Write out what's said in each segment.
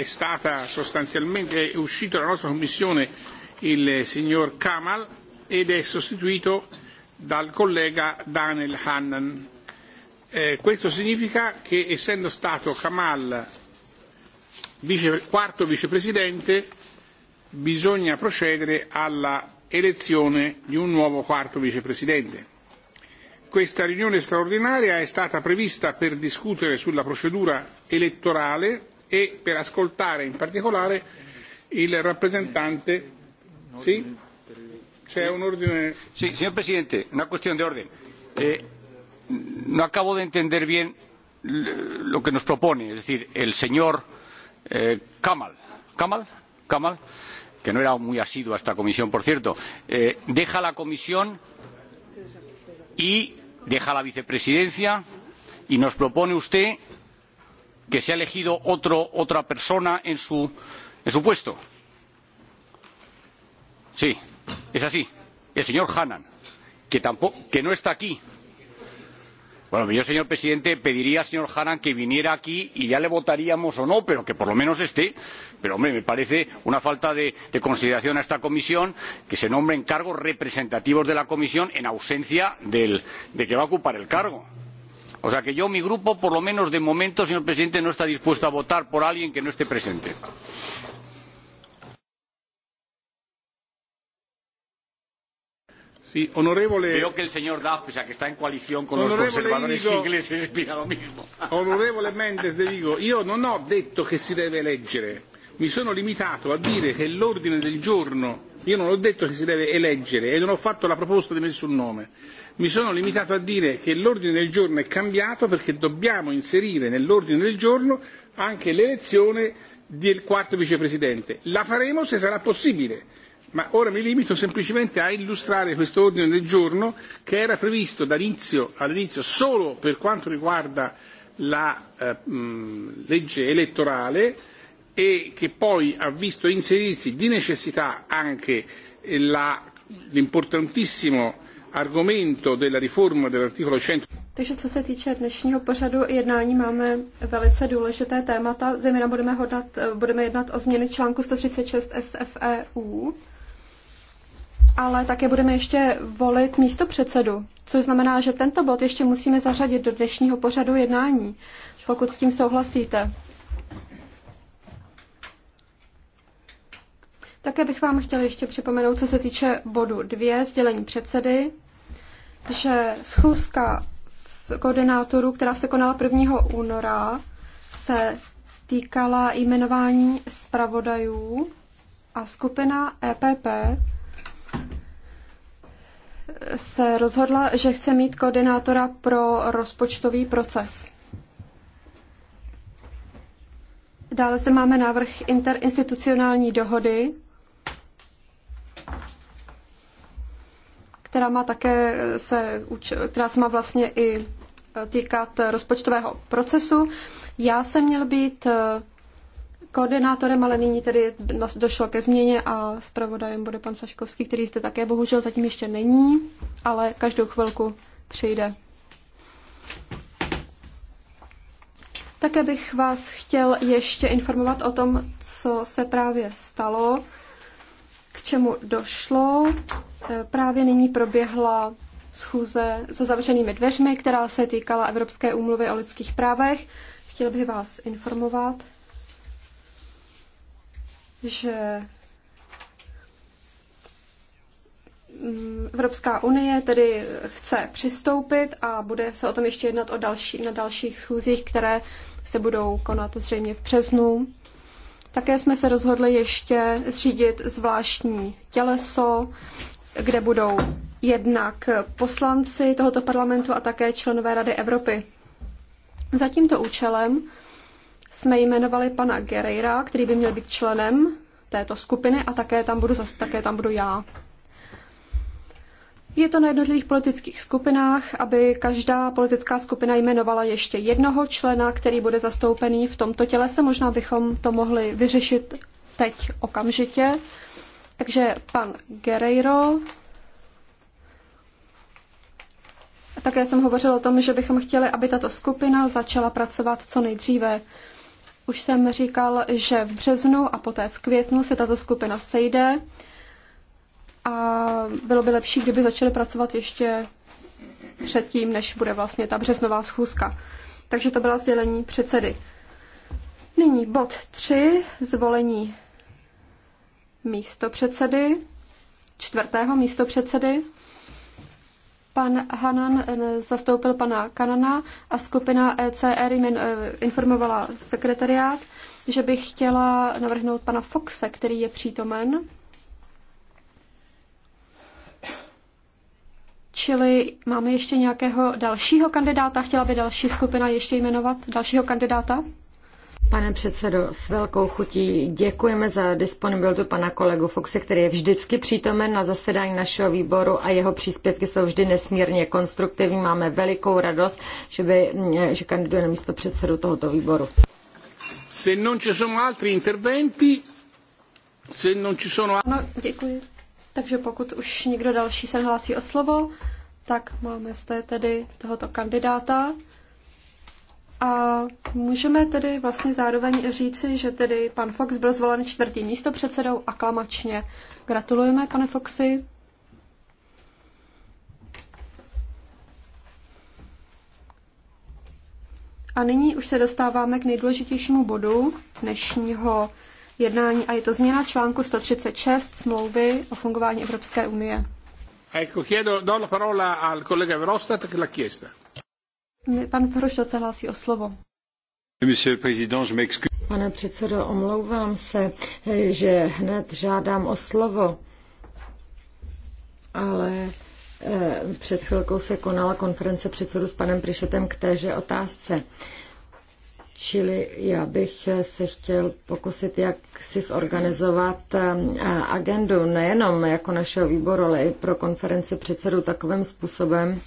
è stata sostanzialmente è uscito dalla nostra commissione il signor Kamal ed è sostituito dal collega Daniel Hannan. Eh, questo significa che essendo stato Kamal vice, quarto vicepresidente bisogna procedere alla elezione di un nuovo quarto vicepresidente. Questa riunione straordinaria è stata prevista per discutere sulla procedura elettorale e per ascoltare in particolare il rappresentante. Sì? C'è un ordine. Sì, signor presidente, una cuestión de orden. Eh, no acabo de entender bien lo que nos propone, es decir, el señor eh, Kamal, Kamal, Kamal, que no era muy asiduo a esta comisión, por cierto, eh, deja la comisión y deja la vicepresidencia y nos propone usted que se ha elegido otro, otra persona en su, en su puesto? Sí, es así. El señor Hannan, que, tampoco, que no está aquí. Bueno, yo, señor presidente, pediría al señor Hannan que viniera aquí y ya le votaríamos o no, pero que por lo menos esté. Pero, hombre, me parece una falta de, de consideración a esta comisión que se nombren cargos representativos de la comisión en ausencia del, de que va a ocupar el cargo o sea que yo mi grupo por lo menos de momento señor presidente no está dispuesto a votar por alguien que no esté presente. Sí, honorevole... Veo que el señor Duff, pese a que está en coalición con onorevole los conservadores Vigo, ingleses, pida lo mismo. Onorevole Mendes de Vigo, yo no he dicho que se debe leer. Me sono limitado a decir que el orden del giorno Io non ho detto che si deve eleggere e non ho fatto la proposta di nessun nome. Mi sono limitato a dire che l'ordine del giorno è cambiato perché dobbiamo inserire nell'ordine del giorno anche l'elezione del quarto vicepresidente. La faremo se sarà possibile, ma ora mi limito semplicemente a illustrare questo ordine del giorno che era previsto dall'inizio all'inizio solo per quanto riguarda la eh, mh, legge elettorale e che poi ha visto inserirsi di necessità anche la, l'importantissimo argomento della riforma dell'articolo 100. Takže co se týče dnešního pořadu jednání, máme velice důležité témata. Zejména budeme, hodnat, budeme jednat o změny článku 136 SFEU, ale také budeme ještě volit místo předsedu, což znamená, že tento bod ještě musíme zařadit do dnešního pořadu jednání, pokud s tím souhlasíte. Také bych vám chtěla ještě připomenout, co se týče bodu 2, sdělení předsedy, že schůzka koordinátorů, která se konala 1. února, se týkala jmenování zpravodajů a skupina EPP se rozhodla, že chce mít koordinátora pro rozpočtový proces. Dále zde máme návrh interinstitucionální dohody která má také se, která se má vlastně i e, týkat rozpočtového procesu. Já jsem měl být e, koordinátorem, ale nyní tedy došlo ke změně a zpravodajem bude pan Saškovský, který zde také bohužel zatím ještě není, ale každou chvilku přijde. Také bych vás chtěl ještě informovat o tom, co se právě stalo k čemu došlo. E, právě nyní proběhla schůze se zavřenými dveřmi, která se týkala Evropské úmluvy o lidských právech. Chtěl bych vás informovat, že mm, Evropská unie tedy chce přistoupit a bude se o tom ještě jednat o další, na dalších schůzích, které se budou konat zřejmě v březnu. Také jsme se rozhodli ještě zřídit zvláštní těleso, kde budou jednak poslanci tohoto parlamentu a také členové Rady Evropy. Za tímto účelem jsme jmenovali pana Guerreira, který by měl být členem této skupiny a také tam budu, také tam budu já. Je to na jednotlivých politických skupinách, aby každá politická skupina jmenovala ještě jednoho člena, který bude zastoupený v tomto tělese. Možná bychom to mohli vyřešit teď okamžitě. Takže pan Guerreiro. Také jsem hovořila o tom, že bychom chtěli, aby tato skupina začala pracovat co nejdříve. Už jsem říkal, že v březnu a poté v květnu se tato skupina sejde a bylo by lepší, kdyby začali pracovat ještě předtím, než bude vlastně ta březnová schůzka. Takže to byla sdělení předsedy. Nyní bod 3, zvolení místo předsedy, čtvrtého místo předsedy. Pan Hanan eh, zastoupil pana Kanana a skupina ECR eh, informovala sekretariát, že by chtěla navrhnout pana Foxe, který je přítomen. Čili máme ještě nějakého dalšího kandidáta? Chtěla by další skupina ještě jmenovat dalšího kandidáta? Pane předsedo, s velkou chutí děkujeme za disponibilitu pana kolegu Foxe, který je vždycky přítomen na zasedání našeho výboru a jeho příspěvky jsou vždy nesmírně konstruktivní. Máme velikou radost, že, by, že kandiduje na místo předsedu tohoto výboru. Se non ci sono altri interventi, se non ci sono... No, děkuji. Takže pokud už někdo další se hlásí o slovo, tak máme zde tedy tohoto kandidáta. A můžeme tedy vlastně zároveň říci, že tedy pan Fox byl zvolen čtvrtým místopředsedou aklamačně. Gratulujeme, pane Foxy. A nyní už se dostáváme k nejdůležitějšímu bodu dnešního jednání a je to změna článku 136 smlouvy o fungování Evropské unie. Ecco, chiedo, do la parola al collega Verhofstadt che l'ha chiesta. Pan Verhofstadt se hlásí o slovo. Monsieur le Président, je m'excuse. Pane předsedo, omlouvám se, eh, že hned žádám o slovo, ale eh, před chvilkou se konala konference předsedu s panem Prišetem k téže otázce. Čili já bych se chtěl pokusit, jak si zorganizovat eh, agendu nejenom jako našeho výboru, ale i pro konferenci předsedů takovým způsobem,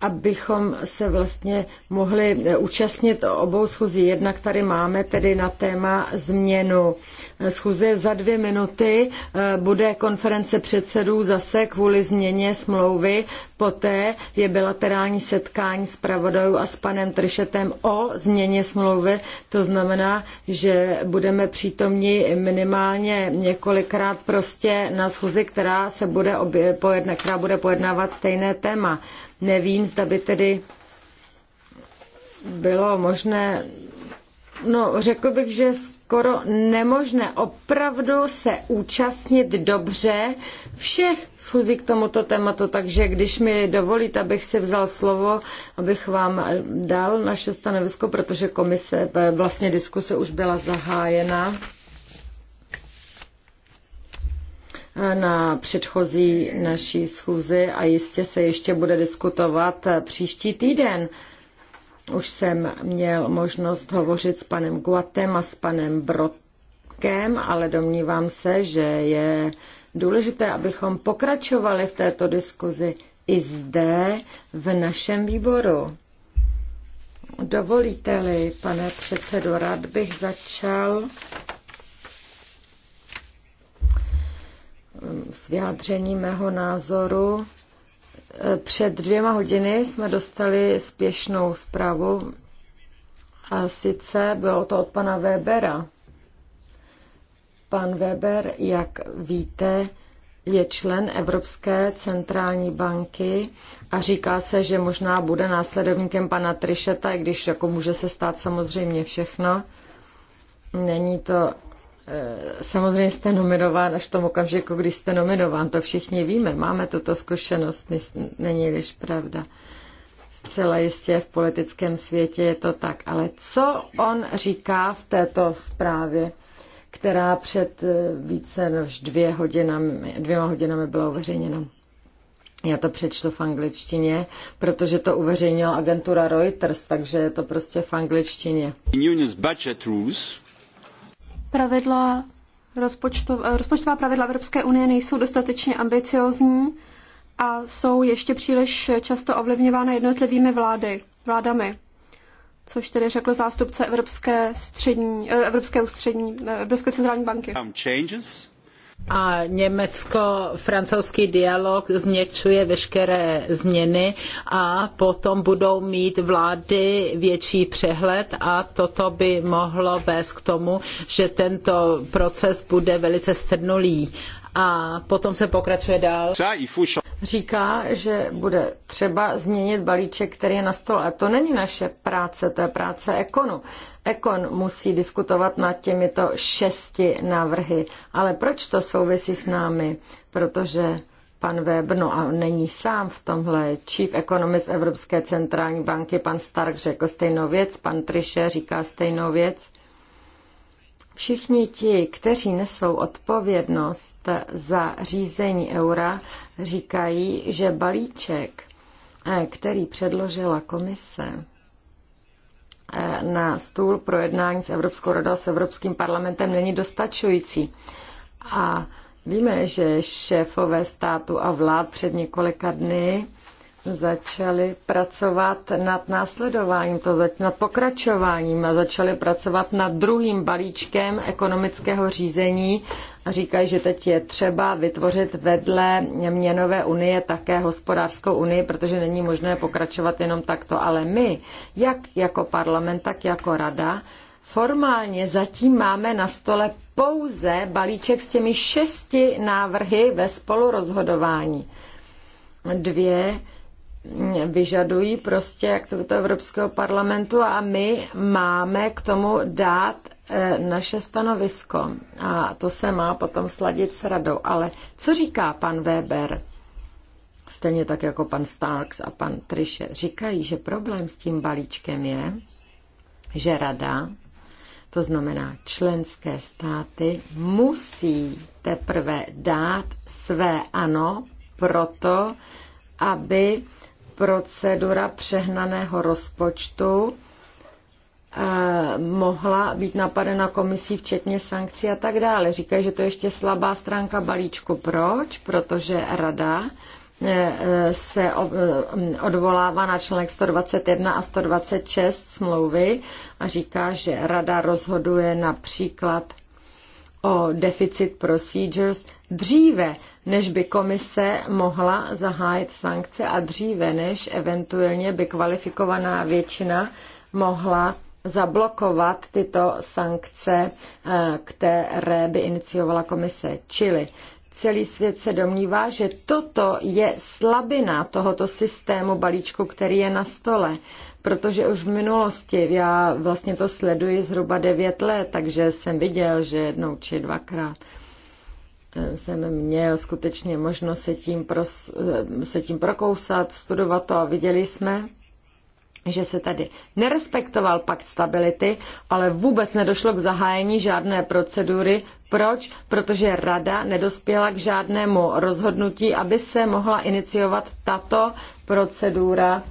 abychom se vlastně mohli eh, účastnit obou schůzí. Jednak tady máme tedy na téma změnu eh, schůze za dvě minuty. Eh, bude konference předsedů zase kvůli změně smlouvy. Poté je bilaterální setkání s pravodou a s panem Tršetem o změně smlouvy. To znamená, že budeme přítomni minimálně několikrát prostě na schůzi, která se bude, pojedna, která bude pojednávat stejné téma. Nevím, zda by tedy bylo možné, no řekl bych, že skoro nemožné opravdu se účastnit dobře všech schůzí k tomuto tématu, takže když mi dovolíte, abych si vzal slovo, abych vám dal naše stanovisko, protože komise, eh, vlastně diskuse už byla zahájena. na předchozí naší schůzi a jistě se ještě bude diskutovat příští týden. Už jsem měl možnost hovořit s panem Guatem a s panem Brokem, ale domnívám se, že je důležité, abychom pokračovali v této diskuzi i zde v našem výboru. Dovolíte-li, pane předsedo, rád bych začal s vyjádřením mého názoru. Eh, před dvěma hodiny jsme dostali spěšnou zprávu a sice bylo to od pana Webera. Pan Weber, jak víte, je člen Evropské centrální banky a říká se, že možná bude následovníkem pana Trišeta, i když jako může se stát samozřejmě všechno. Není to Eh, samozřejmě jste nominován až v tom okamžiku, když jste nominován, to všichni víme, máme tuto zkušenost, není-liž pravda. Zcela jistě v politickém světě je to tak, ale co on říká v této zprávě, která před eh, více než dvě hodinami, dvěma hodinami byla uveřejněna? Já to přečtu v angličtině, protože to uveřejnila agentura Reuters, takže je to prostě v angličtině. In union's budget rules Pravidla rozpočtov, rozpočtová pravidla Evropské unie nejsou dostatečně ambiciozní a jsou ještě příliš často ovlivňována jednotlivými vlády, vládami. Což tedy řekl zástupce Evropské, střední, eh, Evropské ústřední, eh, Evropské centrální banky a německo-francouzský dialog změkčuje veškeré změny a potom budou mít vlády větší přehled a toto by mohlo vést k tomu, že tento proces bude velice strnulý a potom se pokračuje dál říká, že bude třeba změnit balíček, který je na stole. A to není naše práce, to je práce ekonu. Ekon musí diskutovat nad těmito šesti návrhy. Ale proč to souvisí s námi? Protože pan Weber, no a není sám v tomhle, chief economist Evropské centrální banky, pan Stark řekl stejnou věc, pan Triše říká stejnou věc. Všichni ti, kteří nesou odpovědnost za řízení eura, říkají, že balíček, eh, který předložila komise eh, na stůl pro jednání s Evropskou radou s Evropským parlamentem, není dostačující. A víme, že šéfové státu a vlád před několika dny začali pracovat nad následováním, to zač- nad pokračováním a začali pracovat nad druhým balíčkem ekonomického řízení a říkají, že teď je třeba vytvořit vedle měnové unie také hospodářskou unii, protože není možné pokračovat jenom takto. Ale my, jak jako parlament, tak jako rada, formálně zatím máme na stole pouze balíček s těmi šesti návrhy ve spolurozhodování. Dvě vyžadují prostě aktivitu Evropského parlamentu a my máme k tomu dát eh, naše stanovisko. A to se má potom sladit s radou. Ale co říká pan Weber? Stejně tak jako pan Starks a pan Trishe říkají, že problém s tím balíčkem je, že rada, to znamená členské státy, musí teprve dát své ano proto, aby procedura přehnaného rozpočtu eh, mohla být napadena komisí, včetně sankcí a tak dále. Říkají, že to je ještě slabá stránka balíčku. Proč? Protože rada eh, eh, se odvolává na článek 121 a 126 smlouvy a říká, že rada rozhoduje například o deficit procedures dříve, než by komise mohla zahájit sankce a dříve, než eventuálně by kvalifikovaná většina mohla zablokovat tyto sankce, eh, které by iniciovala komise. Čili celý svět se domnívá, že toto je slabina tohoto systému balíčku, který je na stole. Protože už v minulosti, já vlastně to sleduji zhruba devět let, takže jsem viděl, že jednou či dvakrát jsem měl skutečně možnost se tím, pros, eh, se tím prokousat, studovat to a viděli jsme, že se tady nerespektoval pakt stability, ale vůbec nedošlo k zahájení žádné procedury. Proč? Protože rada nedospěla k žádnému rozhodnutí, aby se mohla iniciovat tato procedura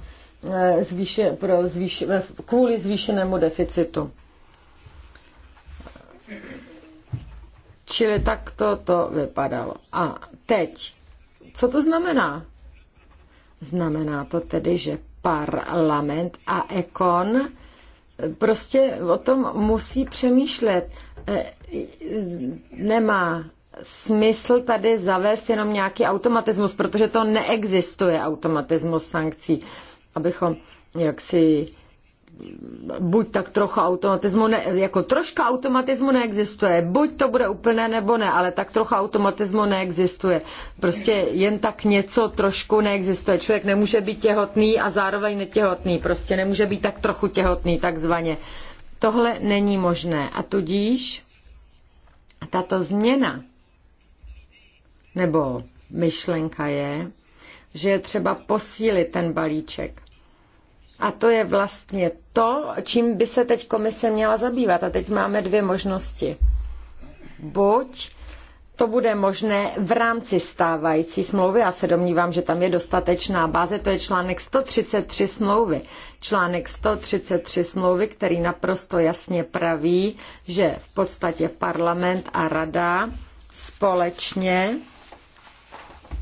eh, zvýše, pro zvýše, eh, kvůli zvýšenému deficitu. Čili tak to, to vypadalo. A teď, co to znamená? Znamená to tedy, že parlament a ekon prostě o tom musí přemýšlet. E, nemá smysl tady zavést jenom nějaký automatismus, protože to neexistuje automatismus sankcí, abychom jaksi buď tak trochu automatismu, ne, jako troška automatismu neexistuje, buď to bude úplné nebo ne, ale tak trochu automatismu neexistuje. Prostě jen tak něco trošku neexistuje. Člověk nemůže být těhotný a zároveň netěhotný, prostě nemůže být tak trochu těhotný, takzvaně. Tohle není možné a tudíž tato změna nebo myšlenka je, že je třeba posílit ten balíček a to je vlastně to, čím by se teď komise měla zabývat. A teď máme dvě možnosti. Buď to bude možné v rámci stávající smlouvy. Já se domnívám, že tam je dostatečná báze. To je článek 133 smlouvy. Článek 133 smlouvy, který naprosto jasně praví, že v podstatě parlament a rada společně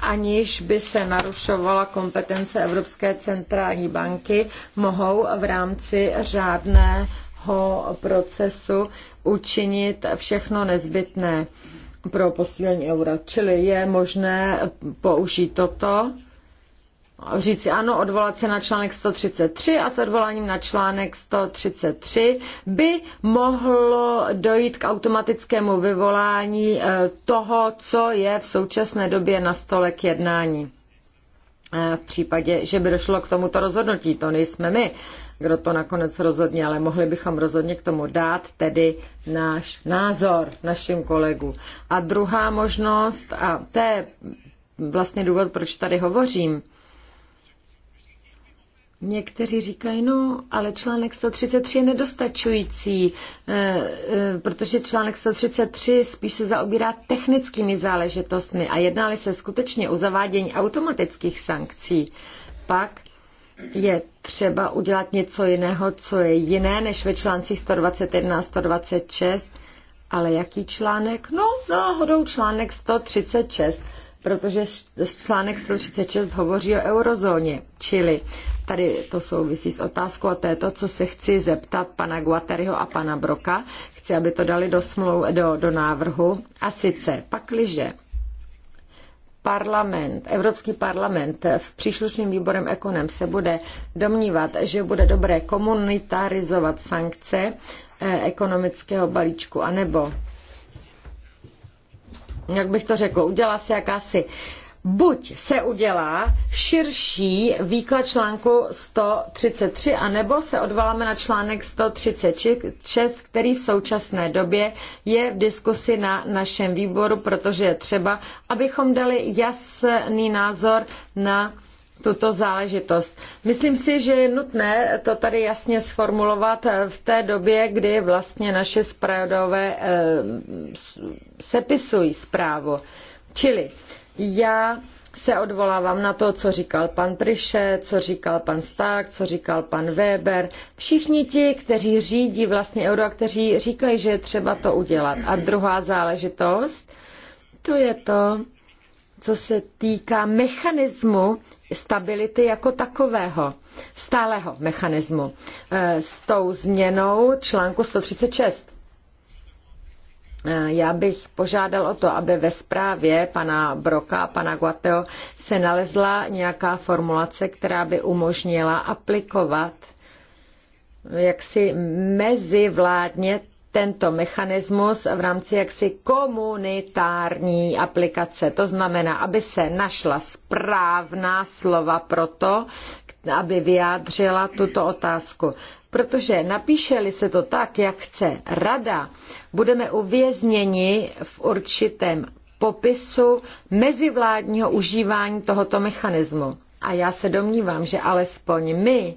aniž by se narušovala kompetence Evropské centrální banky, mohou v rámci řádného procesu učinit všechno nezbytné pro posílení eura. Čili je možné použít toto říci ano, odvolat se na článek 133 a s odvoláním na článek 133 by mohlo dojít k automatickému vyvolání eh, toho, co je v současné době na stole k jednání. Eh, v případě, že by došlo k tomuto rozhodnutí, to nejsme my, kdo to nakonec rozhodně, ale mohli bychom rozhodně k tomu dát tedy náš názor našim kolegům. A druhá možnost, a to je vlastně důvod, proč tady hovořím, Někteří říkají, no, ale článek 133 je nedostačující, eh, eh, protože článek 133 spíš se zaobírá technickými záležitostmi a jednali se skutečně o zavádění automatických sankcí, pak je třeba udělat něco jiného, co je jiné než ve článcích 121 a 126, ale jaký článek? No, náhodou článek 136 protože článek 136 hovoří o eurozóně, čili tady to souvisí s otázkou a to je to, co se chci zeptat pana Guateriho a pana Broka. Chci, aby to dali do, smlou, do, do návrhu. A sice, pakliže parlament, Evropský parlament v příslušným výborem ekonem se bude domnívat, že bude dobré komunitarizovat sankce eh, ekonomického balíčku, anebo jak bych to řekl, udělá se jakási buď se udělá širší výklad článku 133, anebo se odvoláme na článek 136, který v současné době je v diskusi na našem výboru, protože je třeba, abychom dali jasný názor na tuto záležitost. Myslím si, že je nutné to tady jasně sformulovat v té době, kdy vlastně naše zpravodové eh, sepisují zprávu. Čili já se odvolávám na to, co říkal pan Priše, co říkal pan Stark, co říkal pan Weber. Všichni ti, kteří řídí vlastně euro a kteří říkají, že je třeba to udělat. A druhá záležitost, to je to, co se týká mechanismu stability jako takového, stálého mechanismu, eh, s tou změnou článku 136. Eh, já bych požádal o to, aby ve zprávě pana Broka a pana Guateo se nalezla nějaká formulace, která by umožnila aplikovat jaksi mezivládně tento mechanismus v rámci jaksi komunitární aplikace. To znamená, aby se našla správná slova pro to, aby vyjádřila tuto otázku. Protože napíše-li se to tak, jak chce rada, budeme uvězněni v určitém popisu mezivládního užívání tohoto mechanismu. A já se domnívám, že alespoň my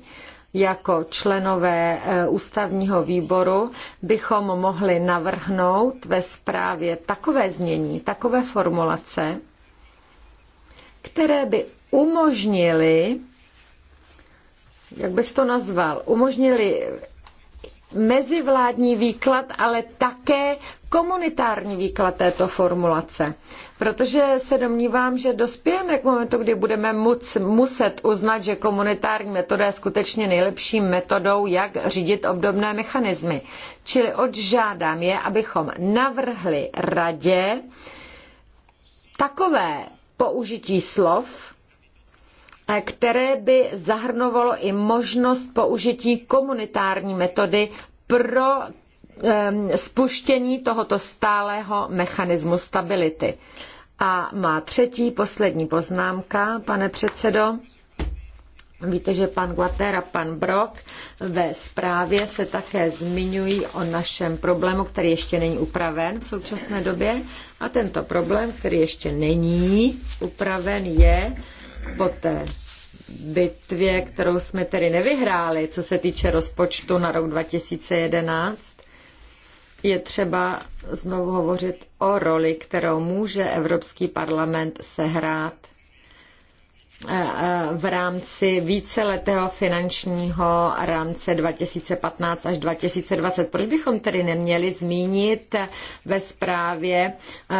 jako členové eh, ústavního výboru bychom mohli navrhnout ve zprávě takové znění, takové formulace, které by umožnily, jak bych to nazval, umožnili mezivládní výklad, ale také komunitární výklad této formulace. Protože se domnívám, že dospějeme k momentu, kdy budeme muc, muset uznat, že komunitární metoda je skutečně nejlepší metodou, jak řídit obdobné mechanismy. Čili odžádám je, abychom navrhli radě takové použití slov, které by zahrnovalo i možnost použití komunitární metody pro spuštění tohoto stálého mechanismu stability. A má třetí, poslední poznámka, pane předsedo. Víte, že pan Guater a pan Brok ve zprávě se také zmiňují o našem problému, který ještě není upraven v současné době. A tento problém, který ještě není upraven, je, po té bitvě, kterou jsme tedy nevyhráli, co se týče rozpočtu na rok 2011, je třeba znovu hovořit o roli, kterou může Evropský parlament sehrát eh, eh, v rámci víceletého finančního rámce 2015 až 2020. Proč bychom tedy neměli zmínit ve zprávě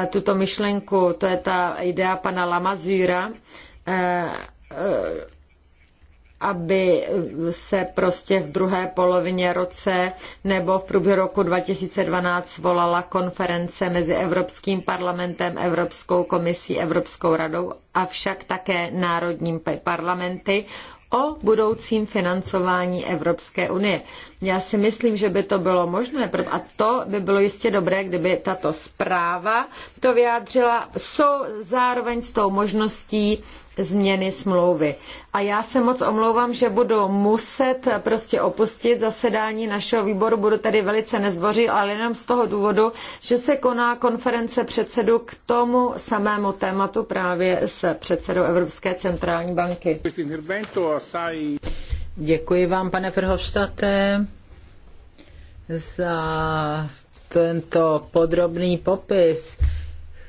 eh, tuto myšlenku? To je ta idea pana Lamazura, Eh, eh, aby se prostě v druhé polovině roce nebo v průběhu roku 2012 volala konference mezi Evropským parlamentem, Evropskou komisí, Evropskou radou a však také národním parlamenty o budoucím financování Evropské unie. Já si myslím, že by to bylo možné a to by bylo jistě dobré, kdyby tato zpráva to vyjádřila jsou zároveň s tou možností změny smlouvy. A já se moc omlouvám, že budu muset prostě opustit zasedání našeho výboru, budu tady velice nezdvořil, ale jenom z toho důvodu, že se koná konference předsedu k tomu samému tématu právě s předsedou Evropské centrální banky. Děkuji vám, pane Verhofstadte, za tento podrobný popis.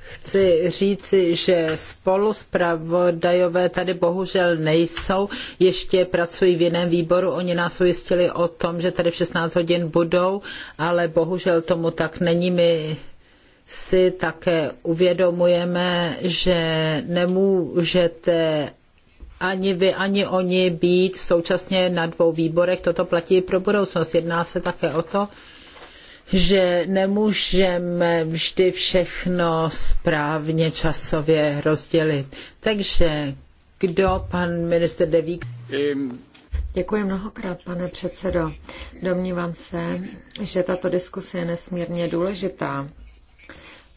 Chci říci, že spolu zpravodajové tady bohužel nejsou, ještě pracují v jiném výboru. Oni nás ujistili o tom, že tady v 16 hodin budou, ale bohužel tomu tak není. My si také uvědomujeme, že nemůžete ani vy, ani oni být současně na dvou výborech. Toto platí i pro budoucnost. Jedná se také o to, že nemůžeme vždy všechno správně časově rozdělit. Takže kdo, pan minister Devík? Děkuji mnohokrát, pane předsedo. Domnívám se, že tato diskuse je nesmírně důležitá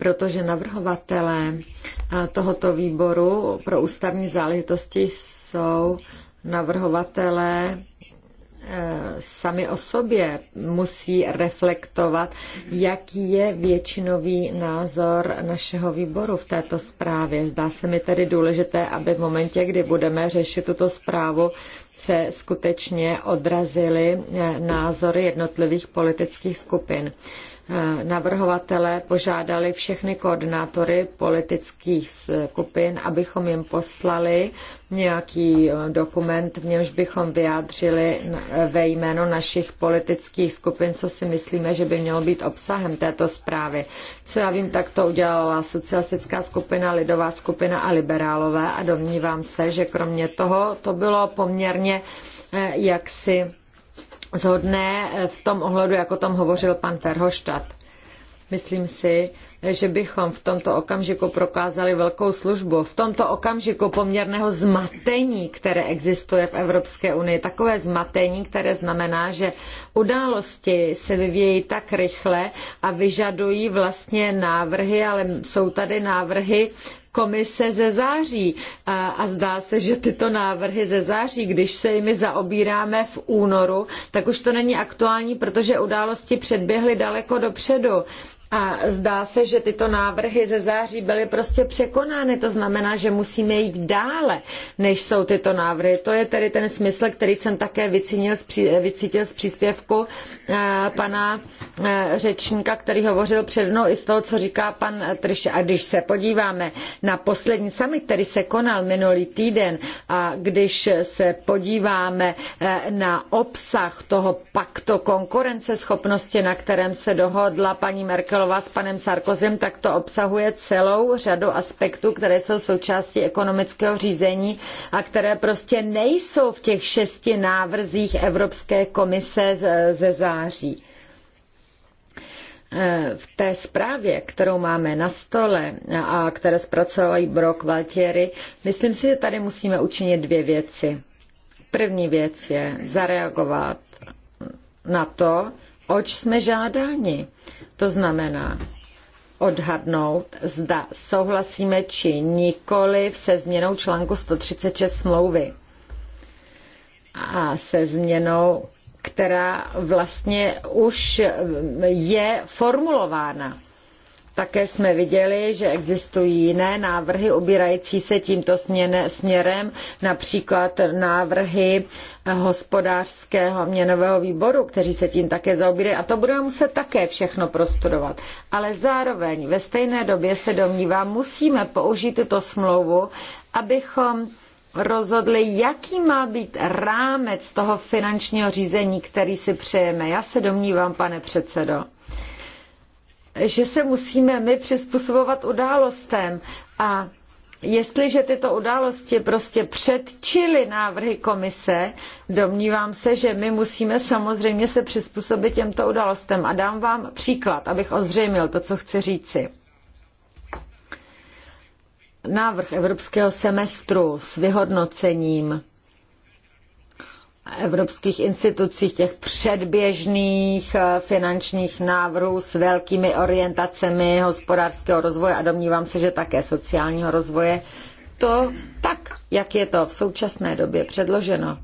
protože navrhovatelé eh, tohoto výboru pro ústavní záležitosti jsou navrhovatelé eh, sami o sobě musí reflektovat, jaký je většinový názor našeho výboru v této zprávě. Zdá se mi tedy důležité, aby v momentě, kdy budeme řešit tuto zprávu, se skutečně odrazily eh, názory jednotlivých politických skupin. Eh, navrhovatele požádali všechny koordinátory politických skupin, abychom jim poslali nějaký eh, dokument, v němž bychom vyjádřili eh, ve jméno našich politických skupin, co si myslíme, že by mělo být obsahem této zprávy. Co já vím, tak to udělala socialistická skupina, lidová skupina a liberálové a domnívám se, že kromě toho to bylo poměrně jaksi zhodné v tom ohledu, jako tom hovořil pan Ferhoštat, Myslím si, že bychom v tomto okamžiku prokázali velkou službu. V tomto okamžiku poměrného zmatení, které existuje v Evropské unii, takové zmatení, které znamená, že události se vyvíjejí tak rychle a vyžadují vlastně návrhy, ale jsou tady návrhy komise ze září. A, a zdá se, že tyto návrhy ze září, když se jimi zaobíráme v únoru, tak už to není aktuální, protože události předběhly daleko dopředu. A zdá se, že tyto návrhy ze září byly prostě překonány. To znamená, že musíme jít dále, než jsou tyto návrhy. To je tedy ten smysl, který jsem také vycínil, vycítil z příspěvku eh, pana eh, řečníka, který hovořil před mnou i z toho, co říká pan Trš. A když se podíváme na poslední summit, který se konal minulý týden, a když se podíváme eh, na obsah toho paktu konkurenceschopnosti, na kterém se dohodla paní Merkelová, Merkelová s panem Sarkozem, tak to obsahuje celou řadu aspektů, které jsou součástí ekonomického řízení a které prostě nejsou v těch šesti návrzích Evropské komise ze září. E, v té zprávě, kterou máme na stole a které zpracovají Brok Valtieri, myslím si, že tady musíme učinit dvě věci. První věc je zareagovat na to, oč jsme žádáni. To znamená odhadnout, zda souhlasíme či nikoli se změnou článku 136 smlouvy a se změnou, která vlastně už je formulována také jsme viděli, že existují jiné návrhy ubírající se tímto směrem, například návrhy hospodářského měnového výboru, kteří se tím také zaobírají. A to budeme muset také všechno prostudovat. Ale zároveň ve stejné době se domnívám, musíme použít tuto smlouvu, abychom rozhodli, jaký má být rámec toho finančního řízení, který si přejeme. Já se domnívám, pane předsedo, že se musíme my přizpůsobovat událostem a Jestliže tyto události prostě předčily návrhy komise, domnívám se, že my musíme samozřejmě se přizpůsobit těmto událostem. A dám vám příklad, abych ozřejmil to, co chci říci. Návrh evropského semestru s vyhodnocením evropských institucích, těch předběžných eh, finančních návrhů s velkými orientacemi hospodářského rozvoje a domnívám se, že také sociálního rozvoje, to tak, jak je to v současné době předloženo,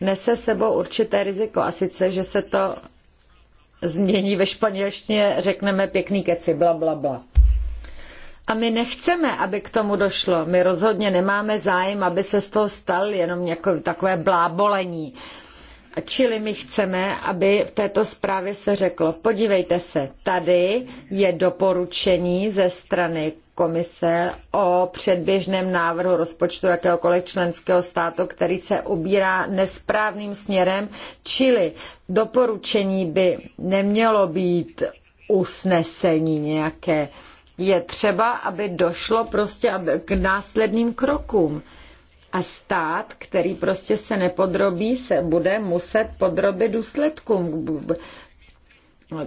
nese sebou určité riziko a sice, že se to změní ve španělštině, řekneme pěkný keci, bla, bla, bla. A my nechceme, aby k tomu došlo. My rozhodně nemáme zájem, aby se z toho stal jenom jako takové blábolení. Čili my chceme, aby v této zprávě se řeklo, podívejte se, tady je doporučení ze strany komise o předběžném návrhu rozpočtu jakéhokoliv členského státu, který se ubírá nesprávným směrem, čili doporučení by nemělo být usnesení nějaké je třeba, aby došlo prostě k následným krokům. A stát, který prostě se nepodrobí, se bude muset podrobit důsledkům.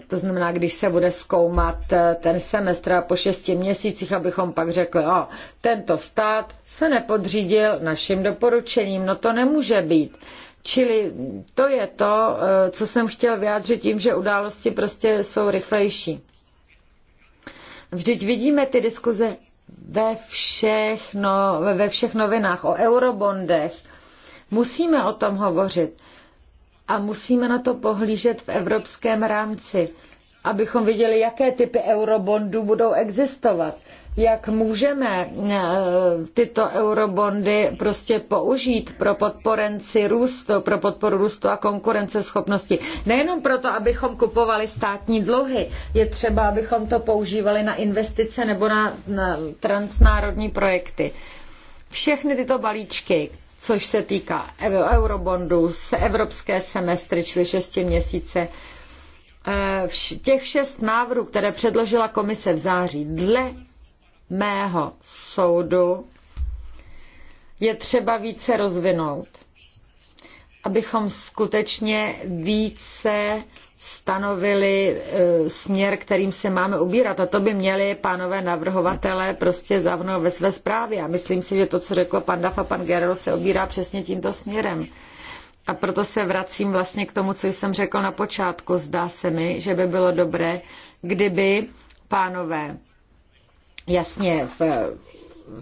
To znamená, když se bude zkoumat eh, ten semestr a po šesti měsících, abychom pak řekli, o, tento stát se nepodřídil našim doporučením, no to nemůže být. Čili to je to, eh, co jsem chtěl vyjádřit tím, že události prostě jsou rychlejší. Vždyť vidíme ty diskuze ve všech, no, ve všech novinách o eurobondech. Musíme o tom hovořit a musíme na to pohlížet v evropském rámci, abychom viděli, jaké typy eurobondů budou existovat jak můžeme eh, tyto eurobondy prostě použít pro podporenci růstu, pro podporu růstu a konkurenceschopnosti. Nejenom proto, abychom kupovali státní dluhy, je třeba, abychom to používali na investice nebo na, na transnárodní projekty. Všechny tyto balíčky, což se týká eurobondů, evropské semestry, čili 6 měsíce, eh, těch šest návrhů, které předložila komise v září, dle mého soudu je třeba více rozvinout, abychom skutečně více stanovili e, směr, kterým se máme ubírat. A to by měli pánové navrhovatele prostě zavnout ve své zprávě. A myslím si, že to, co řekl pan Dafa, pan Gerl, se obírá přesně tímto směrem. A proto se vracím vlastně k tomu, co jsem řekl na počátku. Zdá se mi, že by bylo dobré, kdyby pánové jasně v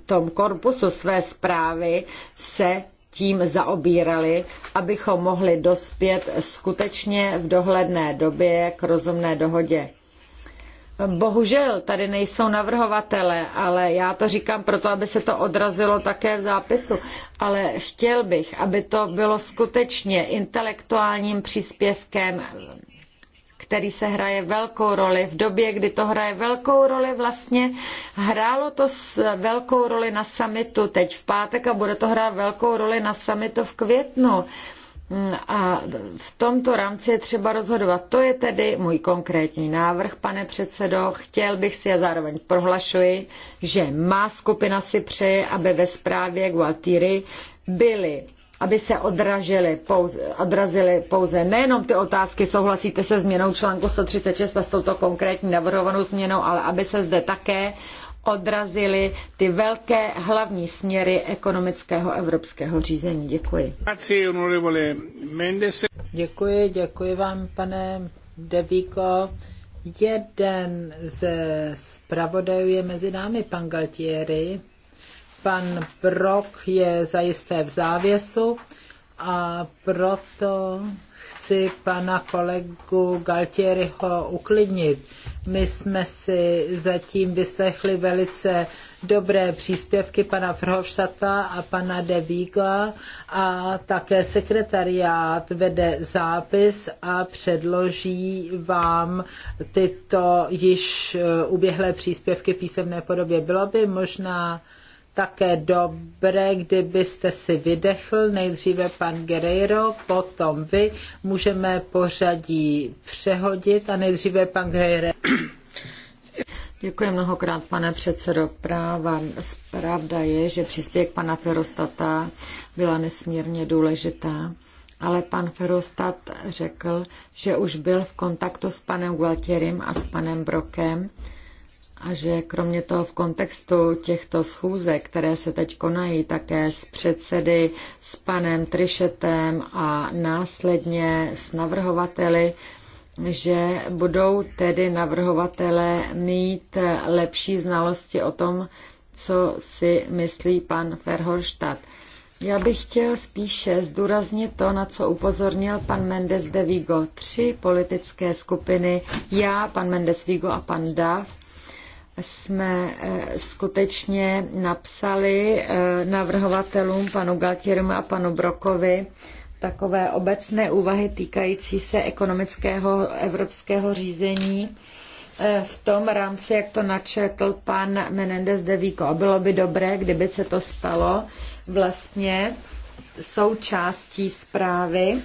tom korpusu své zprávy se tím zaobírali, abychom mohli dospět skutečně v dohledné době k rozumné dohodě. Bohužel tady nejsou navrhovatele, ale já to říkám proto, aby se to odrazilo také v zápisu. Ale chtěl bych, aby to bylo skutečně intelektuálním příspěvkem který se hraje velkou roli. V době, kdy to hraje velkou roli, vlastně hrálo to s velkou roli na samitu teď v pátek a bude to hrát velkou roli na samitu v květnu. Mm, a v tomto rámci je třeba rozhodovat. To je tedy můj konkrétní návrh, pane předsedo. Chtěl bych si a zároveň prohlašuji, že má skupina si přeje, aby ve zprávě Gualtíry byly aby se odražily pouze, odrazily pouze nejenom ty otázky, souhlasíte se změnou článku 136 a s touto konkrétní navrhovanou změnou, ale aby se zde také odrazily ty velké hlavní směry ekonomického evropského řízení. Děkuji. Děkuji, děkuji vám, pane Devíko. Jeden ze zpravodajů je mezi námi, pan Galtieri. Pan Brok je zajisté v závěsu a proto chci pana kolegu Galtieriho uklidnit. My jsme si zatím vyslechli velice dobré příspěvky pana Frhovšata a pana De Viga a také sekretariát vede zápis a předloží vám tyto již eh, uběhlé příspěvky v písemné podobě. Bylo by možná také dobré, kdybyste si vydechl nejdříve pan Guerreiro, potom vy. Můžeme pořadí přehodit a nejdříve pan Guerreiro. Děkuji mnohokrát, pane předsedo. Práva, pravda je, že příspěvek pana Ferostata byla nesmírně důležitá, ale pan Ferostat řekl, že už byl v kontaktu s panem Gualtierim a s panem Brokem a že kromě toho v kontextu těchto schůzek, které se teď konají také s předsedy, s panem Trišetem a následně s navrhovateli, že budou tedy navrhovatele mít lepší znalosti o tom, co si myslí pan Ferholstadt. Já bych chtěl spíše zdůraznit to, na co upozornil pan Mendes de Vigo. Tři politické skupiny, já, pan Mendes Vigo a pan Dav, jsme eh, skutečně napsali eh, navrhovatelům panu Galtiermu a panu Brokovi takové obecné úvahy týkající se ekonomického evropského řízení eh, v tom rámci, jak to načetl pan Menendez de Vico. A bylo by dobré, kdyby se to stalo vlastně součástí zprávy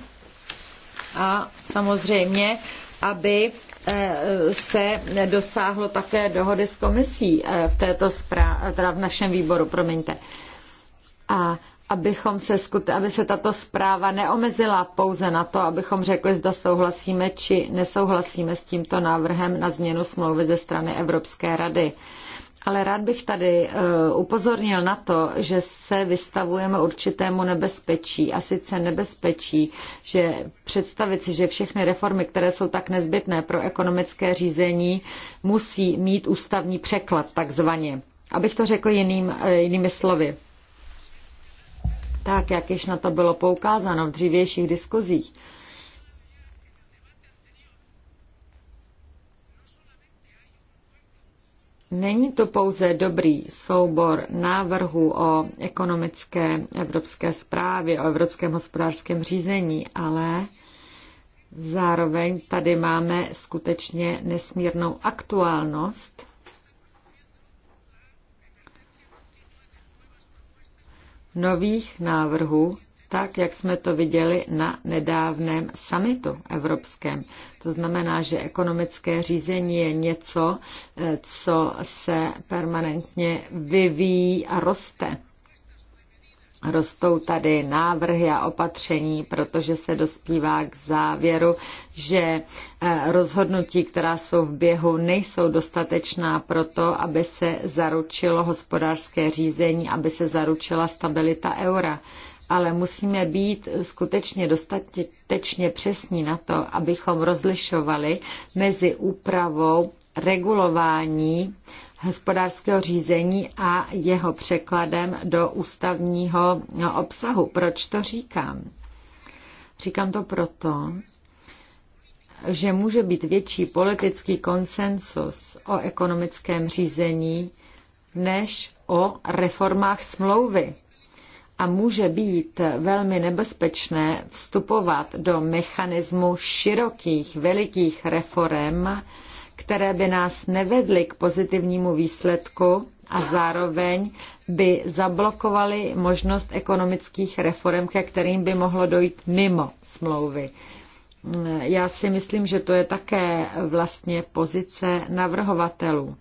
a samozřejmě, aby E, se dosáhlo také dohody s komisí e, v, této zpráv, teda v našem výboru, promiňte. A abychom se, aby se tato zpráva neomezila pouze na to, abychom řekli, zda souhlasíme či nesouhlasíme s tímto návrhem na změnu smlouvy ze strany Evropské rady. Ale rád bych tady eh, upozornil na to, že se vystavujeme určitému nebezpečí. A sice nebezpečí, že představit si, že všechny reformy, které jsou tak nezbytné pro ekonomické řízení, musí mít ústavní překlad takzvaně. Abych to řekl jiným, eh, jinými slovy. Tak, jak již na to bylo poukázáno v dřívějších diskuzích, Není to pouze dobrý soubor návrhů o ekonomické evropské zprávě, o evropském hospodářském řízení, ale zároveň tady máme skutečně nesmírnou aktuálnost. nových návrhů, tak, jak jsme to viděli na nedávném summitu evropském. To znamená, že ekonomické řízení je něco, eh, co se permanentně vyvíjí a roste. Rostou tady návrhy a opatření, protože se dospívá k závěru, že eh, rozhodnutí, která jsou v běhu, nejsou dostatečná pro to, aby se zaručilo hospodářské řízení, aby se zaručila stabilita eura ale musíme být skutečně dostatečně přesní na to, abychom rozlišovali mezi úpravou regulování hospodářského řízení a jeho překladem do ústavního obsahu. Proč to říkám? Říkám to proto, že může být větší politický konsensus o ekonomickém řízení než o reformách smlouvy a může být velmi nebezpečné vstupovat do mechanismu širokých, velikých reform, které by nás nevedly k pozitivnímu výsledku a zároveň by zablokovaly možnost ekonomických reform, ke kterým by mohlo dojít mimo smlouvy. Já si myslím, že to je také vlastně pozice navrhovatelů.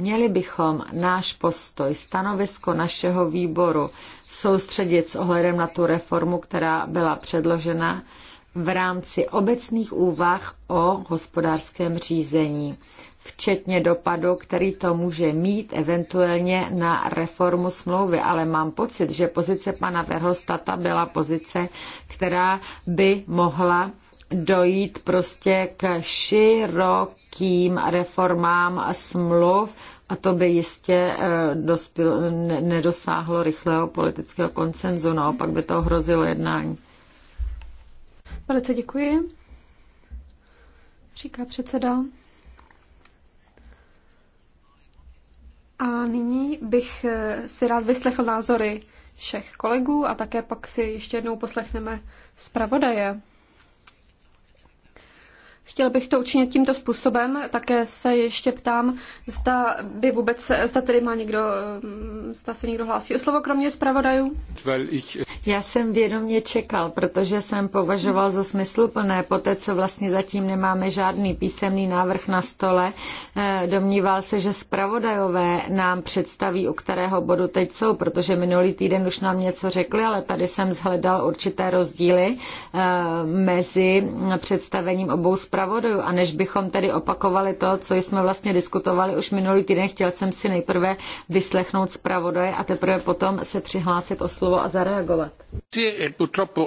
Měli bychom náš postoj, stanovisko našeho výboru soustředit s ohledem na tu reformu, která byla předložena v rámci obecných úvah o hospodářském řízení, včetně dopadu, který to může mít eventuálně na reformu smlouvy. Ale mám pocit, že pozice pana Verhostata byla pozice, která by mohla dojít prostě k širok velkým reformám a smluv a to by jistě eh, dospěl, nedosáhlo rychlého politického koncenzu, pak by to ohrozilo jednání. Velice děkuji, říká předseda. A nyní bych eh, si rád vyslechl názory všech kolegů a také pak si ještě jednou poslechneme zpravodaje. Chtěl bych to učinit tímto způsobem. Také se ještě ptám, zda by vůbec, zda tedy má někdo, mm, zda se někdo hlásí o slovo, kromě zpravodajů. Já jsem vědomě čekal, protože jsem považoval za smysluplné, poté co vlastně zatím nemáme žádný písemný návrh na stole, eh, domníval se, že zpravodajové nám představí, u kterého bodu teď jsou, protože minulý týden už nám něco řekli, ale tady jsem zhledal určité rozdíly eh, mezi představením obou zpravodajů. A než bychom tedy opakovali to, co jsme vlastně diskutovali už minulý týden, chtěl jsem si nejprve vyslechnout zpravodaje a teprve potom se přihlásit o slovo a zareagovat dělat.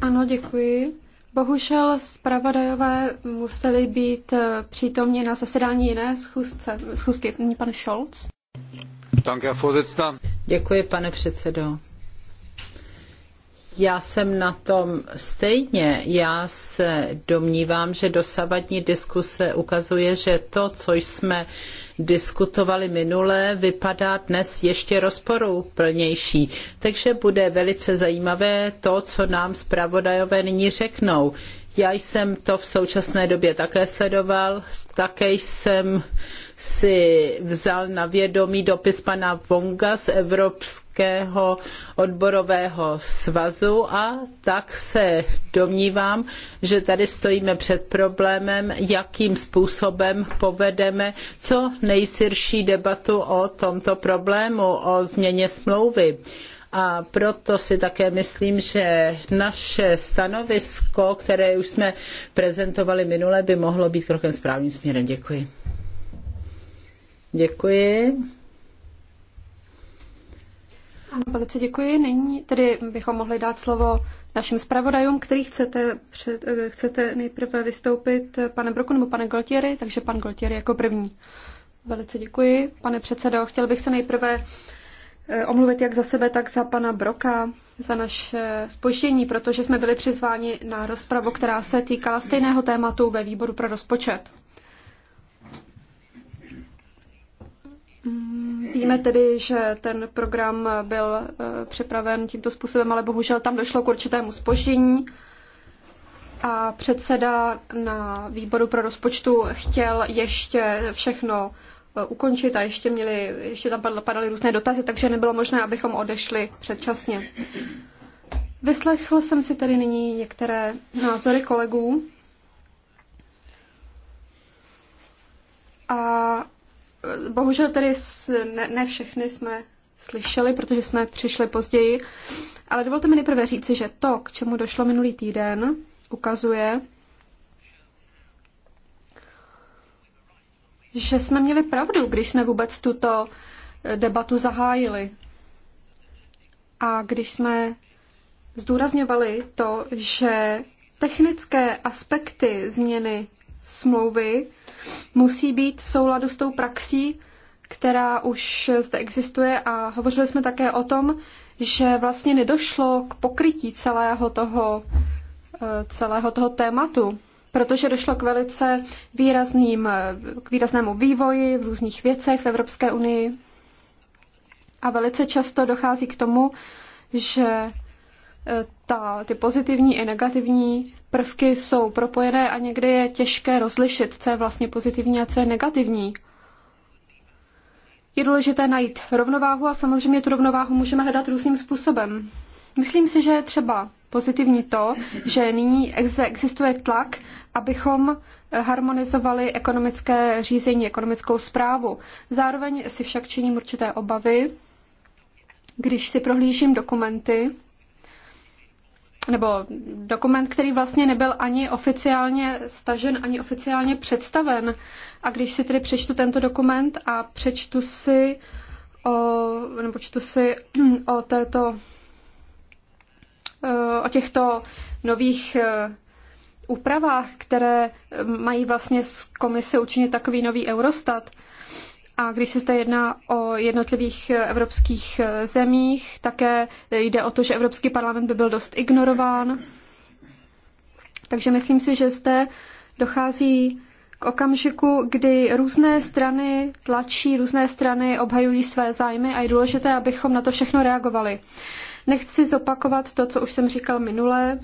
Ano, děkuji. Bohužel zpravodajové museli být eh, přítomni na zasedání jiné schůzce, schůzky. Pan Scholz. Děkuji, pane předsedo. Já jsem na tom stejně. Já se domnívám, že dosavadní diskuse ukazuje, že to, co jsme diskutovali minule, vypadá dnes ještě rozporuplnější. Takže bude velice zajímavé to, co nám zpravodajové nyní řeknou. Já jsem to v současné době také sledoval, také jsem si vzal na vědomí dopis pana Vonga z Evropského odborového svazu a tak se domnívám, že tady stojíme před problémem, jakým způsobem povedeme co nejsirší debatu o tomto problému, o změně smlouvy a proto si také myslím, že naše stanovisko, které už jsme prezentovali minule, by mohlo být krokem správným směrem. Děkuji. Děkuji. Ano, velice děkuji. Nyní tedy bychom mohli dát slovo našim zpravodajům, který chcete, před, eh, chcete nejprve vystoupit, eh, pane Broku nebo pane Goltieri, takže pan Goltieri jako první. Velice děkuji, pane předsedo. Chtěl bych se nejprve eh, omluvit jak za sebe, tak za pana Broka, za naše spoždění, protože jsme byli přizváni na rozpravu, která se týkala stejného tématu ve výboru pro rozpočet. Mm, víme tedy, že ten program byl eh, připraven tímto způsobem, ale bohužel tam došlo k určitému spoždění. A předseda na výboru pro rozpočtu chtěl ještě všechno eh, ukončit a ještě, měli, ještě tam padaly různé dotazy, takže nebylo možné, abychom odešli předčasně. Vyslechl jsem si tedy nyní některé názory kolegů a Bohužel tedy ne, ne všechny jsme slyšeli, protože jsme přišli později, ale dovolte mi nejprve říci, že to, k čemu došlo minulý týden, ukazuje, že jsme měli pravdu, když jsme vůbec tuto debatu zahájili. A když jsme zdůrazňovali to, že technické aspekty změny smlouvy musí být v souladu s tou praxí, která už zde existuje a hovořili jsme také o tom, že vlastně nedošlo k pokrytí celého toho, eh, celého toho tématu, protože došlo k velice výrazným, eh, k výraznému vývoji v různých věcech v Evropské unii a velice často dochází k tomu, že Eh, ta, ty pozitivní i negativní prvky jsou propojené a někdy je těžké rozlišit, co je vlastně pozitivní a co je negativní. Je důležité najít rovnováhu a samozřejmě tu rovnováhu můžeme hledat různým způsobem. Myslím si, že je třeba pozitivní to, že nyní existuje tlak, abychom eh, harmonizovali ekonomické řízení, ekonomickou zprávu. Zároveň si však činím určité obavy, když si prohlížím dokumenty, nebo dokument, který vlastně nebyl ani oficiálně stažen, ani oficiálně představen. A když si tedy přečtu tento dokument a přečtu si o, nebo čtu si o této, eh, o těchto nových eh, úpravách, které mají vlastně z komise učinit takový nový Eurostat, a když se zde jedná o jednotlivých evropských zemích, také jde o to, že Evropský parlament by byl dost ignorován. Takže myslím si, že zde dochází k okamžiku, kdy různé strany tlačí, různé strany obhajují své zájmy a je důležité, abychom na to všechno reagovali. Nechci zopakovat to, co už jsem říkal minule,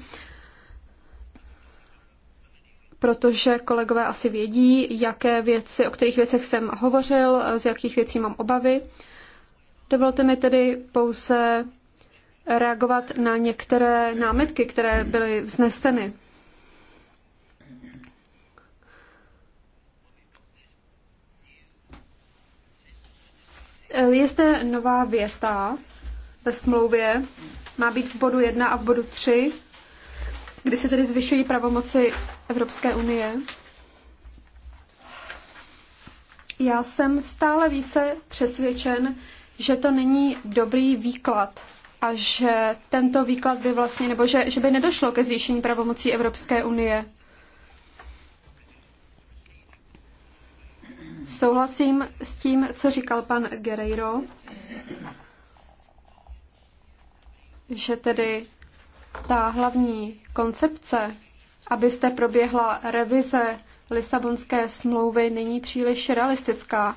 protože kolegové asi vědí, jaké věci, o kterých věcech jsem hovořil, z jakých věcí mám obavy. Dovolte mi tedy pouze reagovat na některé námitky, které byly vzneseny. Je zde nová věta ve smlouvě, má být v bodu 1 a v bodu 3 kdy se tedy zvyšují pravomoci Evropské unie. Já jsem stále více přesvědčen, že to není dobrý výklad a že tento výklad by vlastně, nebo že, že by nedošlo ke zvýšení pravomocí Evropské unie. Souhlasím s tím, co říkal pan Guerreiro, že tedy ta hlavní koncepce, abyste proběhla revize Lisabonské smlouvy, není příliš realistická,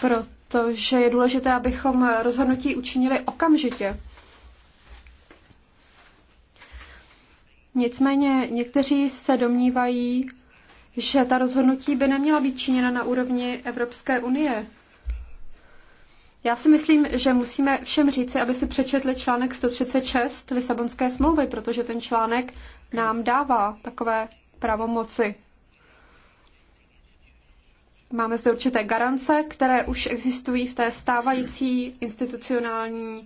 protože je důležité, abychom rozhodnutí učinili okamžitě. Nicméně někteří se domnívají, že ta rozhodnutí by neměla být činěna na úrovni Evropské unie, já si myslím, že musíme všem říci, aby si přečetli článek 136 Lisabonské smlouvy, protože ten článek nám dává takové pravomoci. Máme zde určité garance, které už existují v té stávající institucionální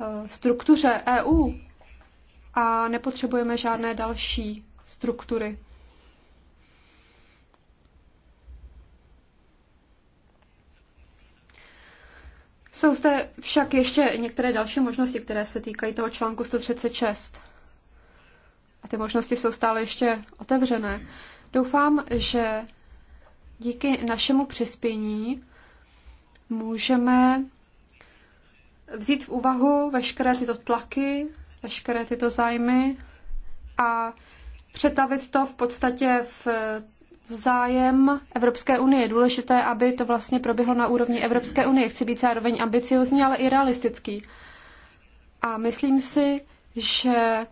eh, struktuře EU a nepotřebujeme žádné další struktury. Jsou zde však ještě některé další možnosti, které se týkají toho článku 136. A ty možnosti jsou stále ještě otevřené. Doufám, že díky našemu přispění můžeme vzít v úvahu veškeré tyto tlaky, veškeré tyto zájmy a přetavit to v podstatě v zájem Evropské unie. Je důležité, aby to vlastně proběhlo na úrovni Evropské unie. Chci být zároveň ambiciozní, ale i realistický. A myslím si, že e,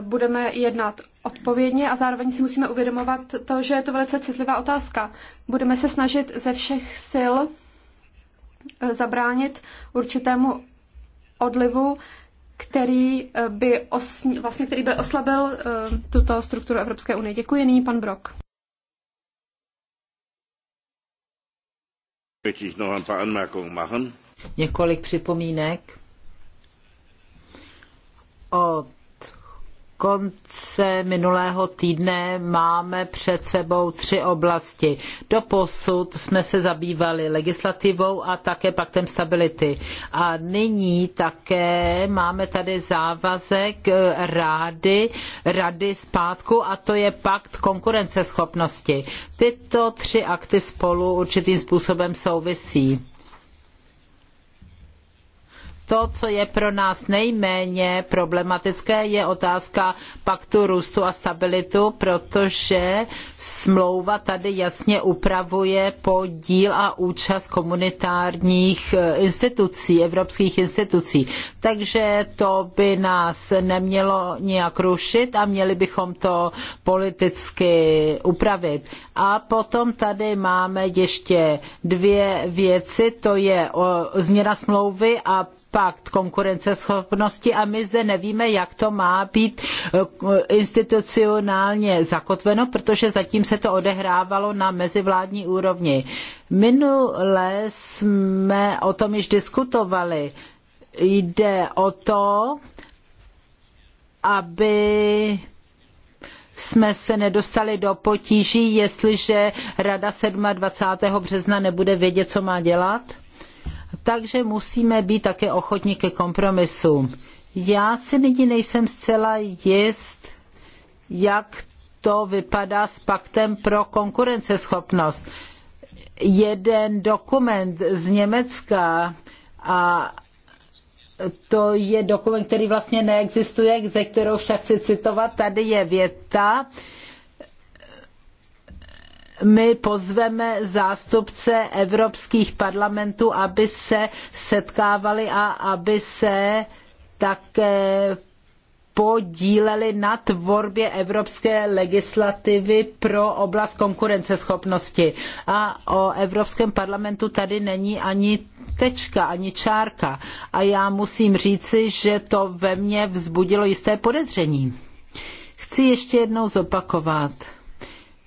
budeme jednat odpovědně a zároveň si musíme uvědomovat to, že je to velice citlivá otázka. Budeme se snažit ze všech sil e, zabránit určitému odlivu, který e, by, osn, vlastně, který by oslabil tuto strukturu Evropské unie. Děkuji nyní pan Brok. Několik připomínek o konce minulého týdne máme před sebou tři oblasti. Doposud jsme se zabývali legislativou a také paktem stability. A nyní také máme tady závazek rády, rady zpátku a to je pakt konkurenceschopnosti. Tyto tři akty spolu určitým způsobem souvisí. To, co je pro nás nejméně problematické, je otázka paktu růstu a stabilitu, protože smlouva tady jasně upravuje podíl a účast komunitárních eh, institucí, evropských institucí. Takže to by nás nemělo nějak rušit a měli bychom to politicky upravit. A potom tady máme ještě dvě věci, to je změna smlouvy a pakt konkurenceschopnosti a my zde nevíme, jak to má být eh, institucionálně zakotveno, protože zatím se to odehrávalo na mezivládní úrovni. Minule jsme o tom již diskutovali. Jde o to, aby jsme se nedostali do potíží, jestliže Rada 27. března nebude vědět, co má dělat? takže musíme být také ochotní ke kompromisům. Já si nyní nejsem zcela jist, jak to vypadá s paktem pro konkurenceschopnost. Jeden dokument z Německa a to je dokument, který vlastně neexistuje, ze kterou však chci citovat. Tady je věta, my pozveme zástupce evropských parlamentů, aby se setkávali a aby se také podíleli na tvorbě evropské legislativy pro oblast konkurenceschopnosti. A o Evropském parlamentu tady není ani tečka, ani čárka. A já musím říci, že to ve mně vzbudilo jisté podezření. Chci ještě jednou zopakovat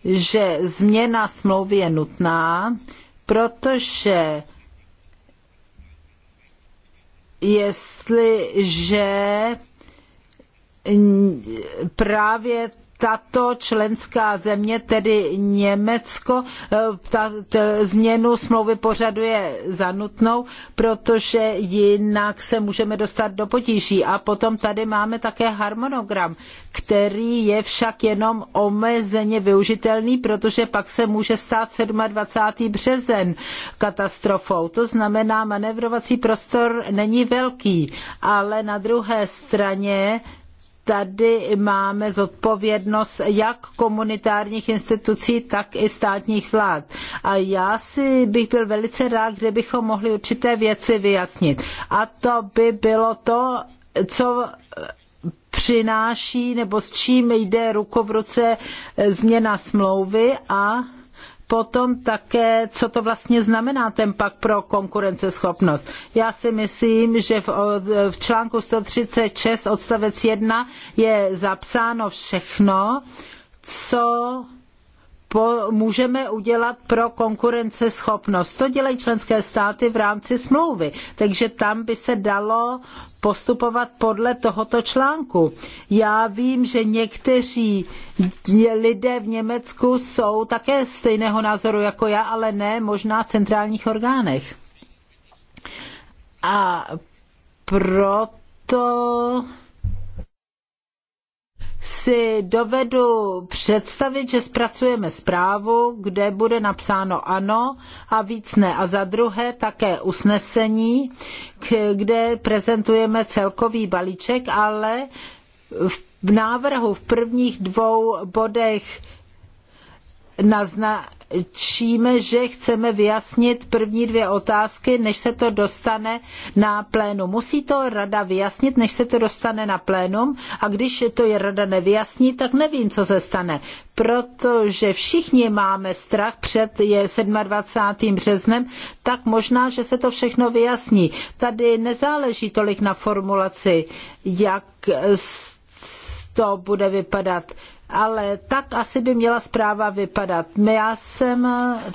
že změna smlouvy je nutná, protože jestliže právě tato členská země, tedy Německo, eh, ta, změnu smlouvy pořaduje za nutnou, protože jinak se můžeme dostat do potíží. A potom tady máme také harmonogram, který je však jenom omezeně využitelný, protože pak se může stát 27. březen katastrofou. To znamená, manevrovací prostor není velký, ale na druhé straně tady máme zodpovědnost jak komunitárních institucí, tak i státních vlád. A já si bych byl velice rád, kdybychom mohli určité věci vyjasnit. A to by bylo to, co přináší nebo s čím jde ruku v ruce změna smlouvy a potom také, co to vlastně znamená ten pak pro konkurenceschopnost. Já si myslím, že v, v článku 136 odstavec 1 je zapsáno všechno, co můžeme udělat pro konkurenceschopnost. To dělají členské státy v rámci smlouvy, takže tam by se dalo postupovat podle tohoto článku. Já vím, že někteří lidé v Německu jsou také stejného názoru jako já, ale ne možná v centrálních orgánech. A proto si dovedu představit, že zpracujeme zprávu, kde bude napsáno ano a víc ne. A za druhé také usnesení, kde prezentujeme celkový balíček, ale v návrhu v prvních dvou bodech nazna- číme, že chceme vyjasnit první dvě otázky, než se to dostane na plénum. Musí to rada vyjasnit, než se to dostane na plénum a když to je rada nevyjasní, tak nevím, co se stane. Protože všichni máme strach před je 27. březnem, tak možná, že se to všechno vyjasní. Tady nezáleží tolik na formulaci, jak to bude vypadat ale tak asi by měla zpráva vypadat. Já jsem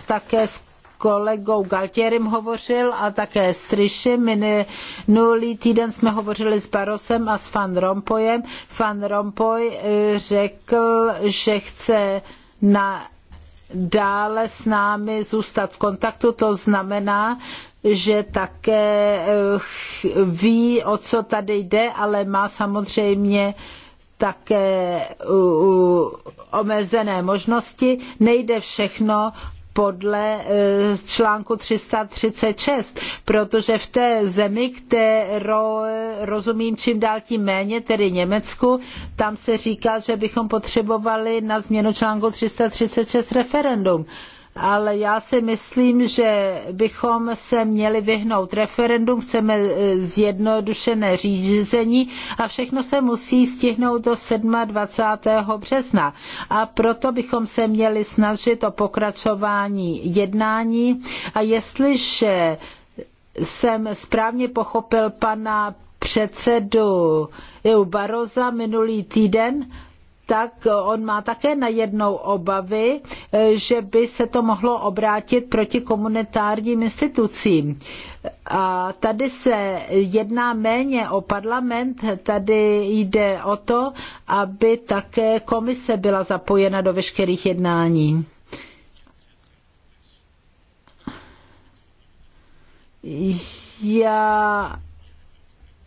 také s kolegou Galtierem hovořil a také s Triši. Minulý týden jsme hovořili s Barosem a s Van Rompojem. Van Rompoj eh, řekl, že chce na dále s námi zůstat v kontaktu. To znamená, že také eh, ví, o co tady jde, ale má samozřejmě také omezené možnosti, nejde všechno podle eh, článku 336, protože v té zemi, kterou rozumím čím dál tím méně, tedy Německu, tam se říká, že bychom potřebovali na změnu článku 336 referendum ale já si myslím, že bychom se měli vyhnout referendum, chceme e, zjednodušené řízení a všechno se musí stihnout do 27. března. A proto bychom se měli snažit o pokračování jednání a jestliže jsem správně pochopil pana předsedu EU Baroza minulý týden, tak on má také najednou obavy, že by se to mohlo obrátit proti komunitárním institucím. A tady se jedná méně o parlament, tady jde o to, aby také komise byla zapojena do veškerých jednání. Já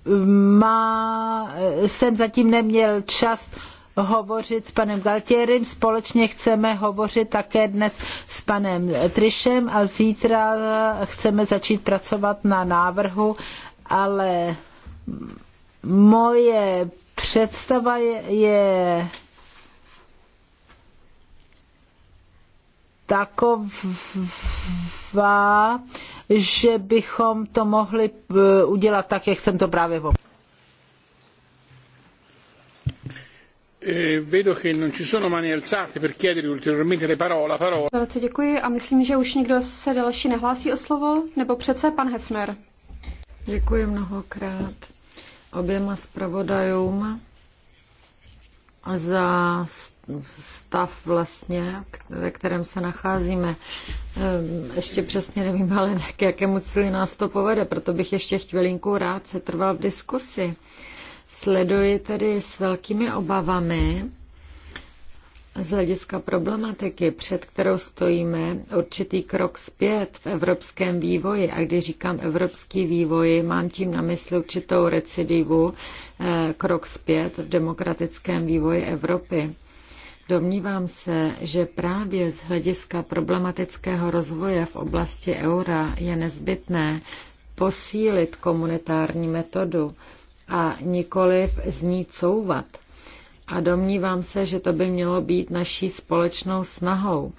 mm, má, jsem zatím neměl čas hovořit s panem Galtierem, společně chceme hovořit také dnes s panem Trišem a zítra chceme začít pracovat na návrhu, ale moje představa je, taková, že bychom to mohli eh, udělat tak, jak jsem to právě popsal. Eh, vedo che non ci sono mani alzate per chiedere ulteriormente la parola. parola. Velice děkuji a myslím, že už nikdo se další nehlásí o slovo, nebo přece pan Hefner. Děkuji mnohokrát oběma zpravodajům za stav vlastně, ve kterém se nacházíme. Ehm, ještě přesně nevím, ale k jakému cíli nás to povede, proto bych ještě chvilinku rád se trval v diskusi. Sleduji tedy s velkými obavami z hlediska problematiky, před kterou stojíme, určitý krok zpět v evropském vývoji. A když říkám evropský vývoj, mám tím na mysli určitou recidivu, eh, krok zpět v demokratickém vývoji Evropy. Domnívám se, že právě z hlediska problematického rozvoje v oblasti eura je nezbytné posílit komunitární metodu a nikoliv z ní couvat. A domnívám se, že to by mělo být naší společnou snahou.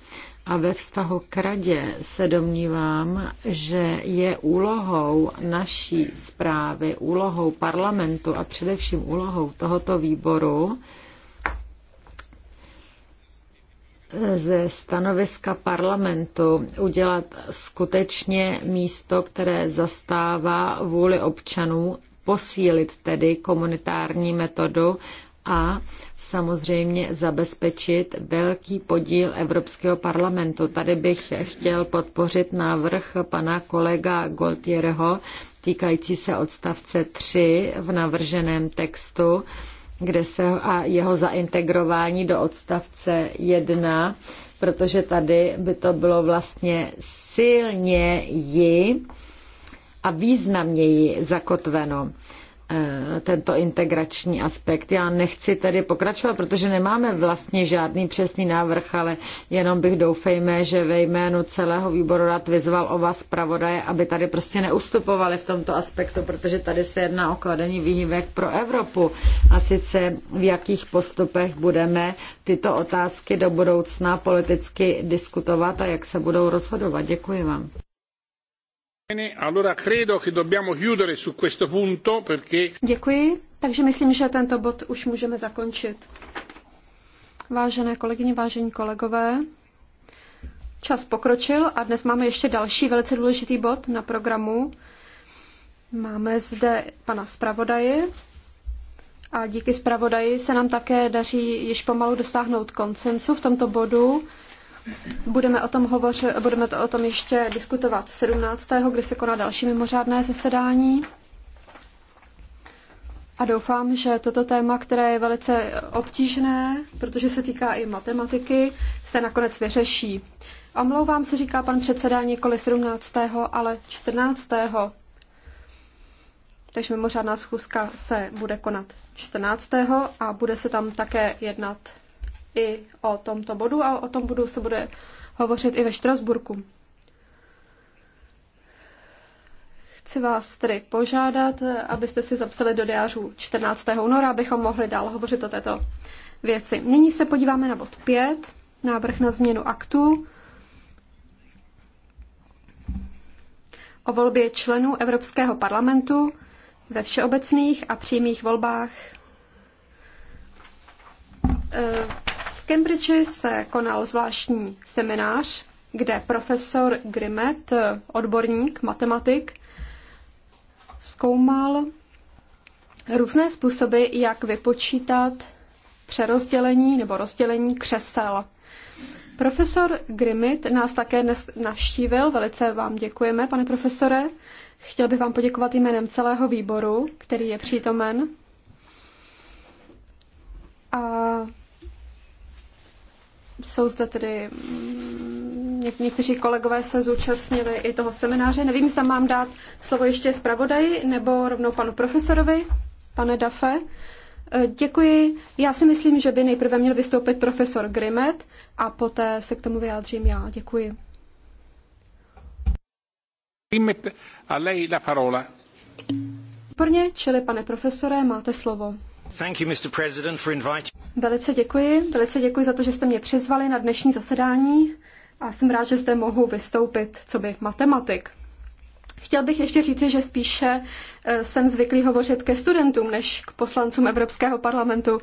A ve vztahu k radě se domnívám, že je úlohou naší zprávy, úlohou parlamentu a především úlohou tohoto výboru ze stanoviska parlamentu udělat skutečně místo, které zastává vůli občanů posílit tedy komunitární metodu a samozřejmě zabezpečit velký podíl Evropského parlamentu. Tady bych chtěl podpořit návrh pana kolega Goltiereho týkající se odstavce 3 v navrženém textu kde se, a jeho zaintegrování do odstavce 1, protože tady by to bylo vlastně silně ji a významněji zakotveno eh, tento integrační aspekt. Já nechci tedy pokračovat, protože nemáme vlastně žádný přesný návrh, ale jenom bych doufejme, že ve jménu celého výboru rád vyzval o vás pravodaje, aby tady prostě neustupovali v tomto aspektu, protože tady se jedná o kladení výhybek pro Evropu. A sice v jakých postupech budeme tyto otázky do budoucna politicky diskutovat a jak se budou rozhodovat. Děkuji vám. Děkuji, takže myslím, že tento bod už můžeme zakončit. Vážené kolegyně, vážení kolegové, čas pokročil a dnes máme ještě další velice důležitý bod na programu. Máme zde pana zpravodaje a díky zpravodaji se nám také daří již pomalu dosáhnout konsensu v tomto bodu. Budeme o tom hovořit, budeme to o tom ještě diskutovat 17. kdy se koná další mimořádné zasedání. A doufám, že toto téma, které je velice obtížné, protože se týká i matematiky, se nakonec vyřeší. Omlouvám se, říká pan předseda, nikoli 17., ale 14. Takže mimořádná schůzka se bude konat 14. a bude se tam také jednat i o tomto bodu a o tom bodu se bude hovořit i ve Štrasburku. Chci vás tedy požádat, abyste si zapsali do diářů 14. února, abychom mohli dál hovořit o této věci. Nyní se podíváme na bod 5, návrh na změnu aktu o volbě členů Evropského parlamentu ve všeobecných a přímých volbách eh, Cambridge se konal zvláštní seminář, kde profesor Grimet, odborník, matematik, zkoumal různé způsoby, jak vypočítat přerozdělení nebo rozdělení křesel. Profesor Grimit nás také dnes navštívil, velice vám děkujeme, pane profesore. Chtěl bych vám poděkovat jménem celého výboru, který je přítomen. A jsou zde tedy mm, něk- někteří kolegové se zúčastnili i toho semináře. Nevím, zda mám dát slovo ještě zpravodaji nebo rovnou panu profesorovi, pane Dafe. E, děkuji. Já si myslím, že by nejprve měl vystoupit profesor Grimet a poté se k tomu vyjádřím já. Děkuji. Grimet, a lei la parola. Výborně, čili pane profesore, máte slovo. Velice děkuji, velice děkuji za to, že jste mě přizvali na dnešní zasedání a jsem rád, že zde mohu vystoupit co by matematik. Chtěl bych ještě říci, že spíše eh, jsem zvyklý hovořit ke studentům než k poslancům Evropského parlamentu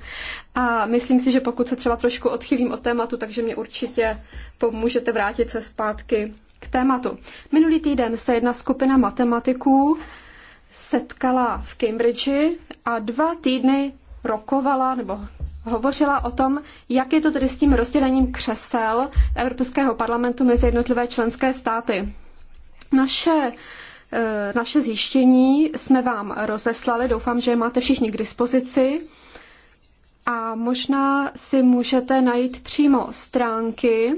a myslím si, že pokud se třeba trošku odchylím od tématu, takže mě určitě pomůžete vrátit se zpátky k tématu. Minulý týden se jedna skupina matematiků setkala v Cambridge a dva týdny rokovala nebo hovořila o tom, jak je to tedy s tím rozdělením křesel Evropského parlamentu mezi jednotlivé členské státy. Naše eh, naše zjištění jsme vám rozeslali, doufám, že je máte všichni k dispozici. A možná si můžete najít přímo stránky,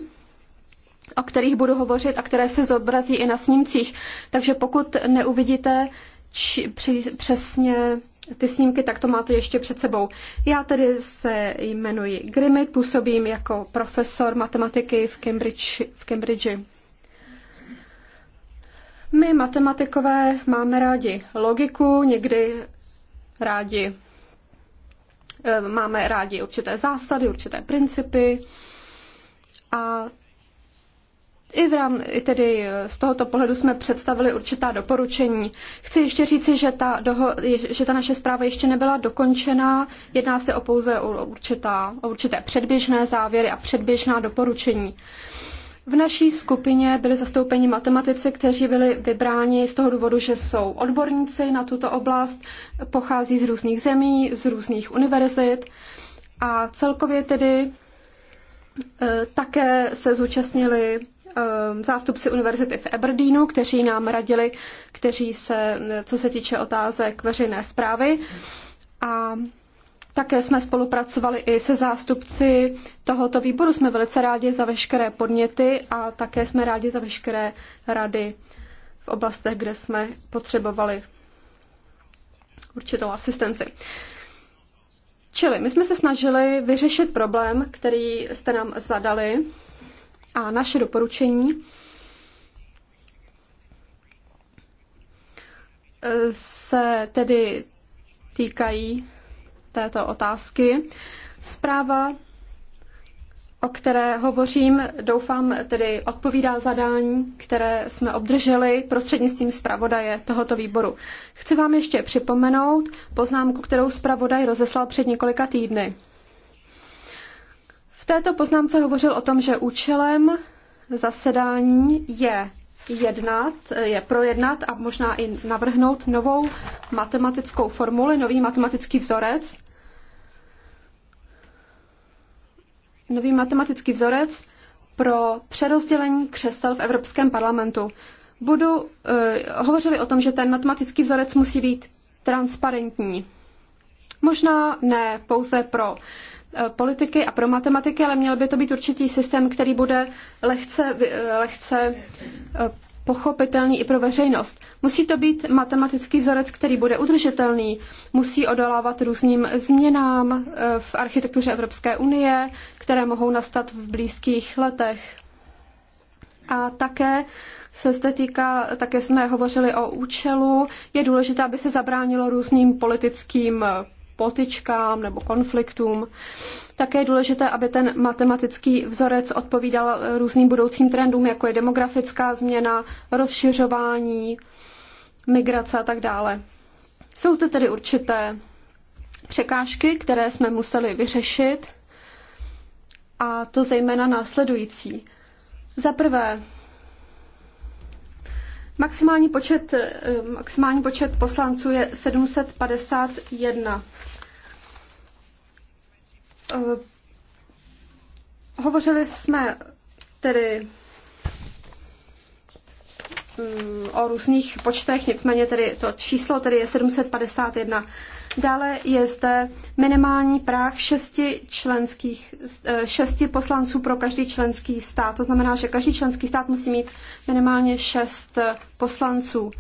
o kterých budu hovořit a které se zobrazí i na snímcích. Takže pokud neuvidíte či, při, přesně ty snímky, tak to máte ještě před sebou. Já tedy se jmenuji Grimit, působím jako profesor matematiky v Cambridge. V Cambridge. My matematikové máme rádi logiku, někdy rádi eh, máme rádi určité zásady, určité principy a i, v rám, I tedy eh, z tohoto pohledu jsme představili určitá doporučení. Chci ještě říci, že ta, doho, že ta naše zpráva ještě nebyla dokončená. Jedná se o pouze o, určitá, o určité předběžné závěry a předběžná doporučení. V naší skupině byli zastoupeni matematici, kteří byli vybráni z toho důvodu, že jsou odborníci na tuto oblast, pochází z různých zemí, z různých univerzit a celkově tedy eh, také se zúčastnili Ehm, zástupci univerzity v Aberdeenu, kteří nám radili, kteří se, co se týče otázek veřejné zprávy. A také jsme spolupracovali i se zástupci tohoto výboru. Jsme velice rádi za veškeré podněty a také jsme rádi za veškeré rady v oblastech, kde jsme potřebovali určitou asistenci. Čili my jsme se snažili vyřešit problém, který jste nám zadali a naše doporučení eh, se tedy týkají této otázky. Zpráva, o které hovořím, doufám, tedy odpovídá zadání, které jsme obdrželi prostřednictvím zpravodaje tohoto výboru. Chci vám ještě připomenout poznámku, kterou zpravodaj rozeslal před několika týdny této poznámce hovořil o tom, že účelem zasedání je jednat, je projednat a možná i navrhnout novou matematickou formuli, nový matematický vzorec. Nový matematický vzorec pro přerozdělení křesel v Evropském parlamentu. Budu uh, hovořili o tom, že ten matematický vzorec musí být transparentní. Možná ne pouze pro Eh, politiky a pro matematiky, ale měl by to být určitý systém, který bude lehce, eh, lehce eh, pochopitelný i pro veřejnost. Musí to být matematický vzorec, který bude udržitelný, musí odolávat různým změnám v architektuře Evropské unie, které mohou nastat v blízkých letech. A také se zde týká, také jsme hovořili o účelu, je důležité, aby se zabránilo různým politickým potičkám nebo konfliktům. Také je důležité, aby ten matematický vzorec odpovídal různým budoucím trendům, jako je demografická změna, rozšiřování, migrace a tak dále. Jsou zde tedy určité překážky, které jsme museli vyřešit, a to zejména následující. Za prvé, maximální počet, eh, maximální počet poslanců je 751. Eh, hovořili jsme tedy mm, o různých počtech, nicméně tedy to číslo tedy je 751. Dále je zde minimální práh šesti, členských, eh, šesti poslanců pro každý členský stát. To znamená, že každý členský stát musí mít minimálně šest eh, poslanců.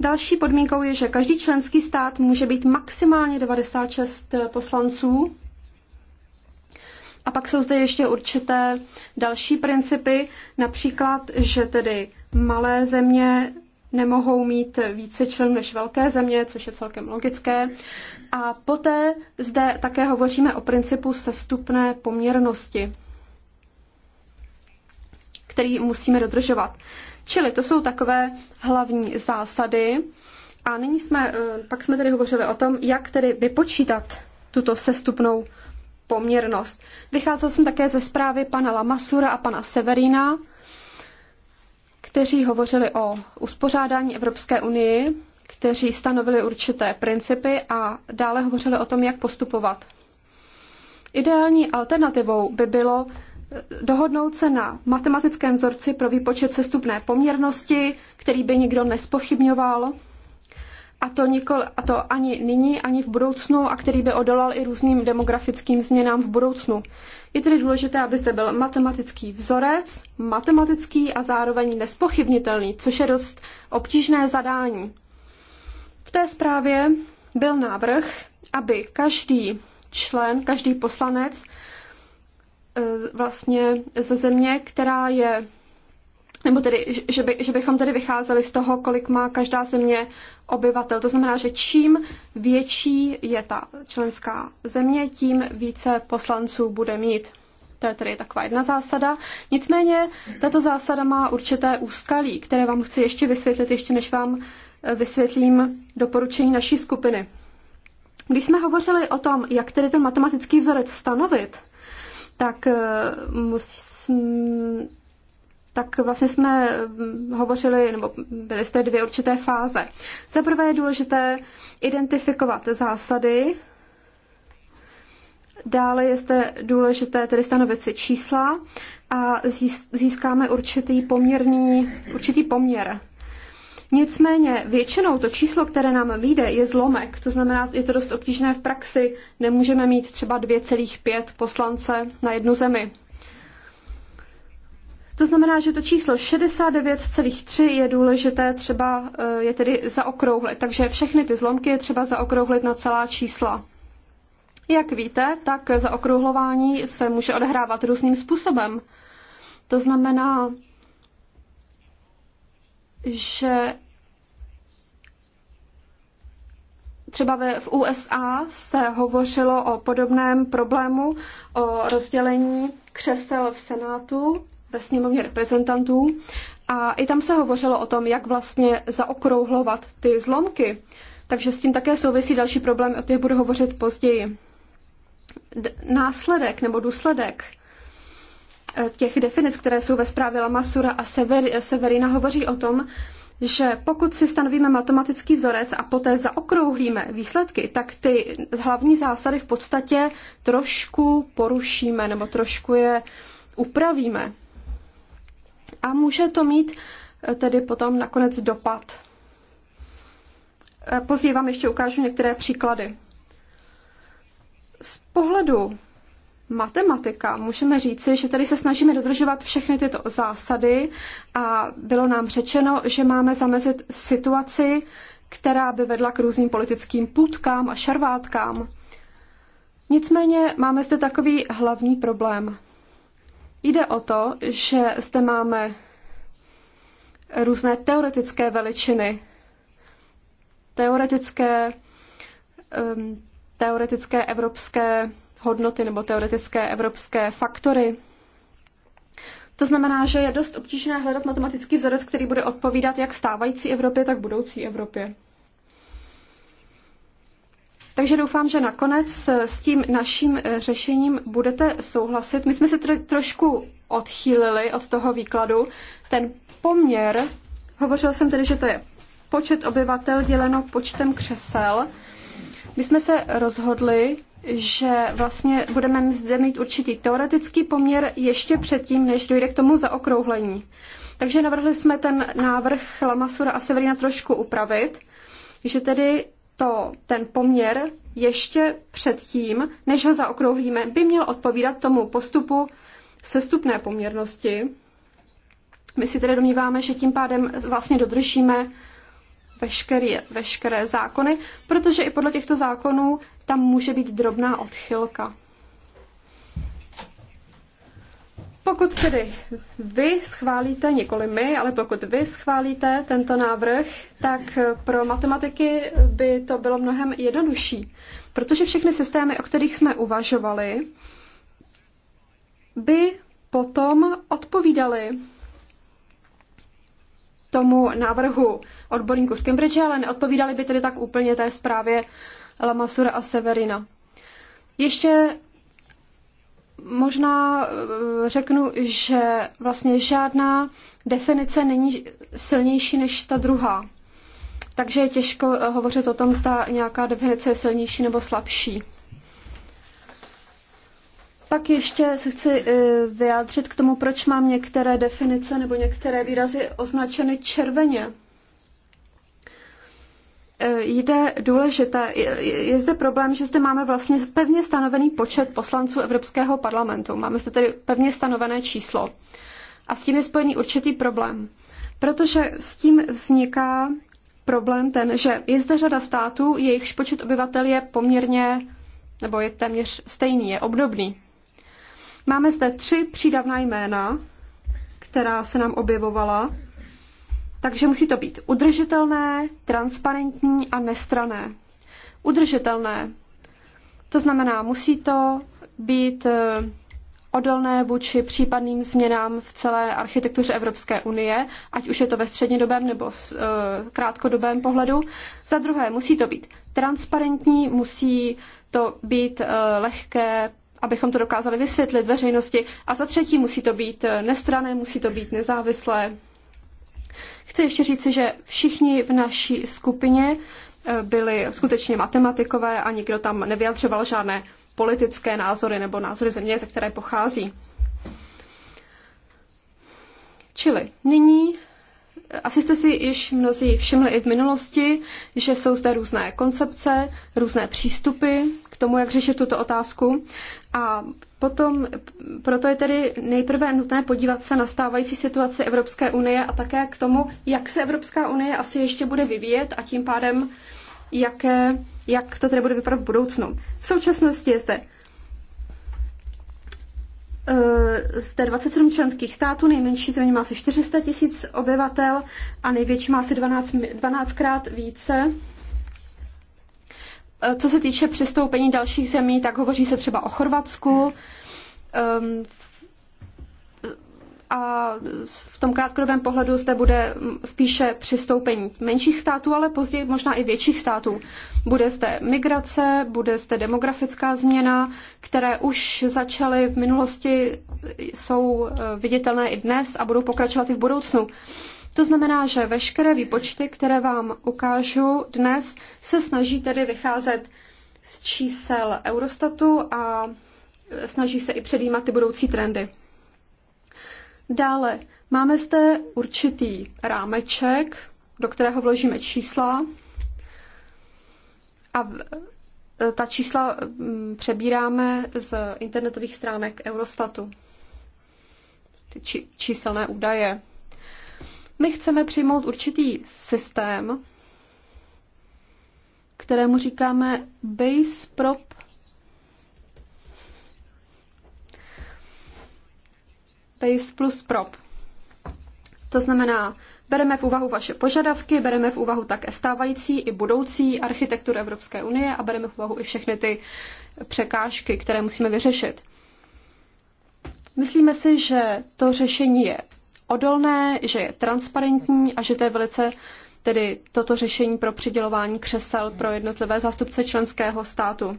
Další podmínkou je, že každý členský stát může být maximálně 96 poslanců a pak jsou zde ještě určité další principy, například, že tedy malé země nemohou mít více členů než velké země, což je celkem logické. A poté zde také hovoříme o principu sestupné poměrnosti, který musíme dodržovat. Čili to jsou takové hlavní zásady. A nyní jsme, eh, pak jsme tedy hovořili o tom, jak tedy vypočítat tuto sestupnou poměrnost. Vycházel jsem také ze zprávy pana Lamasura a pana Severina, kteří hovořili o uspořádání Evropské unii, kteří stanovili určité principy a dále hovořili o tom, jak postupovat. Ideální alternativou by bylo eh, dohodnout se na matematickém vzorci pro výpočet sestupné poměrnosti, který by nikdo nespochybňoval, a to, nikol, a to ani nyní, ani v budoucnu, a který by odolal i různým demografickým změnám v budoucnu. Je tedy důležité, aby zde byl matematický vzorec, matematický a zároveň nespochybnitelný, což je dost obtížné zadání. V té zprávě byl návrh, aby každý člen, každý poslanec e, vlastně ze země, která je nebo tedy, že, by, že bychom tedy vycházeli z toho, kolik má každá země obyvatel. To znamená, že čím větší je ta členská země, tím více poslanců bude mít. To je tedy taková jedna zásada. Nicméně tato zásada má určité úskalí, které vám chci ještě vysvětlit, ještě než vám eh, vysvětlím doporučení naší skupiny. Když jsme hovořili o tom, jak tedy ten matematický vzorec stanovit, tak eh, musím tak vlastně jsme mm, hovořili, nebo byly jste dvě určité fáze. Za prvé je důležité identifikovat zásady, dále je zde důležité tedy stanovit si čísla a získáme určitý poměrný, určitý poměr. Nicméně většinou to číslo, které nám vyjde, je zlomek, to znamená, je to dost obtížné v praxi, nemůžeme mít třeba 2,5 poslance na jednu zemi. To znamená, že to číslo 69,3 je důležité třeba eh, je tedy zaokrouhlit, takže všechny ty zlomky je třeba zaokrouhlit na celá čísla. Jak víte, tak zaokrouhlování se může odehrávat různým způsobem. To znamená, že třeba v USA se hovořilo o podobném problému, o rozdělení křesel v Senátu ve sněmovně reprezentantů a i tam se hovořilo o tom, jak vlastně zaokrouhlovat ty zlomky. Takže s tím také souvisí další problém, o těch budu hovořit později. D- následek nebo důsledek eh, těch definic, které jsou ve zprávě Lamasura a Sever- eh, Severina, hovoří o tom, že pokud si stanovíme matematický vzorec a poté zaokrouhlíme výsledky, tak ty hlavní zásady v podstatě trošku porušíme nebo trošku je upravíme a může to mít eh, tedy potom nakonec dopad. Eh, později vám ještě ukážu některé příklady. Z pohledu matematika můžeme říci, že tady se snažíme dodržovat všechny tyto zásady a bylo nám řečeno, že máme zamezit situaci, která by vedla k různým politickým půdkám a šarvátkám. Nicméně máme zde takový hlavní problém – Jde o to, že zde máme různé teoretické veličiny, teoretické, um, teoretické evropské hodnoty nebo teoretické evropské faktory. To znamená, že je dost obtížné hledat matematický vzorec, který bude odpovídat jak stávající Evropě, tak budoucí Evropě. Takže doufám, že nakonec eh, s tím naším eh, řešením budete souhlasit. My jsme se tro, trošku odchýlili od toho výkladu. Ten poměr, hovořil jsem tedy, že to je počet obyvatel děleno počtem křesel. My jsme se rozhodli, že vlastně budeme zde mít určitý teoretický poměr ještě předtím, než dojde k tomu zaokrouhlení. Takže navrhli jsme ten návrh Lamasura a Severina trošku upravit, že tedy to, ten poměr ještě předtím, než ho zaokrouhlíme, by měl odpovídat tomu postupu sestupné poměrnosti. My si tedy domníváme, že tím pádem vlastně dodržíme veškeré, veškeré zákony, protože i podle těchto zákonů tam může být drobná odchylka. Pokud tedy vy schválíte, nikoli my, ale pokud vy schválíte tento návrh, tak pro matematiky by to bylo mnohem jednodušší, protože všechny systémy, o kterých jsme uvažovali, by potom odpovídaly tomu návrhu odborníku z Cambridge, ale neodpovídali by tedy tak úplně té zprávě Lamasura a Severina. Ještě možná eh, řeknu, že vlastně žádná definice není silnější než ta druhá. Takže je těžko eh, hovořit o tom, zda nějaká definice je silnější nebo slabší. Pak ještě se chci eh, vyjádřit k tomu, proč mám některé definice nebo některé výrazy označeny červeně. Eh, jde důležité, je zde problém, že zde máme vlastně pevně stanovený počet poslanců Evropského parlamentu. Máme zde tedy pevně stanovené číslo. A s tím je spojený určitý problém. Protože s tím vzniká problém ten, že je zde řada států, jejichž počet obyvatel je poměrně, nebo je téměř stejný, je obdobný. Máme zde tři přídavná jména, která se nám objevovala takže musí to být udržitelné, transparentní a nestrané. Udržitelné. To znamená, musí to být eh, odolné vůči případným změnám v celé architektuře Evropské unie, ať už je to ve střednědobém nebo v eh, krátkodobém pohledu. Za druhé, musí to být transparentní, musí to být eh, lehké, abychom to dokázali vysvětlit veřejnosti. A za třetí, musí to být nestrané, musí to být nezávislé. Chci ještě říci, že všichni v naší skupině eh, byli skutečně matematikové a nikdo tam nevyjadřoval žádné politické názory nebo názory země, ze které pochází. Čili nyní asi jste si již mnozí všimli i v minulosti, že jsou zde různé koncepce, různé přístupy k tomu, jak řešit tuto otázku. A potom, proto je tedy nejprve nutné podívat se na stávající situaci Evropské unie a také k tomu, jak se Evropská unie asi ještě bude vyvíjet a tím pádem, jaké, jak to tedy bude vypadat v budoucnu. V současnosti je zde Eh, z té 27 členských států, nejmenší země má asi 400 tisíc obyvatel a největší má asi 12, 12 krát více. Eh, co se týče přistoupení dalších zemí, tak hovoří se třeba o Chorvatsku a v tom krátkodobém pohledu zde bude spíše přistoupení menších států, ale později možná i větších států. Bude zde migrace, bude zde demografická změna, které už začaly v minulosti, jsou e, viditelné i dnes a budou pokračovat i v budoucnu. To znamená, že veškeré výpočty, které vám ukážu dnes, se snaží tedy vycházet z čísel Eurostatu a snaží se i předjímat ty budoucí trendy. Dále máme zde určitý rámeček, do kterého vložíme čísla a e, ta čísla mm, přebíráme z internetových stránek Eurostatu. Ty či, číselné údaje. My chceme přijmout určitý systém, kterému říkáme Base Prop space plus PROP. To znamená, bereme v úvahu vaše požadavky, bereme v úvahu také stávající i budoucí architekturu Evropské unie a bereme v úvahu i všechny ty překážky, které musíme vyřešit. Myslíme si, že to řešení je odolné, že je transparentní a že to je velice tedy toto řešení pro přidělování křesel pro jednotlivé zástupce členského státu.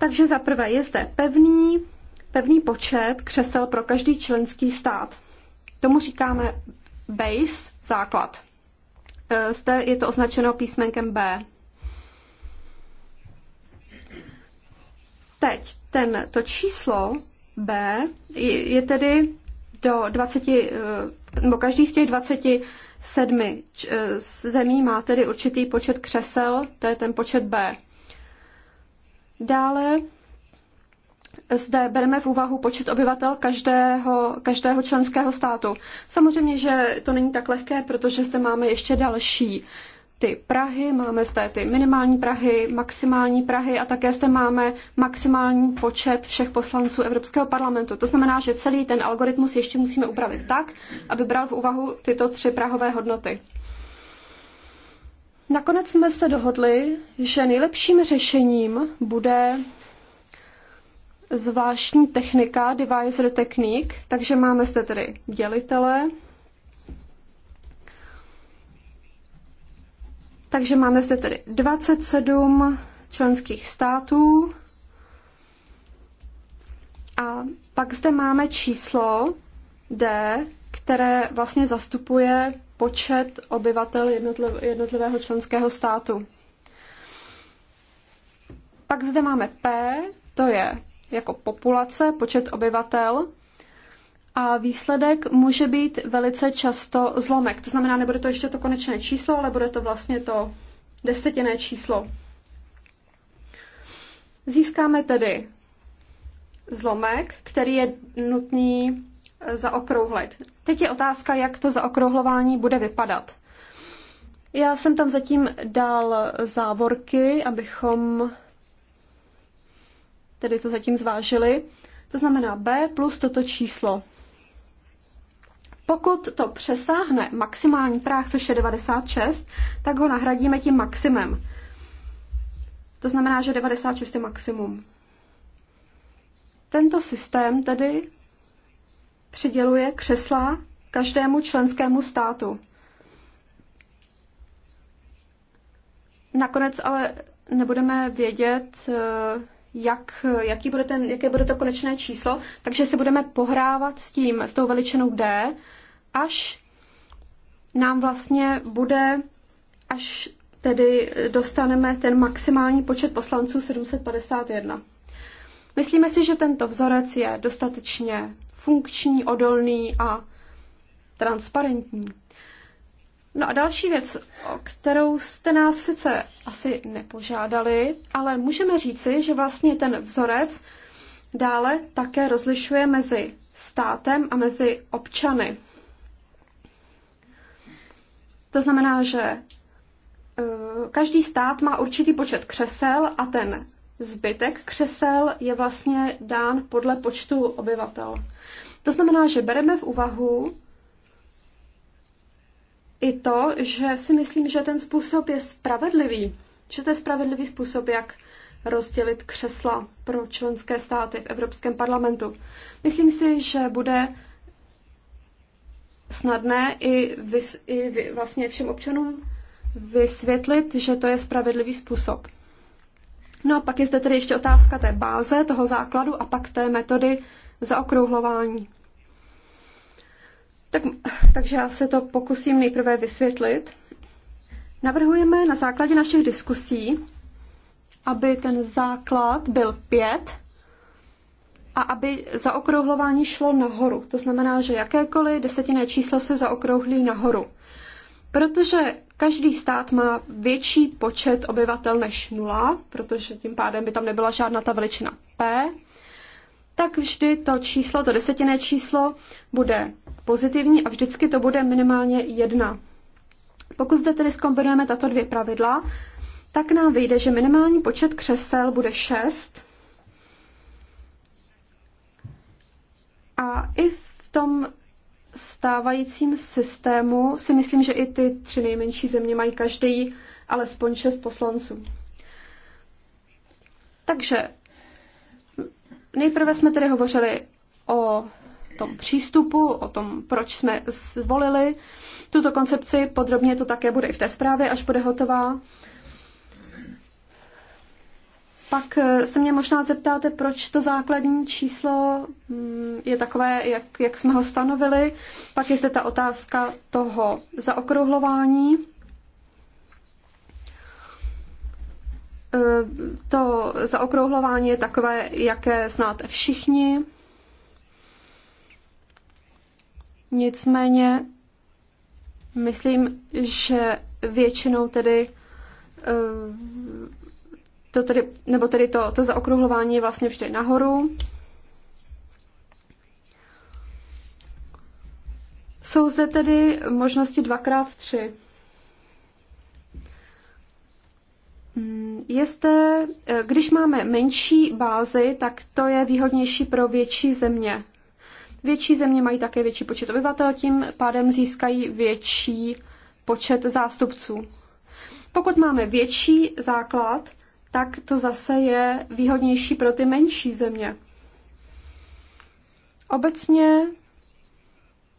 Takže za prvé je zde pevný pevný počet křesel pro každý členský stát. Tomu říkáme base, základ. E, zde je to označeno písmenkem B. Teď ten, to číslo B je, je tedy do 20, e, nebo každý z těch 27 e, zemí má tedy určitý počet křesel, to je ten počet B. Dále zde bereme v úvahu počet obyvatel každého, každého členského státu. Samozřejmě, že to není tak lehké, protože zde máme ještě další ty Prahy, máme zde ty minimální Prahy, maximální Prahy a také zde máme maximální počet všech poslanců Evropského parlamentu. To znamená, že celý ten algoritmus ještě musíme upravit tak, aby bral v úvahu tyto tři prahové hodnoty. Nakonec jsme se dohodli, že nejlepším řešením bude zvláštní technika, divisor technique, takže máme zde tedy dělitele. Takže máme zde tedy 27 členských států a pak zde máme číslo D, které vlastně zastupuje počet obyvatel jednotlivého členského státu. Pak zde máme P, to je jako populace, počet obyvatel. A výsledek může být velice často zlomek. To znamená, nebude to ještě to konečné číslo, ale bude to vlastně to desetinné číslo. Získáme tedy zlomek, který je nutný zaokrouhlit. Teď je otázka, jak to zaokrouhlování bude vypadat. Já jsem tam zatím dal závorky, abychom tedy to zatím zvážili, to znamená B plus toto číslo. Pokud to přesáhne maximální práh, což je 96, tak ho nahradíme tím maximem. To znamená, že 96 je maximum. Tento systém tedy přiděluje křesla každému členskému státu. Nakonec ale nebudeme vědět, eh, jak, jaký bude ten, jaké bude to konečné číslo, takže se budeme pohrávat s tím, s tou veličinou D, až nám vlastně bude, až tedy dostaneme ten maximální počet poslanců 751. Myslíme si, že tento vzorec je dostatečně funkční, odolný a transparentní. No a další věc, o kterou jste nás sice asi nepožádali, ale můžeme říci, že vlastně ten vzorec dále také rozlišuje mezi státem a mezi občany. To znamená, že e, každý stát má určitý počet křesel a ten zbytek křesel je vlastně dán podle počtu obyvatel. To znamená, že bereme v úvahu i to, že si myslím, že ten způsob je spravedlivý, že to je spravedlivý způsob, jak rozdělit křesla pro členské státy v Evropském parlamentu. Myslím si, že bude snadné i, vys, i vy, vlastně všem občanům vysvětlit, že to je spravedlivý způsob. No a pak je zde tedy ještě otázka té báze, toho základu a pak té metody zaokrouhlování. Tak, takže já se to pokusím nejprve vysvětlit. Navrhujeme na základě našich diskusí, aby ten základ byl 5 a aby zaokrouhlování šlo nahoru. To znamená, že jakékoliv desetinné číslo se zaokrouhlí nahoru. Protože každý stát má větší počet obyvatel než nula, protože tím pádem by tam nebyla žádná ta veličina P tak vždy to číslo, to desetinné číslo bude pozitivní a vždycky to bude minimálně jedna. Pokud zde tedy zkombinujeme tato dvě pravidla, tak nám vyjde, že minimální počet křesel bude 6. A i v tom stávajícím systému si myslím, že i ty tři nejmenší země mají každý alespoň šest poslanců. Takže Nejprve jsme tedy hovořili o tom přístupu, o tom, proč jsme zvolili tuto koncepci. Podrobně to také bude i v té zprávě, až bude hotová. Pak eh, se mě možná zeptáte, proč to základní číslo mm, je takové, jak, jak jsme ho stanovili. Pak je zde ta otázka toho zaokrouhlování. E, to zaokrouhlování je takové, jaké znáte všichni. Nicméně myslím, že většinou tedy e, to tedy, nebo tedy to, to zaokrouhlování je vlastně vždy nahoru. Jsou zde tedy možnosti dvakrát tři. Mm, je e, když máme menší bázy, tak to je výhodnější pro větší země. Větší země mají také větší počet obyvatel, tím pádem získají větší počet zástupců. Pokud máme větší základ, tak to zase je výhodnější pro ty menší země. Obecně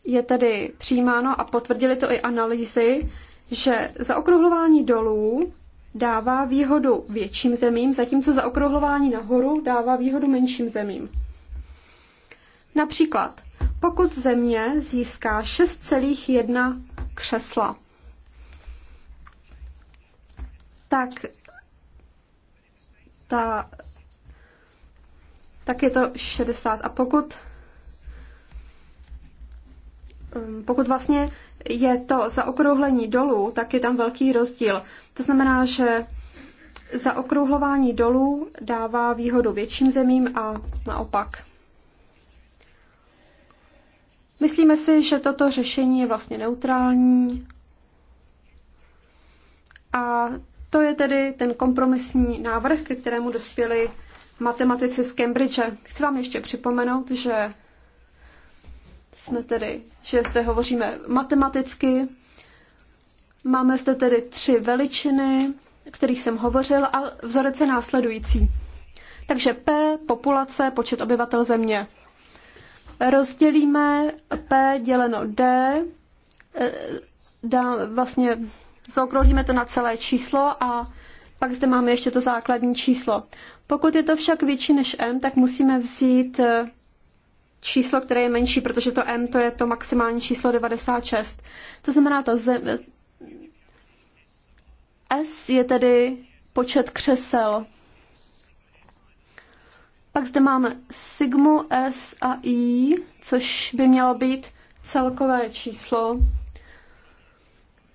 je tedy přijímáno a potvrdili to i analýzy, že zaokrouhlování dolů dává výhodu větším zemím, zatímco zaokrouhlování nahoru dává výhodu menším zemím. Například, pokud země získá 6,1 křesla, tak ta, tak je to 60. A pokud, um, pokud vlastně je to zaokrouhlení dolů, tak je tam velký rozdíl. To znamená, že zaokrouhlování dolů dává výhodu větším zemím a naopak. Myslíme si, že toto řešení je vlastně neutrální a to je tedy ten kompromisní návrh, ke kterému dospěli matematici z Cambridge. Chci vám ještě připomenout, že jsme tedy, že zde hovoříme matematicky. Máme zde tedy tři veličiny, o kterých jsem hovořil, a vzorec je následující. Takže P, populace, počet obyvatel země. Rozdělíme P děleno D, eh, dá, vlastně zaokrouhlíme to na celé číslo a pak zde máme ještě to základní číslo. Pokud je to však větší než m, tak musíme vzít eh, číslo, které je menší, protože to M to je to maximální číslo 96. To znamená, ta zem... S je tedy počet křesel. Pak zde máme sigmu S a I, což by mělo být celkové číslo.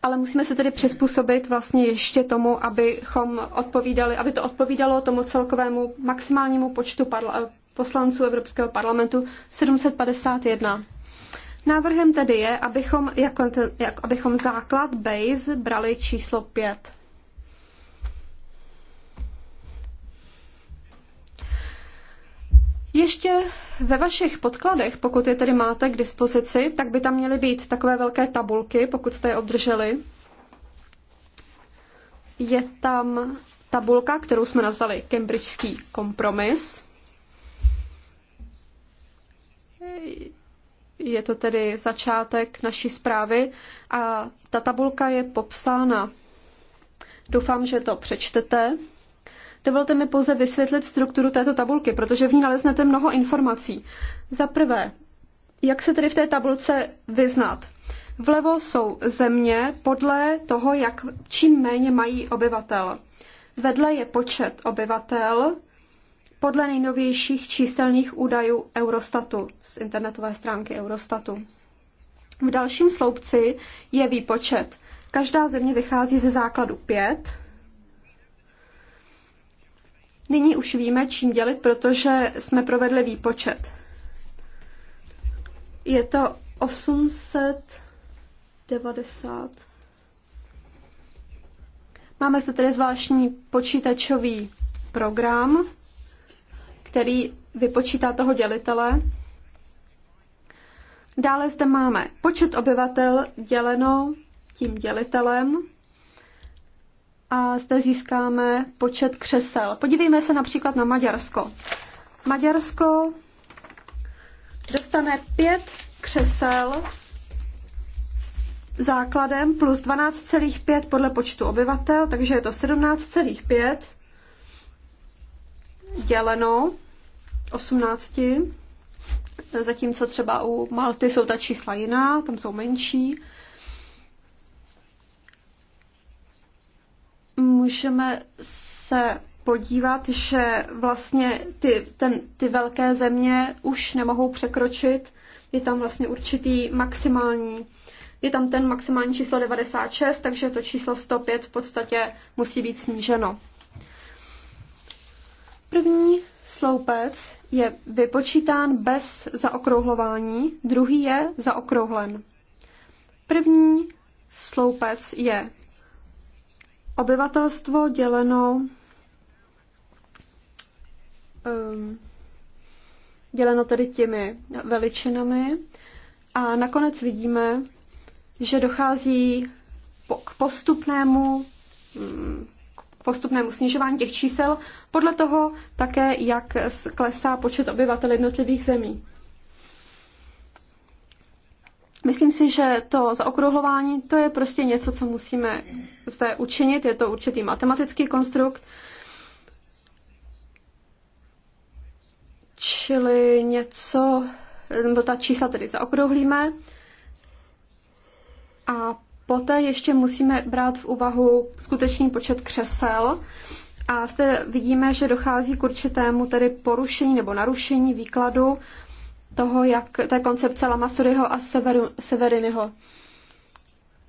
Ale musíme se tedy přizpůsobit vlastně ještě tomu, abychom odpovídali, aby to odpovídalo tomu celkovému maximálnímu počtu poslanců Evropského parlamentu 751. Návrhem tedy je, abychom, jako, jak, abychom základ base brali číslo 5. Ještě ve vašich podkladech, pokud je tedy máte k dispozici, tak by tam měly být takové velké tabulky, pokud jste je obdrželi. Je tam tabulka, kterou jsme nazvali Cambridgeský kompromis. Je to tedy začátek naší zprávy a ta tabulka je popsána. Doufám, že to přečtete. Dovolte mi pouze vysvětlit strukturu této tabulky, protože v ní naleznete mnoho informací. Za prvé, jak se tedy v té tabulce vyznat? Vlevo jsou země podle toho, jak čím méně mají obyvatel. Vedle je počet obyvatel, podle nejnovějších číselných údajů Eurostatu z internetové stránky Eurostatu. V dalším sloupci je výpočet. Každá země vychází ze základu 5. Nyní už víme, čím dělit, protože jsme provedli výpočet. Je to 890. Máme zde tedy zvláštní počítačový program, který vypočítá toho dělitele. Dále zde máme počet obyvatel děleno tím dělitelem a zde získáme počet křesel. Podívejme se například na Maďarsko. Maďarsko dostane pět křesel základem plus 12,5 podle počtu obyvatel, takže je to 17,5 děleno 18, zatímco třeba u Malty jsou ta čísla jiná, tam jsou menší. Můžeme se podívat, že vlastně ty, ten, ty velké země už nemohou překročit, je tam vlastně určitý maximální, je tam ten maximální číslo 96, takže to číslo 105 v podstatě musí být sníženo. První Sloupec je vypočítán bez zaokrouhlování, druhý je zaokrouhlen. První sloupec je obyvatelstvo děleno um, děleno tedy těmi veličinami a nakonec vidíme, že dochází k postupnému mm, postupnému snižování těch čísel, podle toho také, jak klesá počet obyvatel jednotlivých zemí. Myslím si, že to zaokrouhlování to je prostě něco, co musíme zde učinit. Je to určitý matematický konstrukt. Čili něco, nebo ta čísla tedy zaokrouhlíme. A Poté ještě musíme brát v úvahu skutečný počet křesel a zde vidíme, že dochází k určitému tedy porušení nebo narušení výkladu toho, jak té koncepce Lamasuryho a Severu, Severinyho.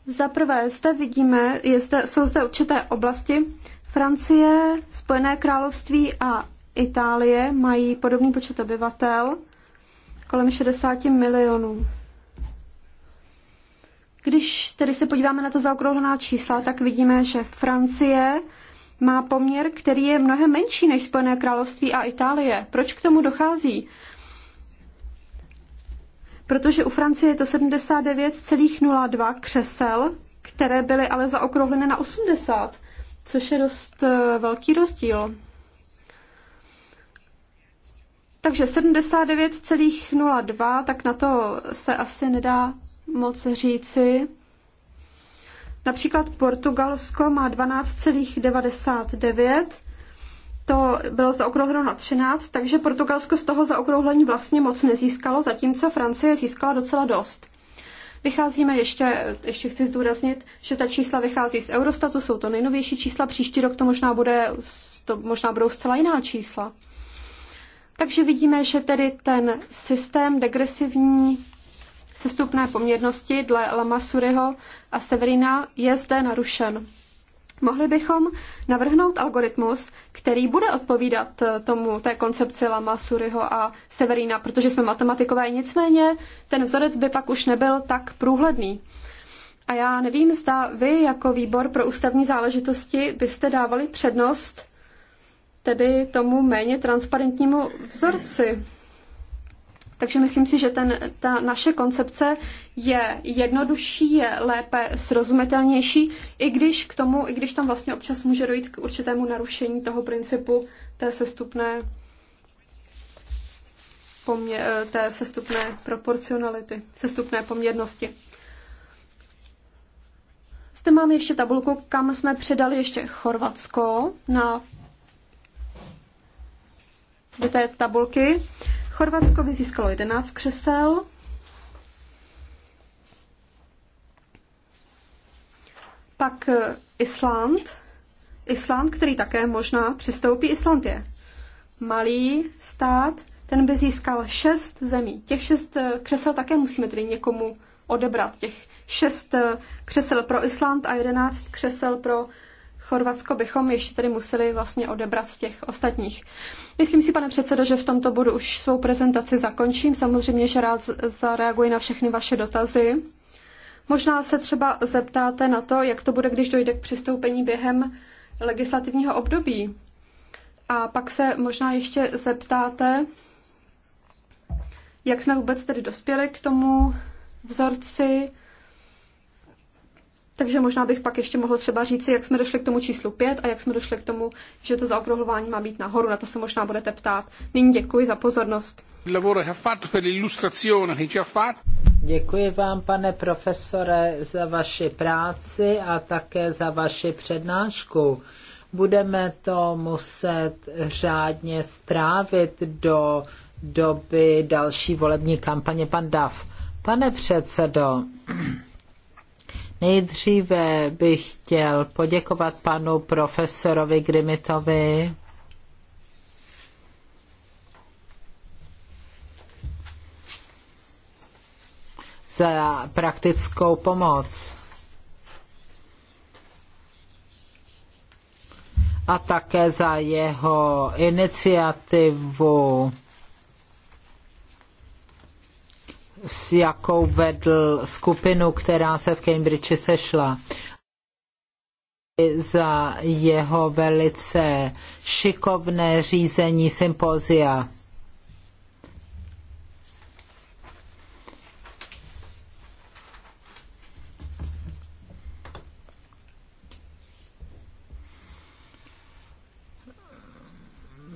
Za prvé, zde vidíme, je zde, jsou zde určité oblasti. Francie, Spojené království a Itálie mají podobný počet obyvatel, kolem 60 milionů. Když tedy se podíváme na ta zaokrouhlená čísla, tak vidíme, že Francie má poměr, který je mnohem menší než Spojené království a Itálie. Proč k tomu dochází? Protože u Francie je to 79,02 křesel, které byly ale zaokrouhlené na 80, což je dost eh, velký rozdíl. Takže 79,02, tak na to se asi nedá moc říci. Například Portugalsko má 12,99, to bylo zaokrouhleno na 13, takže Portugalsko z toho zaokrouhlení vlastně moc nezískalo, zatímco Francie získala docela dost. Vycházíme ještě, ještě chci zdůraznit, že ta čísla vychází z Eurostatu, jsou to nejnovější čísla, příští rok to možná, bude, to možná budou zcela jiná čísla. Takže vidíme, že tedy ten systém degresivní sestupné poměrnosti dle Lamasuryho a Severina je zde narušen. Mohli bychom navrhnout algoritmus, který bude odpovídat eh, tomu té koncepci Lama, Suryho a Severina, protože jsme matematikové, nicméně ten vzorec by pak už nebyl tak průhledný. A já nevím, zda vy jako výbor pro ústavní záležitosti byste dávali přednost tedy tomu méně transparentnímu vzorci. Takže myslím si, že ten, ta naše koncepce je jednodušší, je lépe srozumitelnější, i když k tomu, i když tam vlastně občas může dojít k určitému narušení toho principu té sestupné pomě, eh, té sestupné proporcionality, sestupné poměrnosti. Zde mám ještě tabulku, kam jsme předali ještě Chorvatsko na do té tabulky. Chorvatsko by získalo 11 křesel. Pak eh, Island. Island, který také možná přistoupí, Island je malý stát, ten by získal šest zemí. Těch šest eh, křesel také musíme tedy někomu odebrat. Těch šest eh, křesel pro Island a jedenáct křesel pro Chorvatsko bychom ještě tedy museli vlastně odebrat z těch ostatních. Myslím si, pane předsedo, že v tomto bodu už svou prezentaci zakončím. Samozřejmě, že rád zareaguji na všechny vaše dotazy. Možná se třeba zeptáte na to, jak to bude, když dojde k přistoupení během legislativního období. A pak se možná ještě zeptáte, jak jsme vůbec tedy dospěli k tomu vzorci takže možná bych pak ještě mohl třeba říct, jak jsme došli k tomu číslu 5 a jak jsme došli k tomu, že to zaokrouhlování má být nahoru. Na to se možná budete ptát. Nyní děkuji za pozornost. Děkuji vám, pane profesore, za vaši práci a také za vaši přednášku. Budeme to muset řádně strávit do doby další volební kampaně. Pan Dav. Pane předsedo, Nejdříve bych chtěl poděkovat panu profesorovi Grimitovi za praktickou pomoc. A také za jeho iniciativu s jakou vedl skupinu, která se v Cambridge sešla. Za jeho velice šikovné řízení sympozia.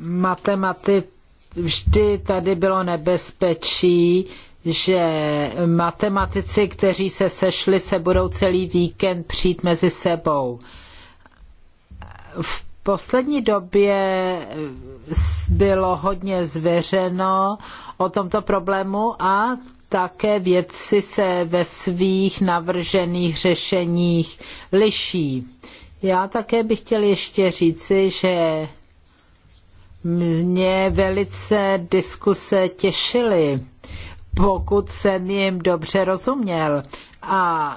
matematik, vždy tady bylo nebezpečí, že matematici, kteří se sešli, se budou celý víkend přijít mezi sebou. V poslední době bylo hodně zveřeno o tomto problému a také vědci se ve svých navržených řešeních liší. Já také bych chtěl ještě říci, že mě velice diskuse těšily pokud jsem jim dobře rozuměl. A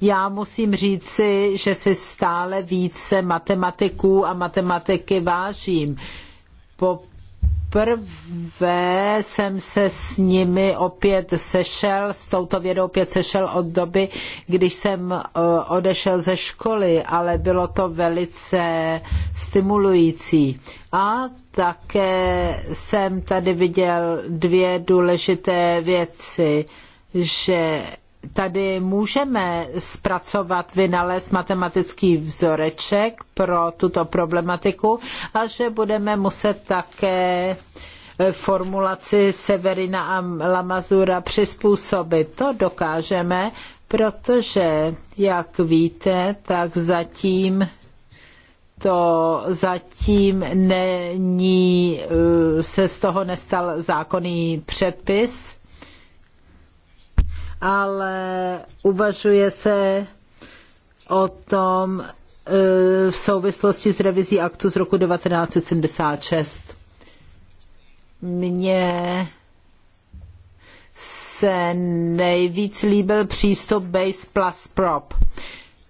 já musím říci, že si stále více matematiků a matematiky vážím. Po poprvé jsem se s nimi opět sešel, s touto vědou opět sešel od doby, když jsem e, odešel ze školy, ale bylo to velice stimulující. A také jsem tady viděl dvě důležité věci, že tady můžeme zpracovat, vynalézt matematický vzoreček pro tuto problematiku a že budeme muset také eh, formulaci Severina a Lamazura přizpůsobit. To dokážeme, protože, jak víte, tak zatím to zatím není, eh, se z toho nestal zákonný předpis ale uvažuje se o tom e, v souvislosti s revizí aktu z roku 1976. Mně se nejvíc líbil přístup Base plus Prop,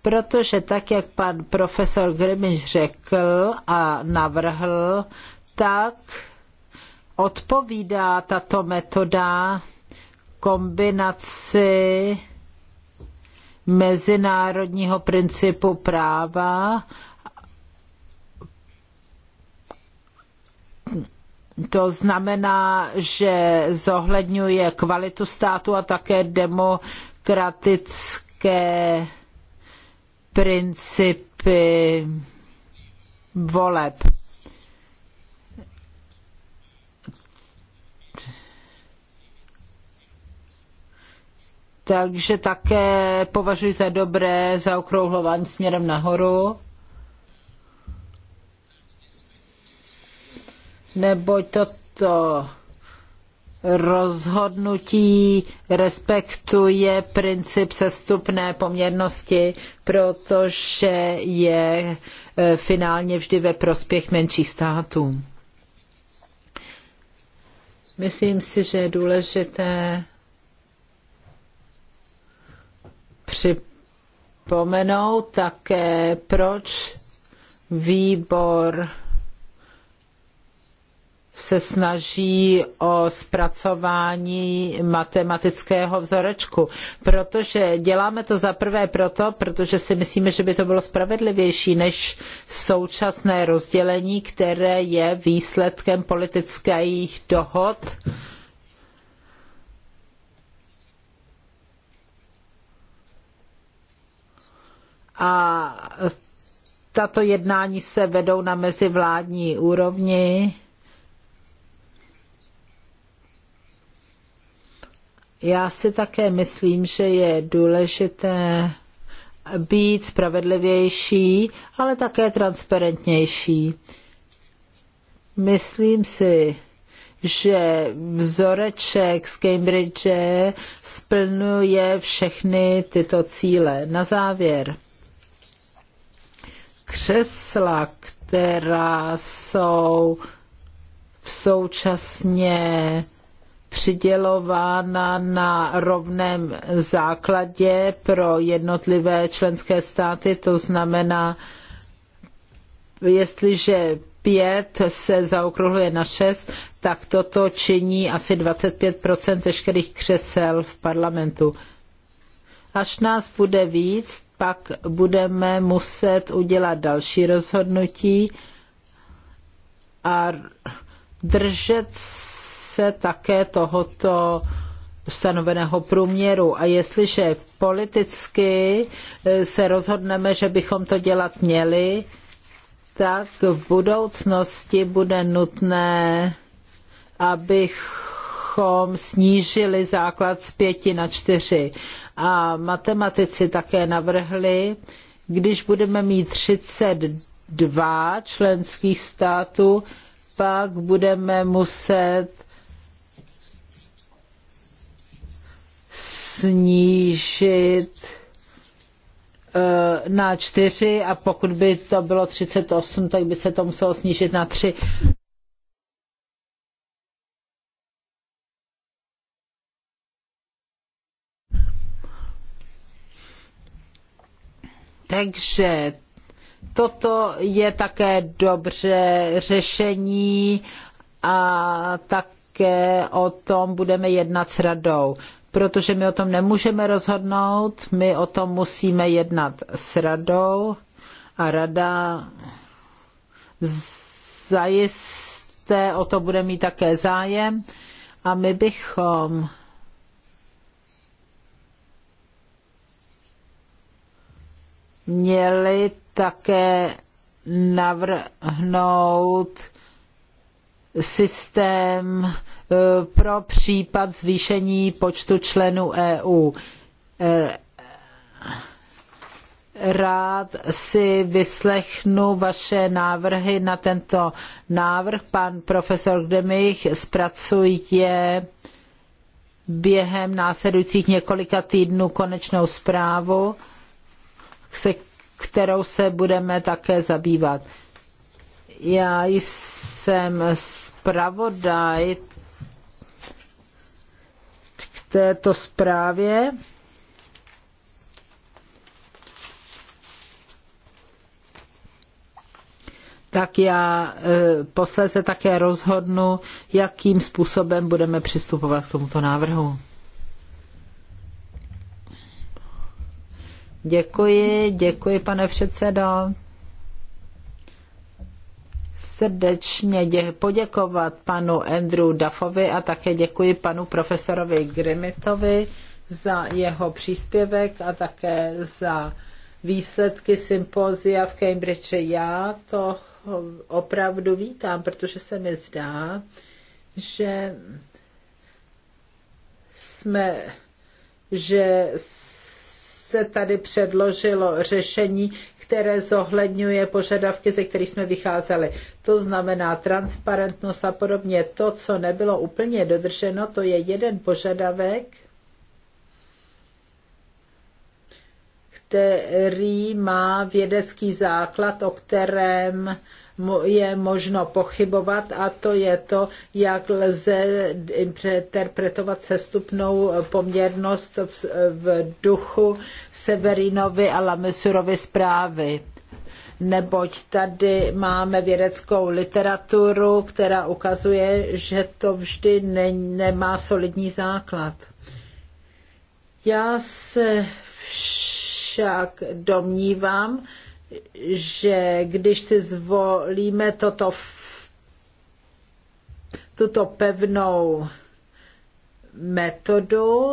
protože tak, jak pan profesor Grimmins řekl a navrhl, tak odpovídá tato metoda kombinaci mezinárodního principu práva To znamená, že zohledňuje kvalitu státu a také demokratické principy voleb. takže také považuji za dobré zaokrouhlování směrem nahoru. Neboť toto rozhodnutí respektuje princip sestupné poměrnosti, protože je e, finálně vždy ve prospěch menších států. Myslím si, že je důležité připomenout také, proč výbor se snaží o zpracování matematického vzorečku, protože děláme to za prvé proto, protože si myslíme, že by to bylo spravedlivější než současné rozdělení, které je výsledkem politických dohod, uh, a tato jednání se vedou na mezivládní úrovni. Já si také myslím, že je důležité být spravedlivější, ale také transparentnější. Myslím si, že vzoreček z Cambridge splňuje všechny tyto cíle. Na závěr křesla, která jsou současně přidělována na rovném základě pro jednotlivé členské státy, to znamená, jestliže pět se zaokrouhluje na šest, tak toto činí asi 25 veškerých křesel v parlamentu. Až nás bude víc, pak budeme muset udělat další rozhodnutí a držet se také tohoto stanoveného průměru. A jestliže politicky eh, se rozhodneme, že bychom to dělat měli, tak v budoucnosti bude nutné, abych abychom snížili základ z pěti na čtyři. A matematici také navrhli, když budeme mít 32 členských států, pak budeme muset snížit eh, na čtyři a pokud by to bylo 38, tak by se to muselo snížit na tři. Takže toto je také dobře řešení a také o tom budeme jednat s radou, protože my o tom nemůžeme rozhodnout, my o tom musíme jednat s radou a rada zajisté o to bude mít také zájem a my bychom měli také navrhnout systém e, pro případ zvýšení počtu členů EU. E, rád si vyslechnu vaše návrhy na tento návrh. Pan profesor Gdemich zpracuje během následujících několika týdnů konečnou zprávu se kterou se budeme také zabývat. Já jsem zpravodaj k této zprávě. tak já e, posléze také rozhodnu, jakým způsobem budeme přistupovat k tomuto návrhu. Děkuji, děkuji, pane předsedo. Srdečně dě- poděkovat panu Andrew Duffovi a také děkuji panu profesorovi Grimitovi za jeho příspěvek a také za výsledky sympózia v Cambridge. Já to opravdu vítám, protože se mi zdá, že jsme, že se tady předložilo řešení, které zohledňuje požadavky, ze kterých jsme vycházeli. To znamená transparentnost a podobně. To, co nebylo úplně dodrženo, to je jeden požadavek, který má vědecký základ, o kterém je možno pochybovat a to je to, jak lze interpretovat sestupnou poměrnost v duchu Severinovy a Lamesurovy zprávy neboť tady máme vědeckou literaturu, která ukazuje, že to vždy ne, nemá solidní základ. Já se však domnívám, že když si zvolíme toto, tuto pevnou metodu,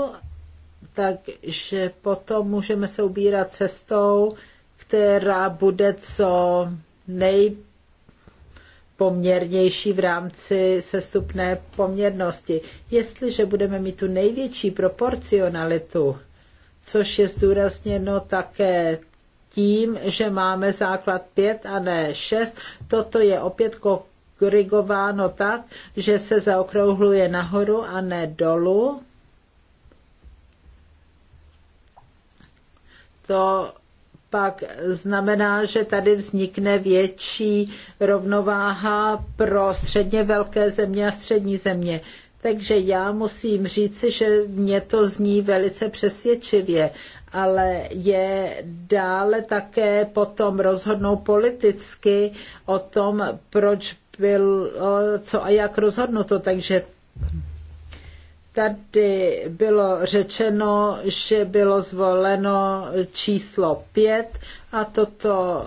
takže potom můžeme se ubírat cestou, která bude co nejpoměrnější v rámci sestupné poměrnosti. Jestliže budeme mít tu největší proporcionalitu, což je zdůrazněno také tím, že máme základ 5 a ne 6. Toto je opět korigováno tak, že se zaokrouhluje nahoru a ne dolů. To pak znamená, že tady vznikne větší rovnováha pro středně velké země a střední země. Takže já musím říci, že mě to zní velice přesvědčivě, ale je dále také potom rozhodnou politicky o tom, proč bylo co a jak rozhodnuto. Takže tady bylo řečeno, že bylo zvoleno číslo pět a toto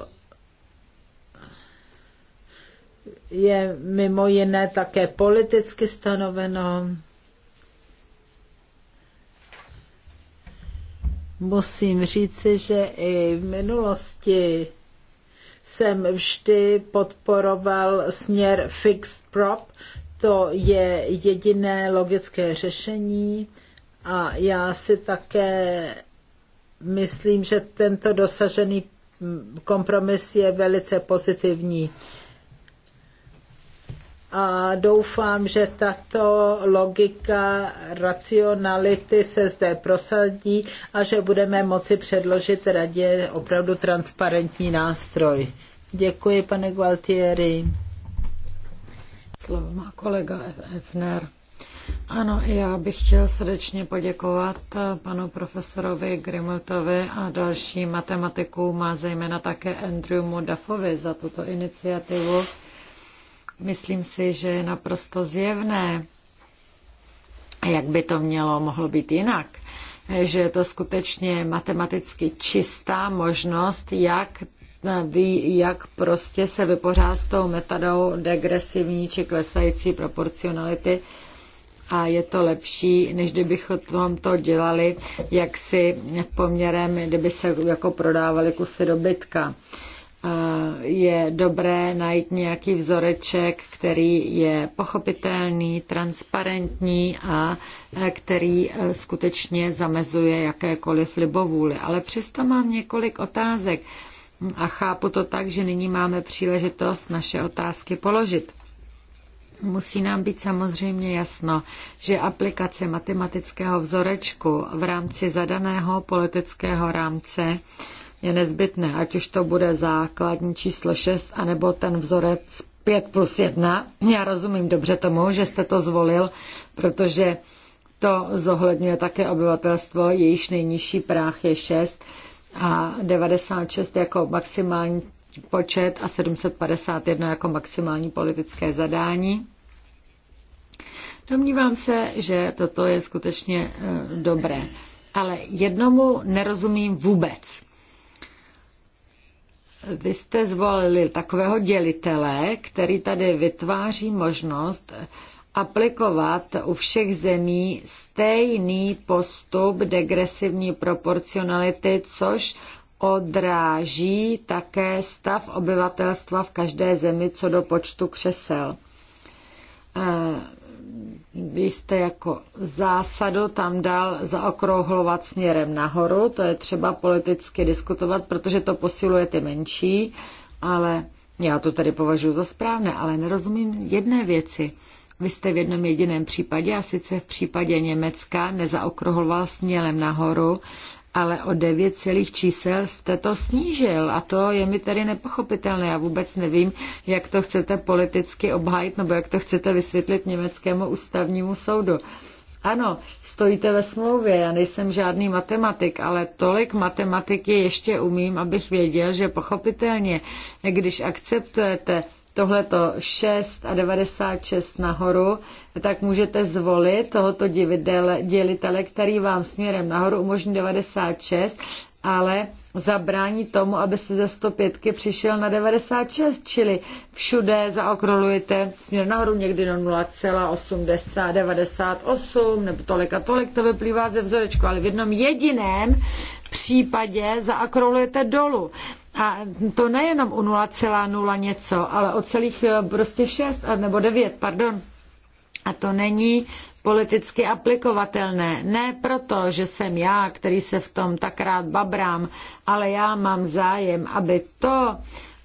je mimo jiné také politicky stanoveno. Musím říci, že i v minulosti jsem vždy podporoval směr fixed prop. To je jediné logické řešení a já si také myslím, že tento dosažený kompromis je velice pozitivní a doufám, že tato logika racionality se zde prosadí a že budeme moci předložit radě opravdu transparentní nástroj. Děkuji, pane Gualtieri. Slovo má kolega Efner. Ano, já bych chtěl srdečně poděkovat eh, panu profesorovi Grimultovi a dalším matematikům a zejména také Andrewu Duffovi za tuto iniciativu Myslím si, že je naprosto zjevné, jak by to mělo mohlo být jinak, že je to skutečně matematicky čistá možnost, jak ví, jak prostě se vypořád s tou metodou degresivní či klesající proporcionality a je to lepší, než kdybychom to dělali jaksi poměrem, kdyby se jako prodávali kusy dobytka je dobré najít nějaký vzoreček, který je pochopitelný, transparentní a který e, skutečně zamezuje jakékoliv libovůli. Ale přesto mám několik otázek a chápu to tak, že nyní máme příležitost naše otázky položit. Musí nám být samozřejmě jasno, že aplikace matematického vzorečku v rámci zadaného politického rámce je nezbytné, ať už to bude základní číslo 6, anebo ten vzorec 5 plus 1. Já rozumím dobře tomu, že jste to zvolil, protože to zohledňuje také obyvatelstvo, jejíž nejnižší práh je 6 a 96 jako maximální počet a 751 jako maximální politické zadání. Domnívám se, že toto je skutečně eh, dobré, ale jednomu nerozumím vůbec. Vy jste zvolili takového dělitele, který tady vytváří možnost aplikovat u všech zemí stejný postup degresivní proporcionality, což odráží také stav obyvatelstva v každé zemi co do počtu křesel jste jako zásadu tam dal zaokrouhlovat směrem nahoru. To je třeba politicky diskutovat, protože to posiluje ty menší, ale já to tady považuji za správné, ale nerozumím jedné věci. Vy jste v jednom jediném případě, a sice v případě Německa, nezaokrouhloval směrem nahoru, ale o devět celých čísel jste to snížil a to je mi tedy nepochopitelné. Já vůbec nevím, jak to chcete politicky obhájit nebo jak to chcete vysvětlit německému ústavnímu soudu. Ano, stojíte ve smlouvě, já nejsem žádný matematik, ale tolik matematiky ještě umím, abych věděl, že pochopitelně, když akceptujete tohleto 6 a 96 nahoru, tak můžete zvolit tohoto dělitele, který vám směrem nahoru umožní 96, ale zabrání tomu, abyste ze 105 přišel na 96, čili všude zaokrolujete směr nahoru někdy na 0,8098 nebo tolik a tolik, to vyplývá ze vzorečku, ale v jednom jediném případě zaokrolujete dolů. A to nejenom o 0,0 něco, ale o celých eh, prostě 6 nebo 9, pardon. A to není politicky aplikovatelné. Ne proto, že jsem já, který se v tom tak rád babrám, ale já mám zájem, aby to,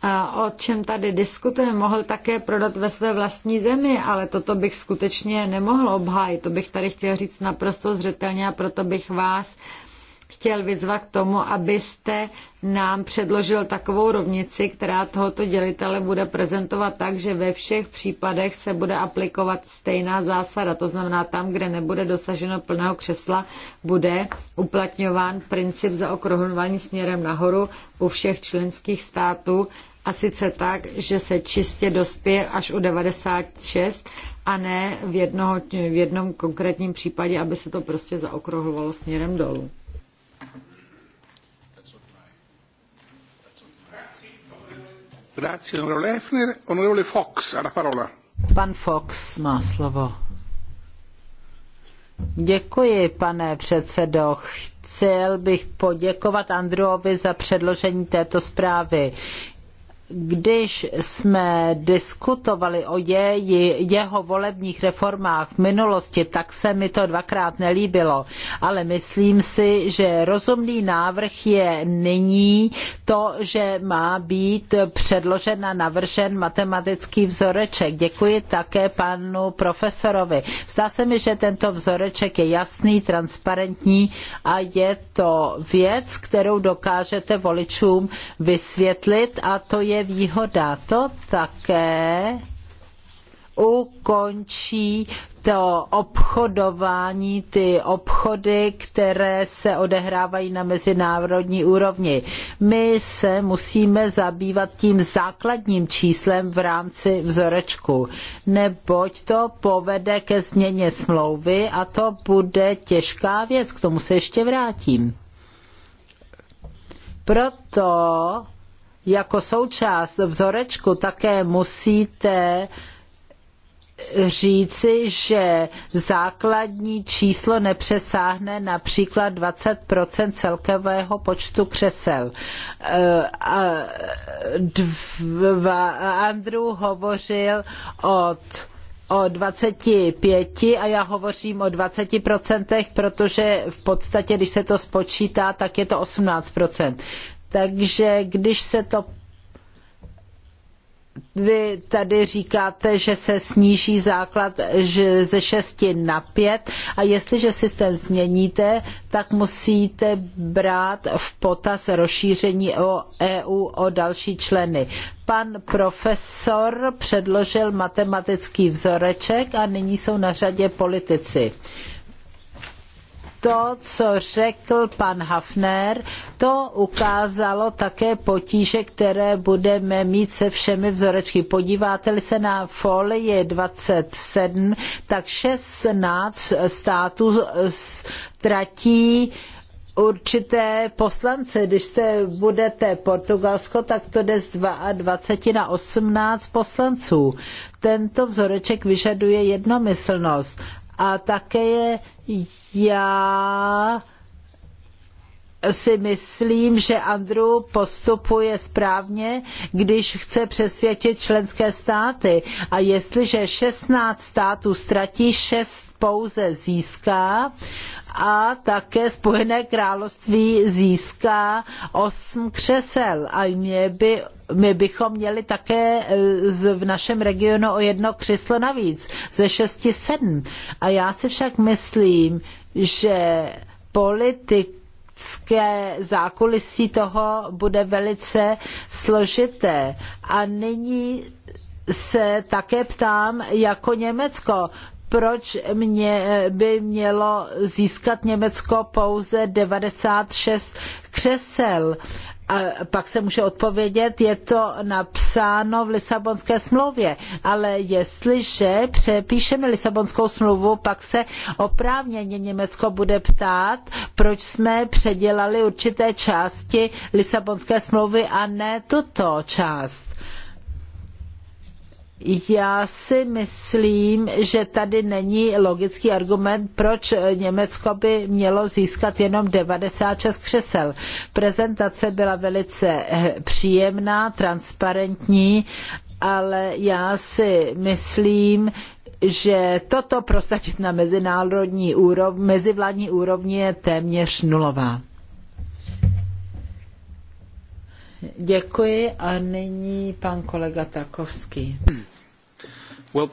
eh, o čem tady diskutujeme, mohl také prodat ve své vlastní zemi, ale toto bych skutečně nemohl obhájit. To bych tady chtěl říct naprosto zřetelně a proto bych vás chtěl vyzvat k tomu, abyste nám předložil takovou rovnici, která tohoto dělitele bude prezentovat tak, že ve všech případech se bude aplikovat stejná zásada. To znamená, tam, kde nebude dosaženo plného křesla, bude uplatňován princip zaokrouhlování směrem nahoru u všech členských států a sice tak, že se čistě dospěje až u 96 a ne v, jednoho, v jednom konkrétním případě, aby se to prostě zaokrouhlovalo směrem dolů. Grazie, onorevole Hefner. Onorevole Fox, Pan Fox má slovo. Děkuji, pane předsedo. Chtěl bych poděkovat Andruovi za předložení této zprávy když jsme diskutovali o je, jeho volebních reformách v minulosti, tak se mi to dvakrát nelíbilo. Ale myslím si, že rozumný návrh je nyní to, že má být předložen a navržen matematický vzoreček. Děkuji také panu profesorovi. Zdá se mi, že tento vzoreček je jasný, transparentní a je to věc, kterou dokážete voličům vysvětlit a to je výhoda. To také ukončí to obchodování, ty obchody, které se odehrávají na mezinárodní úrovni. My se musíme zabývat tím základním číslem v rámci vzorečku, neboť to povede ke změně smlouvy a to bude těžká věc, k tomu se ještě vrátím. Proto jako součást vzorečku také musíte říci, že základní číslo nepřesáhne například 20 celkového počtu křesel. Eh, Andrew hovořil od o 25 a já hovořím o 20%, protože v podstatě, když se to spočítá, tak je to 18%. Takže když se to vy tady říkáte, že se sníží základ ze 6 na 5 a jestliže systém změníte, tak musíte brát v potaz rozšíření o EU o další členy. Pan profesor předložil matematický vzoreček a nyní jsou na řadě politici to, co řekl pan Hafner, to ukázalo také potíže, které budeme mít se všemi vzorečky. Podíváte-li se na folie 27, tak 16 států ztratí určité poslance, když se budete Portugalsko, tak to jde z 22 na 18 poslanců. Tento vzoreček vyžaduje jednomyslnost a také já si myslím, že Andrew postupuje správně, když chce přesvědčit členské státy. A jestliže 16 států ztratí, 6 pouze získá a také Spojené království získá 8 křesel. A mě by my bychom měli také e, v našem regionu o jedno křeslo navíc, ze šesti sedm. A já si však myslím, že politické zákulisí toho bude velice složité. A nyní se také ptám jako Německo, proč mě e, by mělo získat Německo pouze 96 křesel a pak se může odpovědět, je to napsáno v Lisabonské smlouvě, ale jestliže přepíšeme Lisabonskou smlouvu, pak se oprávněně Německo bude ptát, proč jsme předělali určité části Lisabonské smlouvy a ne tuto část. Já si myslím, že tady není logický argument, proč Německo by mělo získat jenom 96 křesel. Prezentace byla velice eh, příjemná, transparentní, ale já si myslím, že toto prosadit na mezinárodní úrovni, mezivládní úrovni je téměř nulová. Děkuji a nyní pan kolega Takovský. Uh,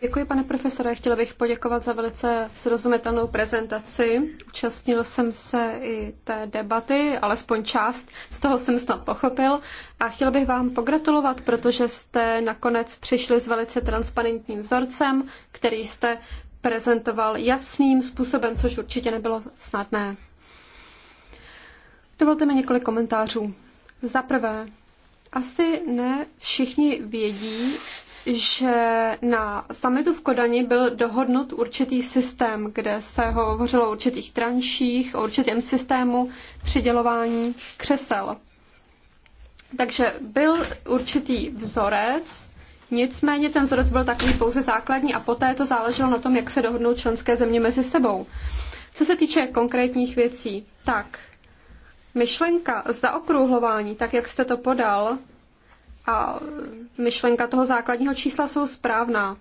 Děkuji, pane profesore. Chtěla bych poděkovat za velice srozumitelnou prezentaci. Účastnil jsem se i té debaty, alespoň část, z toho jsem snad pochopil. A chtěla bych vám pogratulovat, protože jste nakonec přišli s velice transparentním vzorcem, který jste prezentoval jasným způsobem, což určitě nebylo snadné. Dovolte mi několik komentářů. Za prvé, asi ne všichni vědí, že na summitu v Kodani byl dohodnut určitý systém, kde se hovořilo o určitých tranších, o určitém systému přidělování křesel. Takže byl určitý vzorec, nicméně ten vzorec byl takový pouze základní a poté to záleželo na tom, jak se dohodnou členské země mezi sebou. Co se týče konkrétních věcí, tak myšlenka zaokrouhlování, tak jak jste to podal, a myšlenka toho základního čísla jsou správná.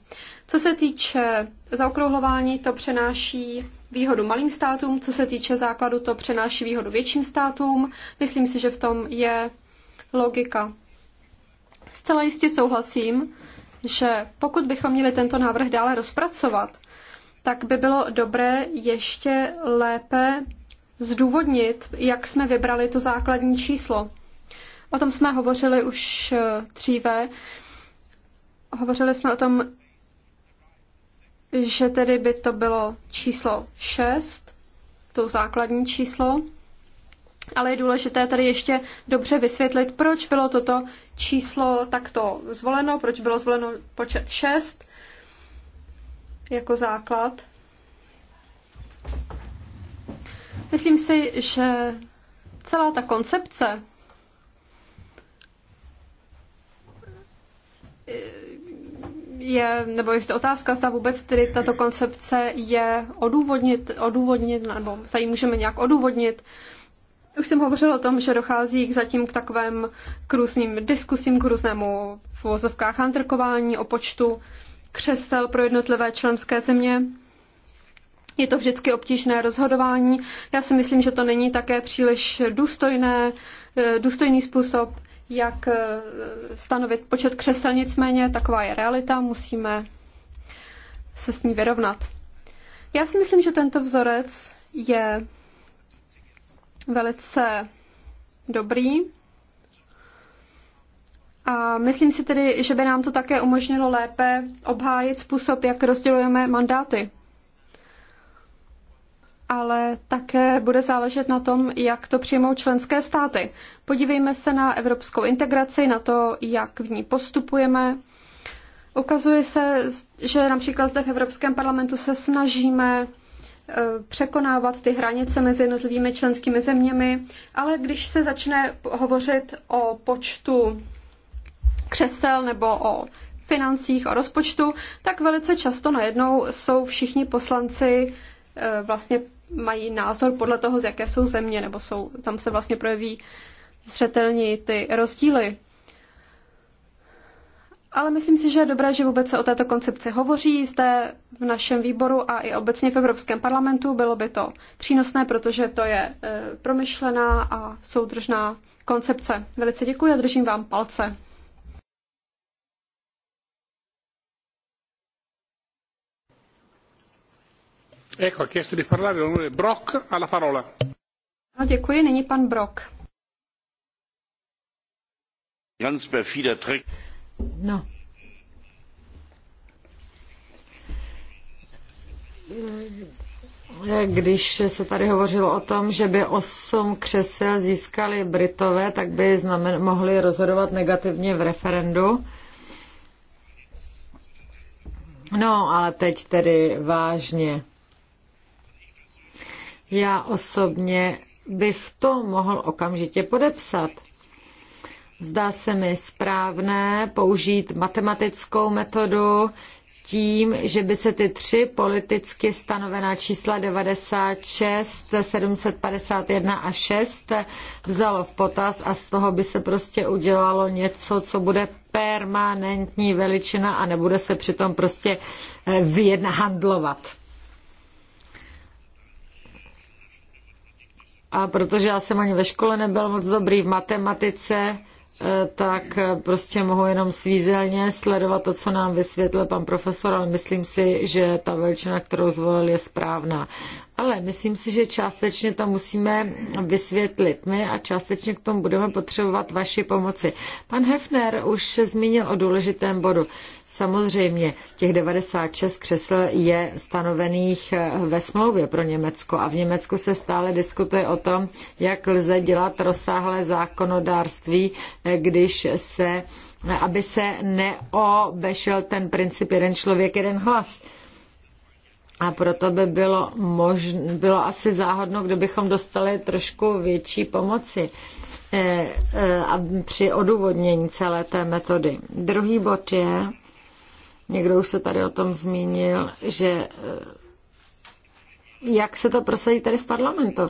Co se týče zaokrouhlování, to přenáší výhodu malým státům, co se týče základu, to přenáší výhodu větším státům. Myslím si, že v tom je logika. Zcela jistě souhlasím, že pokud bychom měli tento návrh dále rozpracovat, tak by bylo dobré ještě lépe zdůvodnit, jak jsme vybrali to základní číslo. O tom jsme hovořili už eh, dříve. Hovořili jsme o tom, že tedy by to bylo číslo 6, to základní číslo, ale je důležité tady ještě dobře vysvětlit, proč bylo toto číslo takto zvoleno, proč bylo zvoleno počet 6 jako základ. Myslím si, že celá ta koncepce je, nebo jestli otázka, zda vůbec tedy tato koncepce je odůvodnit, odůvodnit nebo zda ji můžeme nějak odůvodnit. Už jsem hovořila o tom, že dochází k zatím k takovém k různým diskusím, k různému v vozovkách antrkování o počtu křesel pro jednotlivé členské země. Je to vždycky obtížné rozhodování. Já si myslím, že to není také příliš důstojné, eh, důstojný způsob, jak eh, stanovit počet křesel, nicméně taková je realita, musíme se s ní vyrovnat. Já si myslím, že tento vzorec je velice dobrý. A myslím si tedy, že by nám to také umožnilo lépe obhájit způsob, jak rozdělujeme mandáty ale také bude záležet na tom, jak to přijmou členské státy. Podívejme se na evropskou integraci, na to, jak v ní postupujeme. Ukazuje se, že například zde v Evropském parlamentu se snažíme eh, překonávat ty hranice mezi jednotlivými členskými zeměmi, ale když se začne hovořit o počtu křesel nebo o financích, o rozpočtu, tak velice často najednou jsou všichni poslanci eh, vlastně mají názor podle toho, z jaké jsou země, nebo jsou, tam se vlastně projeví zřetelní ty rozdíly. Ale myslím si, že je dobré, že vůbec se o této koncepci hovoří zde v našem výboru a i obecně v Evropském parlamentu. Bylo by to přínosné, protože to je e, promyšlená a soudržná koncepce. Velice děkuji a držím vám palce. Ecco, ha chiesto di parlare l'onorevole Brock, alla no, pan Brock. Ganz perfider Trick. No. Když se tady hovořilo o tom, že by osm křesel získali Britové, tak by znamen, mohli rozhodovat negativně v referendu. No, ale teď tedy vážně. Já osobně bych to mohl okamžitě podepsat. Zdá se mi správné použít matematickou metodu tím, že by se ty tři politicky stanovená čísla 96, 751 a 6 vzalo v potaz a z toho by se prostě udělalo něco, co bude permanentní veličina a nebude se přitom prostě eh, vyjednahandlovat. A protože já jsem ani ve škole nebyl moc dobrý v matematice, eh, tak eh, prostě mohu jenom svízelně sledovat to, co nám vysvětlil pan profesor, ale myslím si, že ta veličina, kterou zvolil, je správná. Ale myslím si, že částečně to musíme vysvětlit my a částečně k tomu budeme potřebovat vaši pomoci. Pan Hefner už se zmínil o důležitém bodu. Samozřejmě těch 96 křesel je stanovených eh, ve smlouvě pro Německo a v Německu se stále diskutuje o tom, jak lze dělat rozsáhlé zákonodárství, eh, když se, eh, aby se neobešel ten princip jeden člověk, jeden hlas. A proto by bylo, možn, bylo asi záhodno, kdybychom dostali trošku větší pomoci a při odůvodnění celé té metody. Druhý bod je, Někdo už se tady o tom zmínil, že eh, jak se to prosadí tady v parlamentu.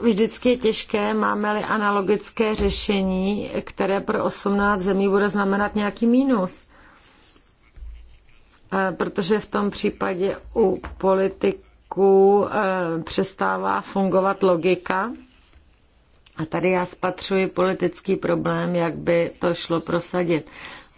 Vždycky je těžké, máme-li analogické řešení, které pro 18 zemí bude znamenat nějaký mínus. Eh, protože v tom případě u politiků eh, přestává fungovat logika. A tady já spatřuji politický problém, jak by to šlo prosadit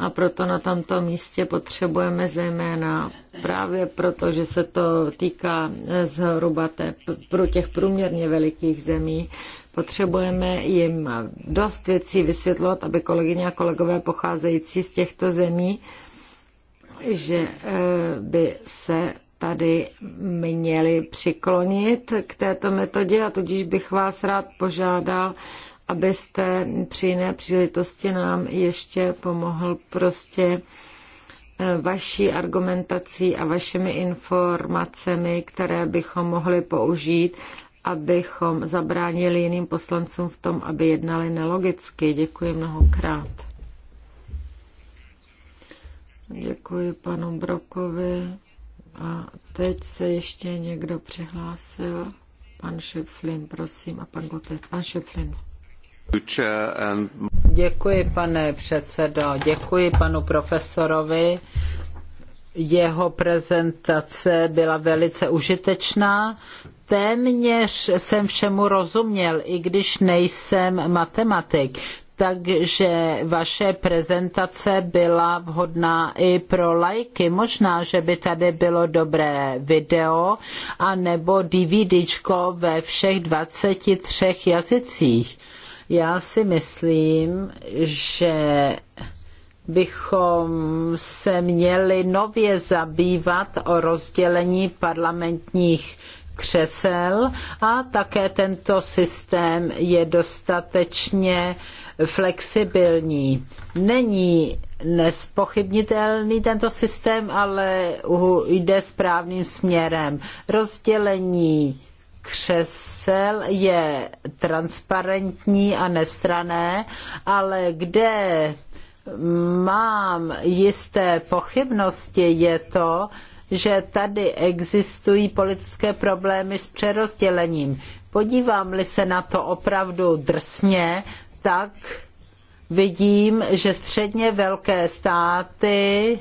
a proto na tomto místě potřebujeme zejména právě proto, že se to týká zhruba té, pro těch průměrně velikých zemí, potřebujeme jim dost věcí vysvětlovat, aby kolegyně a kolegové pocházející z těchto zemí, že eh, by se tady měli přiklonit k této metodě a tudíž bych vás rád požádal, abyste při jiné příležitosti nám ještě pomohl prostě eh, vaší argumentací a vašimi informacemi, které bychom mohli použít, abychom zabránili jiným poslancům v tom, aby jednali nelogicky. Děkuji mnohokrát. Děkuji panu Brokovi. A teď se ještě někdo přihlásil. Pan Šeflin, prosím, a pan Gotev. Pan Šeflin. Děkuji, pane předsedo. Děkuji panu profesorovi. Jeho prezentace byla velice užitečná. Téměř jsem všemu rozuměl, i když nejsem matematik takže vaše prezentace byla vhodná i pro lajky. Možná, že by tady bylo dobré video a nebo DVDčko ve všech 23 jazycích. Já si myslím, že bychom se měli nově zabývat o rozdělení parlamentních křesel a také tento systém je dostatečně flexibilní. Není nespochybnitelný tento systém, ale jde správným směrem. Rozdělení křesel je transparentní a nestrané, ale kde mám jisté pochybnosti je to, že tady existují politické problémy s přerozdělením. Podívám-li se na to opravdu drsně, tak vidím, že středně velké státy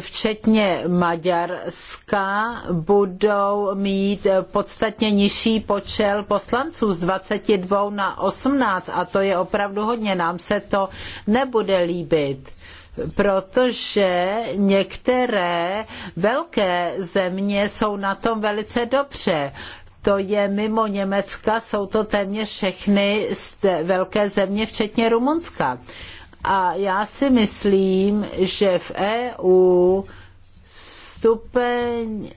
včetně Maďarska, budou mít podstatně nižší počet poslanců z 22 na 18 a to je opravdu hodně. Nám se to nebude líbit protože některé velké země jsou na tom velice dobře to je mimo Německa, jsou to téměř všechny velké země, včetně Rumunska. A já si myslím, že v EU stupeň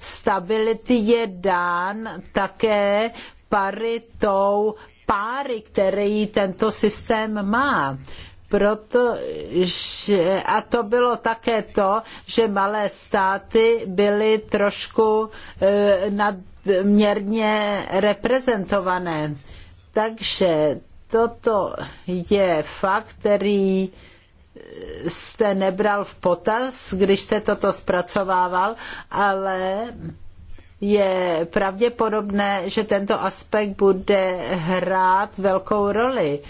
stability je dán také paritou páry, který tento systém má. Proto, že, a to bylo také to, že malé státy byly trošku e, nadměrně reprezentované. Takže Toto je fakt, který jste nebral v potaz, když jste toto zpracovával, ale je pravděpodobné, že tento aspekt bude hrát velkou roli.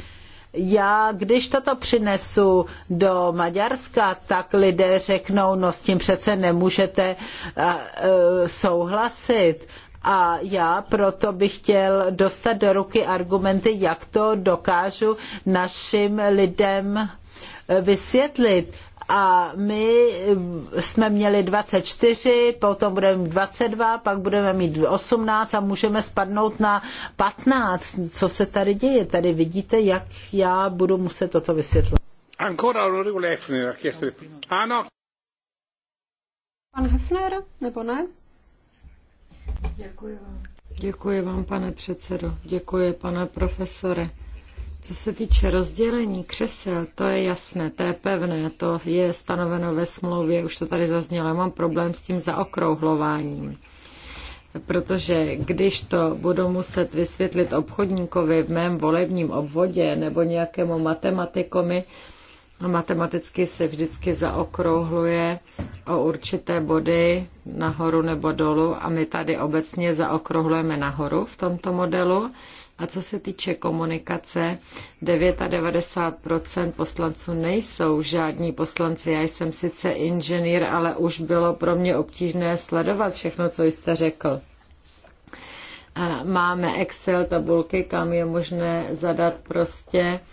Já, když toto přinesu do Maďarska, tak lidé řeknou, no s tím přece nemůžete e, souhlasit a já proto bych chtěl dostat do ruky argumenty, jak to dokážu našim lidem eh, vysvětlit a my eh, jsme měli 24, potom budeme mít 22, pak budeme mít 18 a můžeme spadnout na 15. Co se tady děje? Tady vidíte, jak já budu muset toto vysvětlit. Ancora onorevole Hefner ha chiesto. Ah no. Pan Hefner, nebo ne? Děkuji vám. Děkuji vám, pane předsedo. Děkuji, pane profesore. Co se týče rozdělení křesel, to je jasné, to je pevné, to je stanoveno ve smlouvě, už to tady zaznělo. Mám problém s tím zaokrouhlováním protože když to budu muset vysvětlit obchodníkovi v mém volebním obvodě nebo nějakému matematikovi, a matematicky se vždycky zaokrouhluje o určité body nahoru nebo dolů a my tady obecně zaokrouhlujeme nahoru v tomto modelu. A co se týče komunikace, 99% poslanců nejsou žádní poslanci. Já jsem sice inženýr, ale už bylo pro mě obtížné sledovat všechno, co jste řekl. Máme Excel tabulky, kam je možné zadat prostě uh,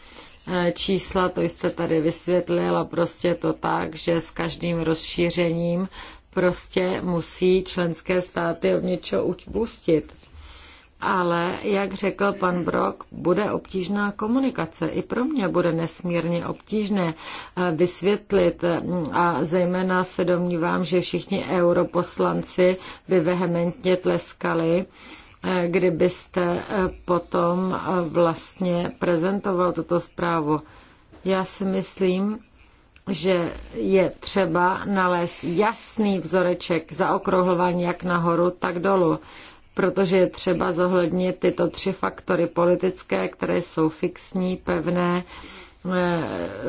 Eh, čísla, to jste tady vysvětlil a prostě to tak, že s každým rozšířením prostě musí členské státy od něčeho upustit. Ale, jak řekl pan Brok, bude obtížná komunikace. I pro mě bude nesmírně obtížné eh, vysvětlit mm, a zejména se domnívám, že všichni europoslanci by vehementně tleskali, kdybyste eh, potom eh, vlastně prezentoval tuto zprávu. Já si myslím, že je třeba nalézt jasný vzoreček zaokrouhlování jak nahoru, tak dolů, protože je třeba zohlednit tyto tři faktory politické, které jsou fixní, pevné, Eh, eh,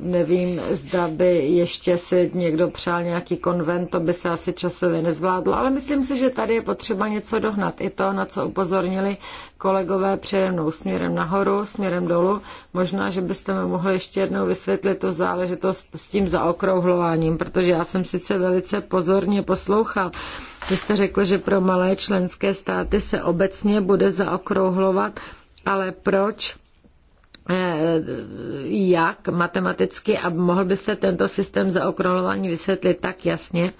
nevím, zda by ještě si někdo přál nějaký konvent, to by se asi časově nezvládlo, ale myslím si, že tady je potřeba něco dohnat. I to, na co upozornili kolegové přede mnou směrem nahoru, směrem dolů. Možná, že byste mi mohli ještě jednou vysvětlit tu záležitost s tím zaokrouhlováním, protože já jsem sice velice pozorně poslouchal. Vy jste řekl, že pro malé členské státy se obecně bude zaokrouhlovat, ale proč Eh, jak matematicky a mohl byste tento systém zaokrolování vysvětlit tak jasně,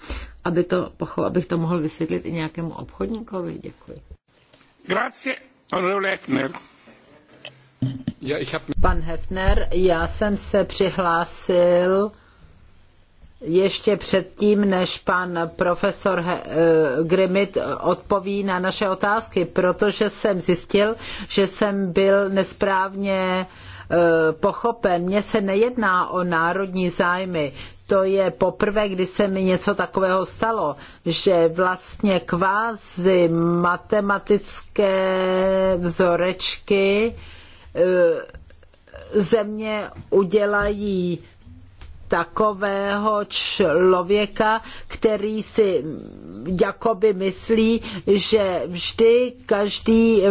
aby to, abych to mohl vysvětlit i nějakému obchodníkovi? Děkuji. Grazie, Lechner. Pan Hefner, já jsem se přihlásil ještě předtím, než pan profesor eh, Grimit odpoví na naše otázky, protože jsem zjistil, že jsem byl nesprávně eh, pochopen. Mně se nejedná o národní zájmy. To je poprvé, kdy se mi něco takového stalo, že vlastně kvázi matematické vzorečky eh, země udělají takového člověka, který si jakoby myslí, že vždy každý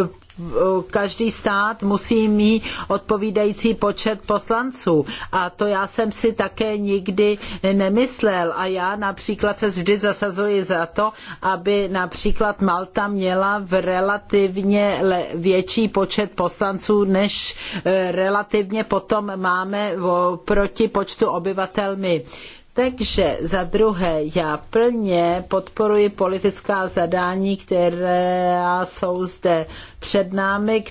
každý stát musí mít odpovídající počet poslanců. A to já jsem si také nikdy nemyslel. A já například se vždy zasazuji za to, aby například Malta měla v relativně větší počet poslanců, než eh, relativně potom máme oproti počtu obyvatel my. Takže za druhé, já plně podporuji politická zadání, která jsou zde před námi,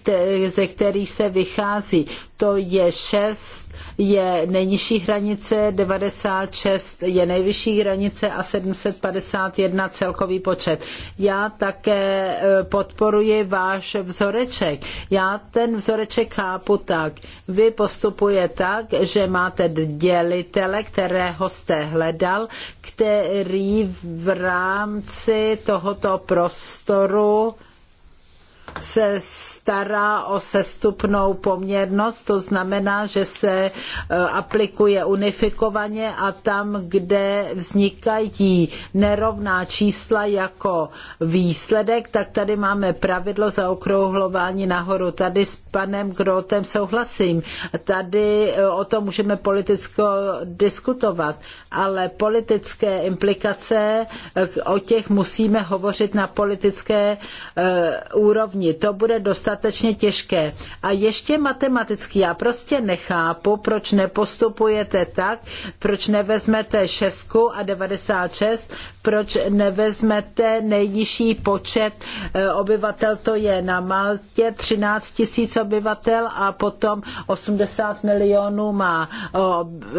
ze kterých se vychází. To je šest je nejnižší hranice, 96 je nejvyšší hranice a 751 celkový počet. Já také e, podporuji váš vzoreček. Já ten vzoreček chápu tak. Vy postupuje tak, že máte dělitele, kterého jste hledal, který v rámci tohoto prostoru se stará o sestupnou poměrnost, to znamená, že se e, aplikuje unifikovaně a tam, kde vznikají nerovná čísla jako výsledek, tak tady máme pravidlo zaokrouhlování nahoru. Tady s panem Grotem souhlasím. Tady e, o tom můžeme politicky diskutovat, ale politické implikace, e, o těch musíme hovořit na politické úrovni není. To bude dostatečně těžké. A ještě matematicky. Já prostě nechápu, proč nepostupujete tak, proč nevezmete 6 a 96, proč nevezmete nejnižší počet e, obyvatel, to je na Maltě 13 tisíc obyvatel a potom 80 milionů má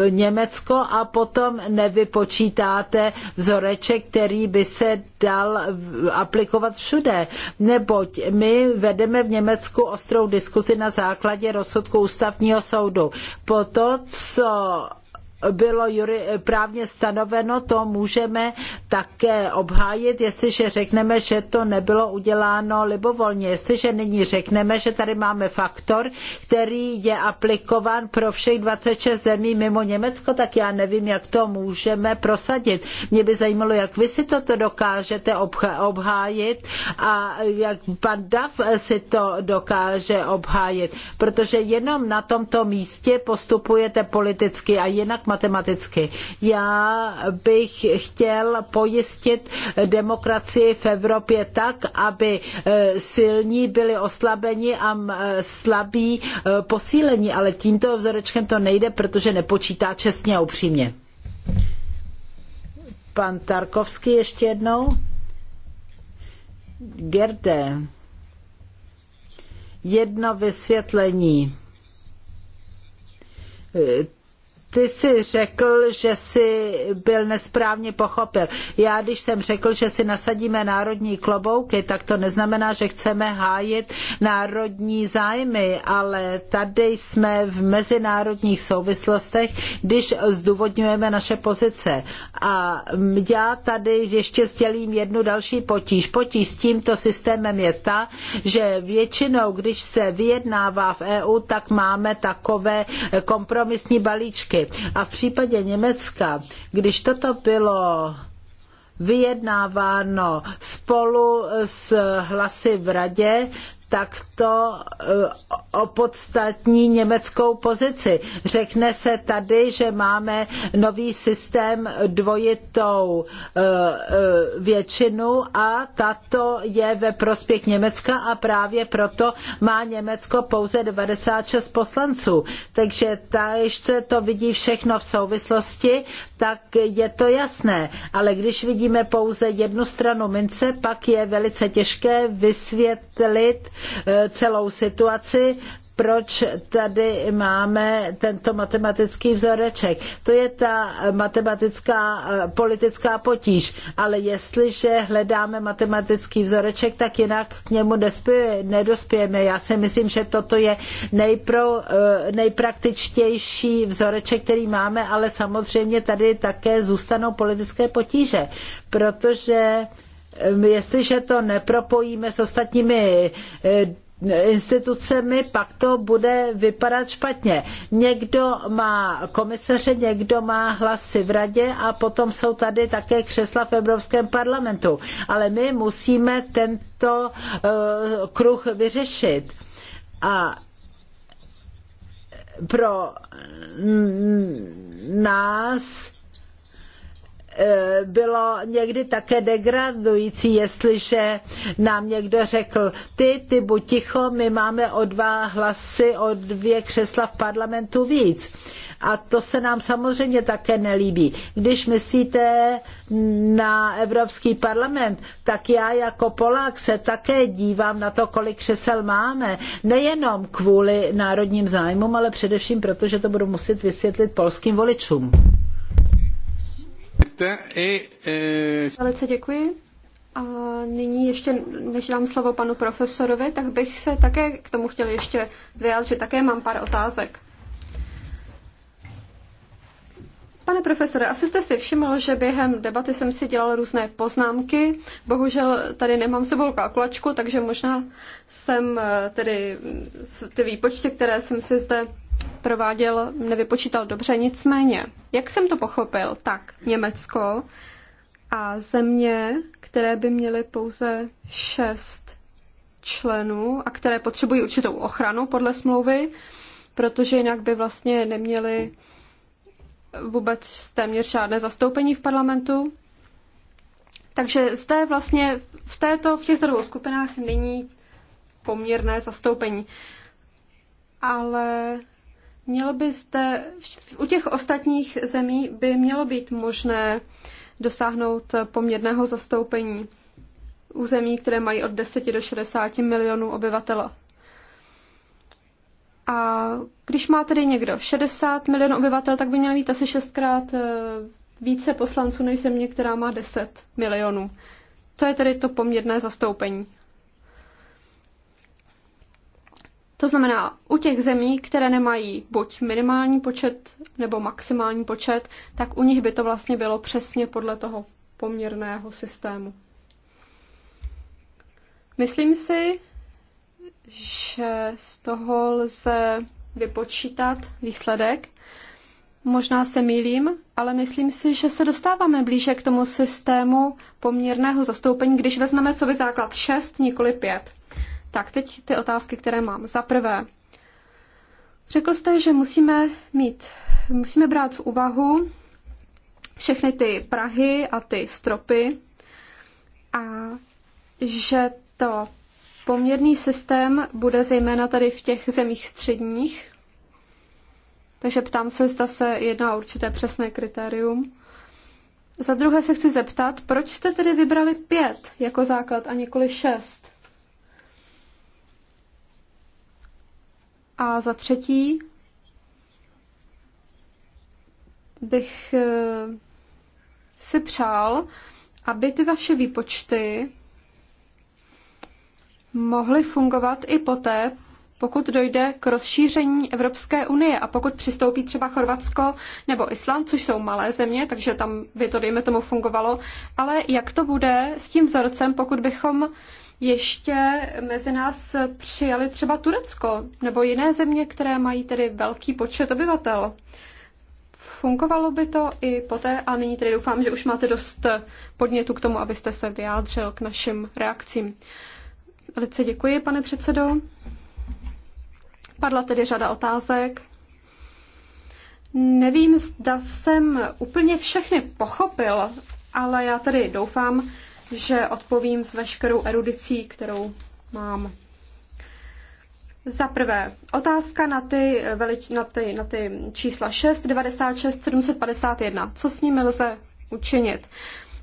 Německo a potom nevypočítáte vzoreček, který by se dal aplikovat všude. Neboť my my vedeme v Německu ostrou diskuzi na základě rozsudku ústavního soudu. Po to, co bylo juri, právně stanoveno, to můžeme také obhájit, jestliže řekneme, že to nebylo uděláno libovolně. Jestliže nyní řekneme, že tady máme faktor, který je aplikován pro všech 26 zemí mimo Německo, tak já nevím, jak to můžeme prosadit. Mě by zajímalo, jak vy si toto dokážete obhájit a jak pan Dav si to dokáže obhájit, protože jenom na tomto místě postupujete politicky a jinak matematicky. Já bych chtěl pojistit demokracii v Evropě tak, aby eh, silní byli oslabeni a eh, slabí eh, posíleni, ale tímto vzorečkem to nejde, protože nepočítá čestně a upřímně. Pan Tarkovský ještě jednou. Gerde, jedno vysvětlení ty jsi řekl, že jsi byl nesprávně pochopil. Já, když jsem řekl, že si nasadíme národní klobouky, tak to neznamená, že chceme hájit národní zájmy, ale tady jsme v mezinárodních souvislostech, když zdůvodňujeme naše pozice. A já tady ještě sdělím jednu další potíž. Potíž s tímto systémem je ta, že většinou, když se vyjednává v EU, tak máme takové kompromisní balíčky roky. A v případě Německa, když toto bylo vyjednáváno spolu s hlasy v radě, takto eh, opodstatní německou pozici. Řekne se tady, že máme nový systém dvojitou eh, eh, většinu a tato je ve prospěch Německa a právě proto má Německo pouze 96 poslanců. Takže když se to vidí všechno v souvislosti, tak je to jasné. Ale když vidíme pouze jednu stranu mince, pak je velice těžké vysvětlit, Eh, celou situaci, proč tady máme tento matematický vzoreček. To je ta matematická eh, politická potíž, ale jestliže hledáme matematický vzoreček, tak jinak k němu nedospějeme. Já si myslím, že toto je nejpro, eh, nejpraktičtější vzoreček, který máme, ale samozřejmě tady také zůstanou politické potíže, protože Ehm, jestliže to nepropojíme s ostatními eh, institucemi, pak to bude vypadat špatně. Někdo má komisaře, někdo má hlasy v radě a potom jsou tady také křesla v Evropském parlamentu. Ale my musíme tento eh, kruh vyřešit. A pro nás Eh, bylo někdy také degradující, jestliže nám někdo řekl, ty, ty buď ticho, my máme o dva hlasy, o dvě křesla v parlamentu víc. A to se nám samozřejmě také nelíbí. Když myslíte na Evropský parlament, tak já jako Polák se také dívám na to, kolik křesel máme. Nejenom kvůli národním zájmům, ale především proto, že to budu muset vysvětlit polským voličům. E, e, Velice děkuji. A nyní ještě, než dám slovo panu profesorovi, tak bych se také k tomu chtěl ještě vyjádřit. Také mám pár otázek. Pane profesore, asi jste si všiml, že během debaty jsem si dělal různé poznámky. Bohužel tady nemám sebou kalkulačku, takže možná jsem eh, tedy ty výpočty, které jsem si zde neprováděl, nevypočítal dobře, nicméně, jak jsem to pochopil, tak Německo a země, které by měly pouze šest členů a které potřebují určitou ochranu podle smlouvy, protože jinak by vlastně neměly vůbec téměř žádné zastoupení v parlamentu. Takže zde vlastně v, této, v těchto dvou skupinách není poměrné zastoupení. Ale Mělo byste, u těch ostatních zemí by mělo být možné dosáhnout poměrného zastoupení u zemí, které mají od 10 do 60 milionů obyvatel. A když má tedy někdo 60 milionů obyvatel, tak by měl být asi šestkrát eh, více poslanců než země, která má 10 milionů. To je tedy to poměrné zastoupení. To znamená, u těch zemí, které nemají buď minimální počet nebo maximální počet, tak u nich by to vlastně bylo přesně podle toho poměrného systému. Myslím si, že z toho lze vypočítat výsledek. Možná se mýlím, ale myslím si, že se dostáváme blíže k tomu systému poměrného zastoupení, když vezmeme co by základ 6, nikoli 5. Tak teď ty otázky, které mám. Za prvé, řekl jste, že musíme mít, musíme brát v úvahu všechny ty prahy a ty stropy a že to poměrný systém bude zejména tady v těch zemích středních. Takže ptám se, zda se jedná o určité přesné kritérium. Za druhé se chci zeptat, proč jste tedy vybrali pět jako základ a nikoli šest? A za třetí bych eh, si přál, aby ty vaše výpočty mohly fungovat i poté, pokud dojde k rozšíření Evropské unie a pokud přistoupí třeba Chorvatsko nebo Island, což jsou malé země, takže tam by to, dejme tomu, fungovalo. Ale jak to bude s tím vzorcem, pokud bychom ještě mezi nás přijali třeba Turecko nebo jiné země, které mají tedy velký počet obyvatel. Fungovalo by to i poté a nyní tedy doufám, že už máte dost podnětu k tomu, abyste se vyjádřil k našim reakcím. Velice děkuji, pane předsedo. Padla tedy řada otázek. Nevím, zda jsem úplně všechny pochopil, ale já tedy doufám, že odpovím s veškerou erudicí, kterou mám. Za prvé, otázka na ty, velič, na ty, na ty čísla 6, 96, 751. Co s nimi lze učinit?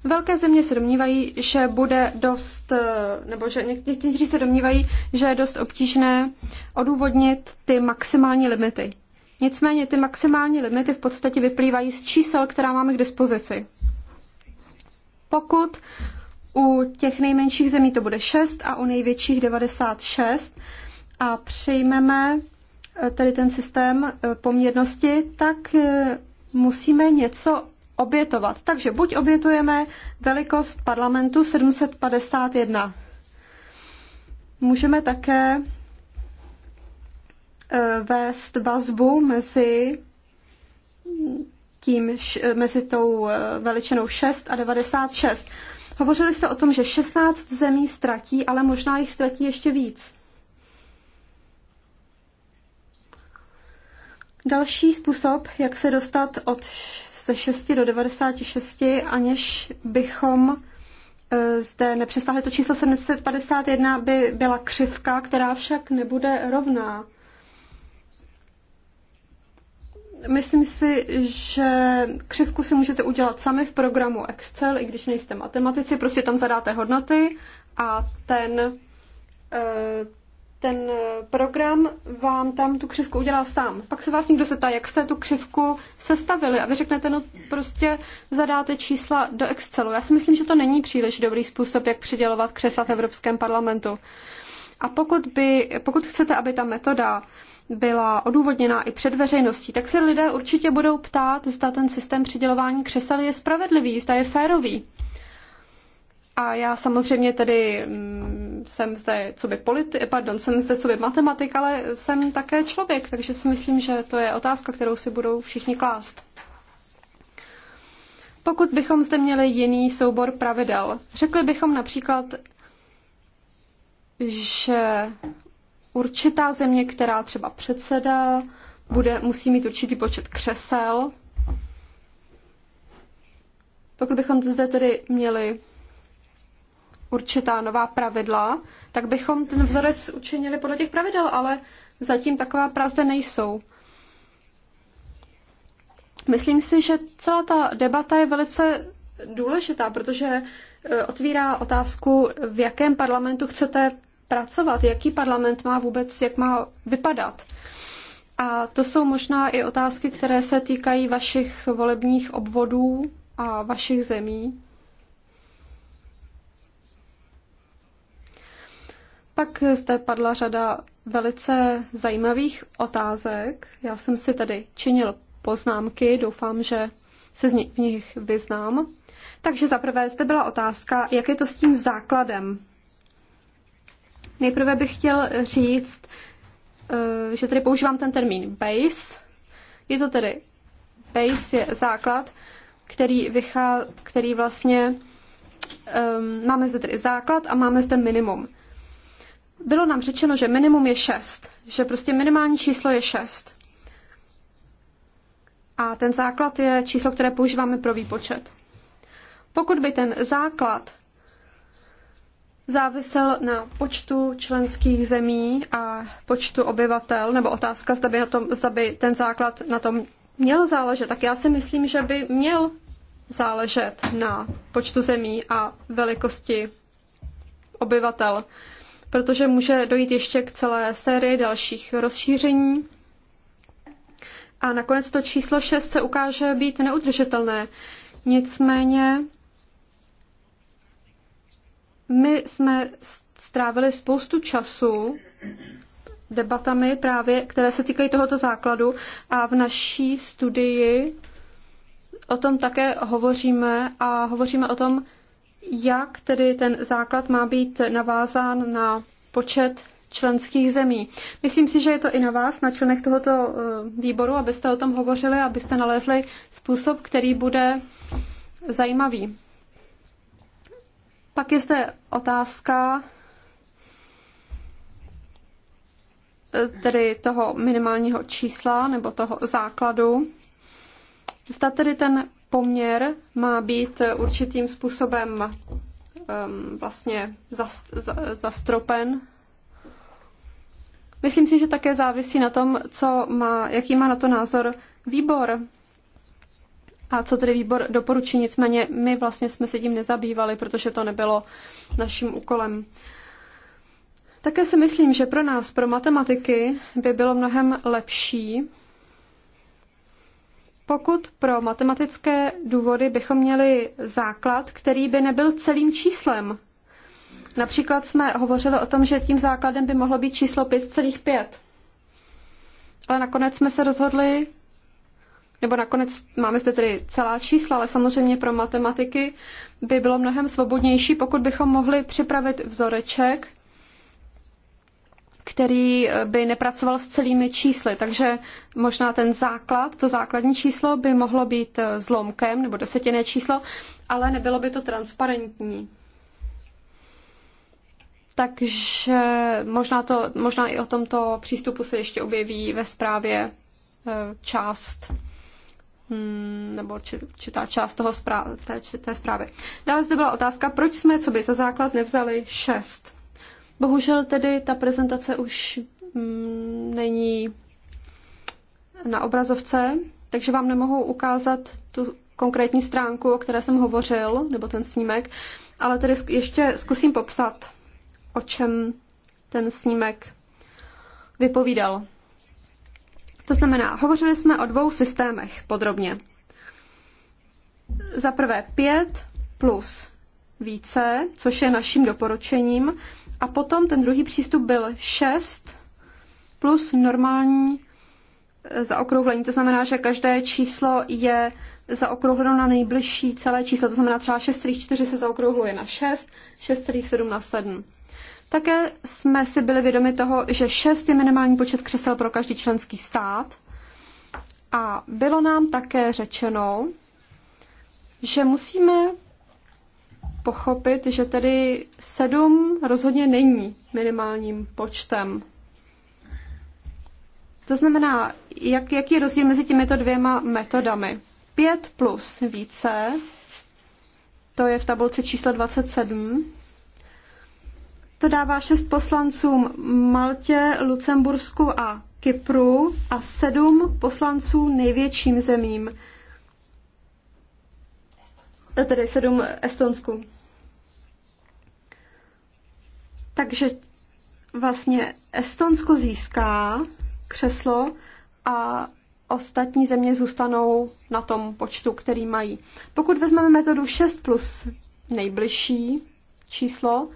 Velké země se domnívají, že bude dost, nebo že někteří se domnívají, že je dost obtížné odůvodnit ty maximální limity. Nicméně ty maximální limity v podstatě vyplývají z čísel, která máme k dispozici. Pokud u těch nejmenších zemí to bude 6 a u největších 96 a přejmeme eh, tedy ten systém eh, poměrnosti, tak eh, musíme něco obětovat. Takže buď obětujeme velikost parlamentu 751. Můžeme také vést vazbu mezi tím, mezi tou veličinou 6 a 96. Hovořili jste o tom, že 16 zemí ztratí, ale možná jich ztratí ještě víc. Další způsob, jak se dostat od ze 6 do 96, aniž bychom e, zde nepřesáhli to číslo 751, by byla křivka, která však nebude rovná. Myslím si, že křivku si můžete udělat sami v programu Excel, i když nejste matematici, prostě tam zadáte hodnoty a ten, eh, ten program vám tam tu křivku udělá sám. Pak se vás někdo zeptá, jak jste tu křivku sestavili a vy řeknete, no prostě zadáte čísla do Excelu. Já si myslím, že to není příliš dobrý způsob, jak přidělovat křesla v Evropském parlamentu. A pokud, by, pokud chcete, aby ta metoda uh, byla odůvodněná i před veřejností, tak se lidé určitě budou ptát, zda ten systém přidělování křesel je spravedlivý, zda je férový. A já samozřejmě tedy mm, jsem zde co by politi- pardon, jsem zde co by matematik, ale jsem také člověk, takže si myslím, že to je otázka, kterou si budou všichni klást. Pokud bychom zde měli jiný soubor pravidel, řekli bychom například, že určitá země, která třeba předsedá, bude, musí mít určitý počet křesel. Pokud bychom zde tedy měli určitá nová pravidla, tak bychom ten vzorec učinili podle těch pravidel, ale zatím taková prázdne nejsou. Myslím si, že celá ta debata je velice důležitá, protože eh, otvírá otázku, v jakém parlamentu chcete pracovat, jaký parlament má vůbec, jak má vypadat. A to jsou možná i otázky, které se týkají vašich volebních obvodů a vašich zemí. Pak zde padla řada velice zajímavých otázek. Já jsem si tady činil poznámky, doufám, že se z nich, v nich vyznám. Takže zaprvé zde byla otázka, jak je to s tím základem Nejprve bych chtěl říct, eh, že tady používám ten termín base. Je to tedy base je základ, který, vychá, který vlastně um, máme zde tedy základ a máme zde minimum. Bylo nám řečeno, že minimum je 6, že prostě minimální číslo je 6. A ten základ je číslo, které používáme pro výpočet. Pokud by ten základ závisel na počtu členských zemí a počtu obyvatel, nebo otázka, zda by, na tom, zda by ten základ na tom měl záležet, tak já si myslím, že by měl záležet na počtu zemí a velikosti obyvatel, protože může dojít ještě k celé sérii dalších rozšíření. A nakonec to číslo 6 se ukáže být neudržitelné. Nicméně my jsme strávili spoustu času debatami právě, které se týkají tohoto základu a v naší studii o tom také hovoříme a hovoříme o tom, jak tedy ten základ má být navázán na počet členských zemí. Myslím si, že je to i na vás, na členech tohoto eh, výboru, abyste o tom hovořili, abyste nalezli způsob, který bude zajímavý. Pak je zde otázka tedy toho minimálního čísla nebo toho základu. Zda tedy ten poměr má být určitým způsobem um, vlastně zast, zastropen. Myslím si, že také závisí na tom, co má, jaký má na to názor výbor a co tedy výbor doporučí, nicméně my vlastně jsme se tím nezabývali, protože to nebylo naším úkolem. Také si myslím, že pro nás, pro matematiky, by bylo mnohem lepší, pokud pro matematické důvody bychom měli základ, který by nebyl celým číslem. Například jsme hovořili o tom, že tím základem by mohlo být číslo 5,5. Ale nakonec jsme se rozhodli nebo nakonec máme zde tedy celá čísla, ale samozřejmě pro matematiky by bylo mnohem svobodnější, pokud bychom mohli připravit vzoreček, který eh, by nepracoval s celými čísly. Takže možná ten základ, to základní číslo by mohlo být eh, zlomkem nebo desetinné číslo, ale nebylo by to transparentní. Takže možná, to, možná i o tomto přístupu se ještě objeví ve zprávě eh, část. Hmm, nebo určitá část toho zpráv, té, té zprávy. Dále zde byla otázka, proč jsme, co by za základ nevzali šest. Bohužel tedy ta prezentace už mm, není na obrazovce, takže vám nemohu ukázat tu konkrétní stránku, o které jsem hovořil, nebo ten snímek, ale tedy ještě zkusím popsat, o čem ten snímek vypovídal. To znamená, hovořili jsme o dvou systémech podrobně. Za prvé 5 plus více, což je naším doporučením, a potom ten druhý přístup byl 6 plus normální eh, zaokrouhlení. To znamená, že každé číslo je zaokrouhleno na nejbližší celé číslo. To znamená třeba 6,4 se zaokrouhluje na 6, 6,7 na 7. Také jsme si byli vědomi toho, že šest je minimální počet křesel pro každý členský stát. A bylo nám také řečeno, že musíme pochopit, že tedy sedm rozhodně není minimálním počtem. To znamená, jak, jaký je rozdíl mezi těmito dvěma metodami? Pět plus více, to je v tabulce číslo 27, to dává šest poslancům Maltě, Lucembursku a Kypru a sedm poslanců největším zemím, e, tedy sedm Estonsku. Takže vlastně Estonsko získá křeslo a ostatní země zůstanou na tom počtu, který mají. Pokud vezmeme metodu 6 plus nejbližší číslo,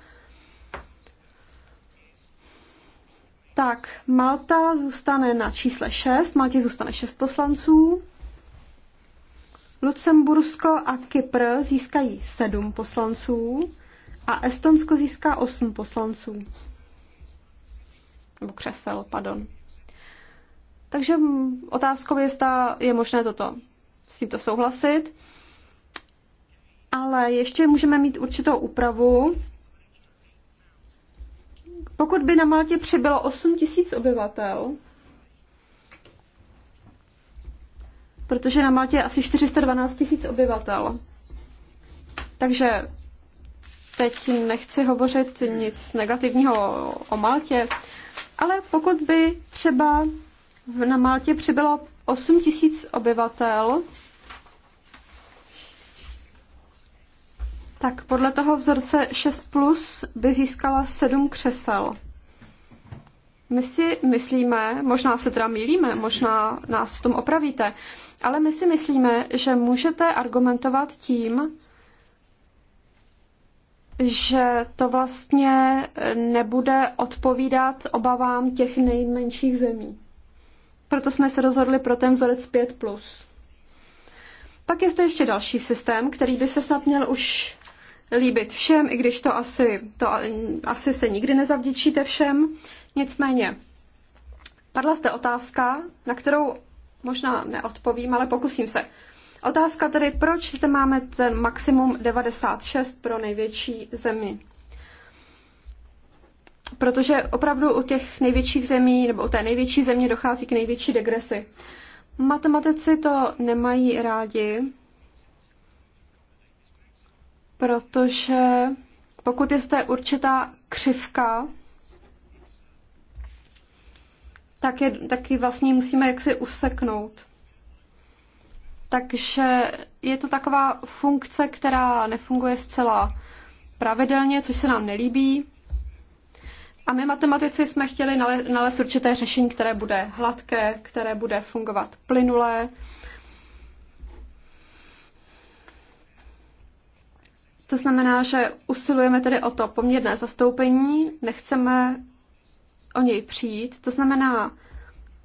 Tak, Malta zůstane na čísle 6, Maltě zůstane 6 poslanců. Lucembursko a Kypr získají 7 poslanců a Estonsko získá 8 poslanců. Nebo křesel, pardon. Takže otázkou je, zda je možné toto s tímto souhlasit. Ale ještě můžeme mít určitou úpravu, pokud by na Maltě přibylo 8 tisíc obyvatel, protože na Maltě je asi 412 tisíc obyvatel, takže teď nechci hovořit nic negativního o Maltě, ale pokud by třeba na Maltě přibylo 8 tisíc obyvatel, Tak podle toho vzorce 6 plus by získala 7 křesel. My si myslíme, možná se teda mýlíme, možná nás v tom opravíte, ale my si myslíme, že můžete argumentovat tím, že to vlastně nebude odpovídat obavám těch nejmenších zemí. Proto jsme se rozhodli pro ten vzorec 5. Pak je zde ještě další systém, který by se snad měl už líbit všem, i když to asi, to asi se nikdy nezavděčíte všem. Nicméně, padla zde otázka, na kterou možná neodpovím, ale pokusím se. Otázka tedy, proč zde máme ten maximum 96 pro největší zemi? Protože opravdu u těch největších zemí, nebo u té největší země dochází k největší degresi. Matematici to nemají rádi, protože pokud je zde určitá křivka, tak, je, taky vlastně musíme jaksi useknout. Takže je to taková funkce, která nefunguje zcela pravidelně, což se nám nelíbí. A my matematici jsme chtěli nalézt určité řešení, které bude hladké, které bude fungovat plynulé To znamená, že usilujeme tedy o to poměrné zastoupení, nechceme o něj přijít. To znamená,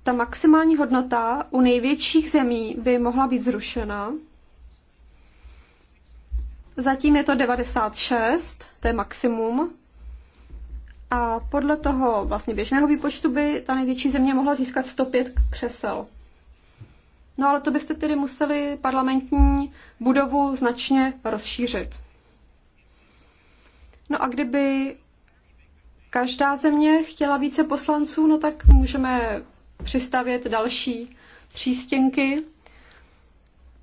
ta maximální hodnota u největších zemí by mohla být zrušena. Zatím je to 96, to je maximum. A podle toho vlastně běžného výpočtu by ta největší země mohla získat 105 křesel. No ale to byste tedy museli parlamentní budovu značně rozšířit. No a kdyby každá země chtěla více poslanců, no tak můžeme přistavět další přístěnky,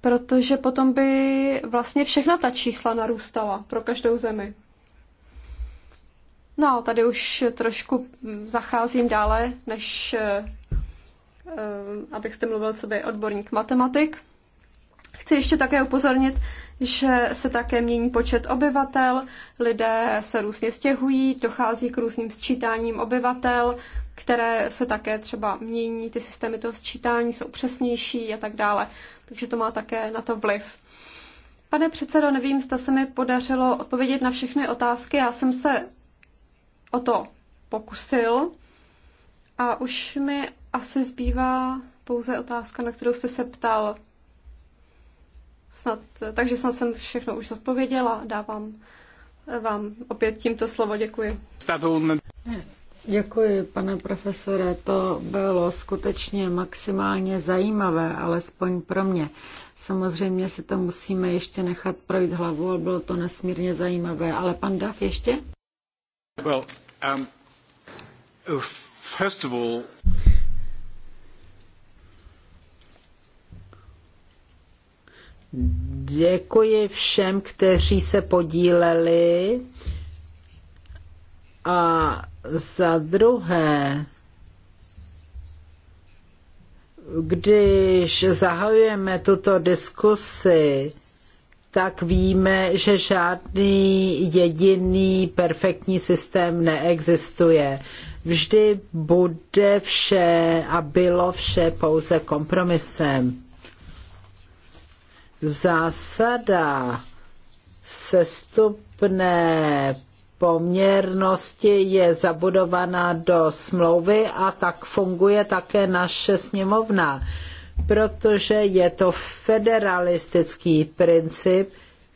protože potom by vlastně všechna ta čísla narůstala pro každou zemi. No, tady už trošku zacházím dále, než eh, abych jste mluvil, co by odborník matematik. Chci ještě také upozornit, že se také mění počet obyvatel, lidé se různě stěhují, dochází k různým sčítáním obyvatel, které se také třeba mění, ty systémy toho sčítání jsou přesnější a tak dále. Takže to má také na to vliv. Pane předsedo, nevím, zda se mi podařilo odpovědět na všechny otázky. Já jsem se o to pokusil a už mi asi zbývá pouze otázka, na kterou jste se ptal. Snad, takže snad jsem všechno už odpověděla. Dávám vám opět tímto slovo. Děkuji. Děkuji, pane profesore. To bylo skutečně maximálně zajímavé, alespoň pro mě. Samozřejmě si to musíme ještě nechat projít hlavu, ale bylo to nesmírně zajímavé. Ale pan Dav ještě? Well, um, oh, first of all, Děkuji všem, kteří se podíleli. A za druhé, když zahajujeme tuto diskusi, tak víme, že žádný jediný perfektní systém neexistuje. Vždy bude vše a bylo vše pouze kompromisem. Zásada sestupné poměrnosti je zabudovaná do smlouvy a tak funguje také naše sněmovna, protože je to federalistický princip,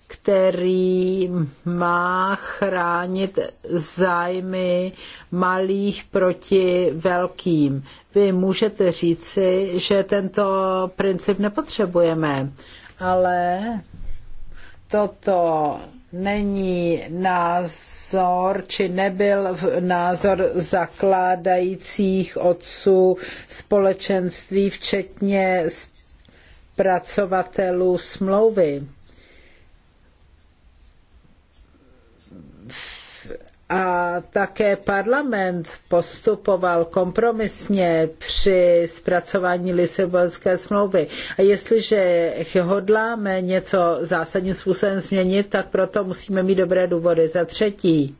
který má chránit zájmy malých proti velkým. Vy můžete říci, že tento princip nepotřebujeme, ale toto není názor, či nebyl názor zakládajících otců společenství, včetně pracovatelů smlouvy. a také parlament postupoval kompromisně při zpracování Lisabonské smlouvy. A jestliže hodláme něco zásadním způsobem změnit, tak proto musíme mít dobré důvody. Za třetí,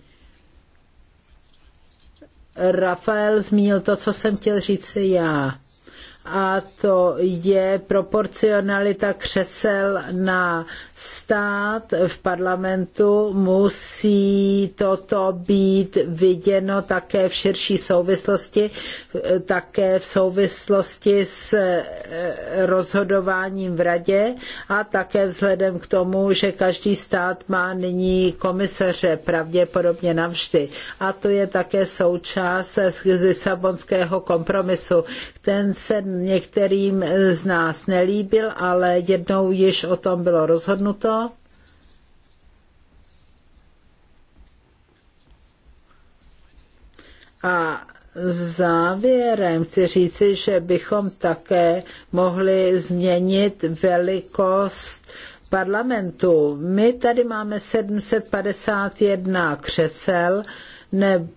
Rafael zmínil to, co jsem chtěl říci já a to je proporcionalita křesel na stát v parlamentu. Musí toto být viděno také v širší souvislosti, také v souvislosti s eh, rozhodováním v radě a také vzhledem k tomu, že každý stát má nyní komisaře pravděpodobně navždy. A to je také součást Lisabonského kompromisu. Ten se některým z nás nelíbil, ale jednou již o tom bylo rozhodnuto. A závěrem chci říci, že bychom také mohli změnit velikost parlamentu. My tady máme 751 křesel, nebo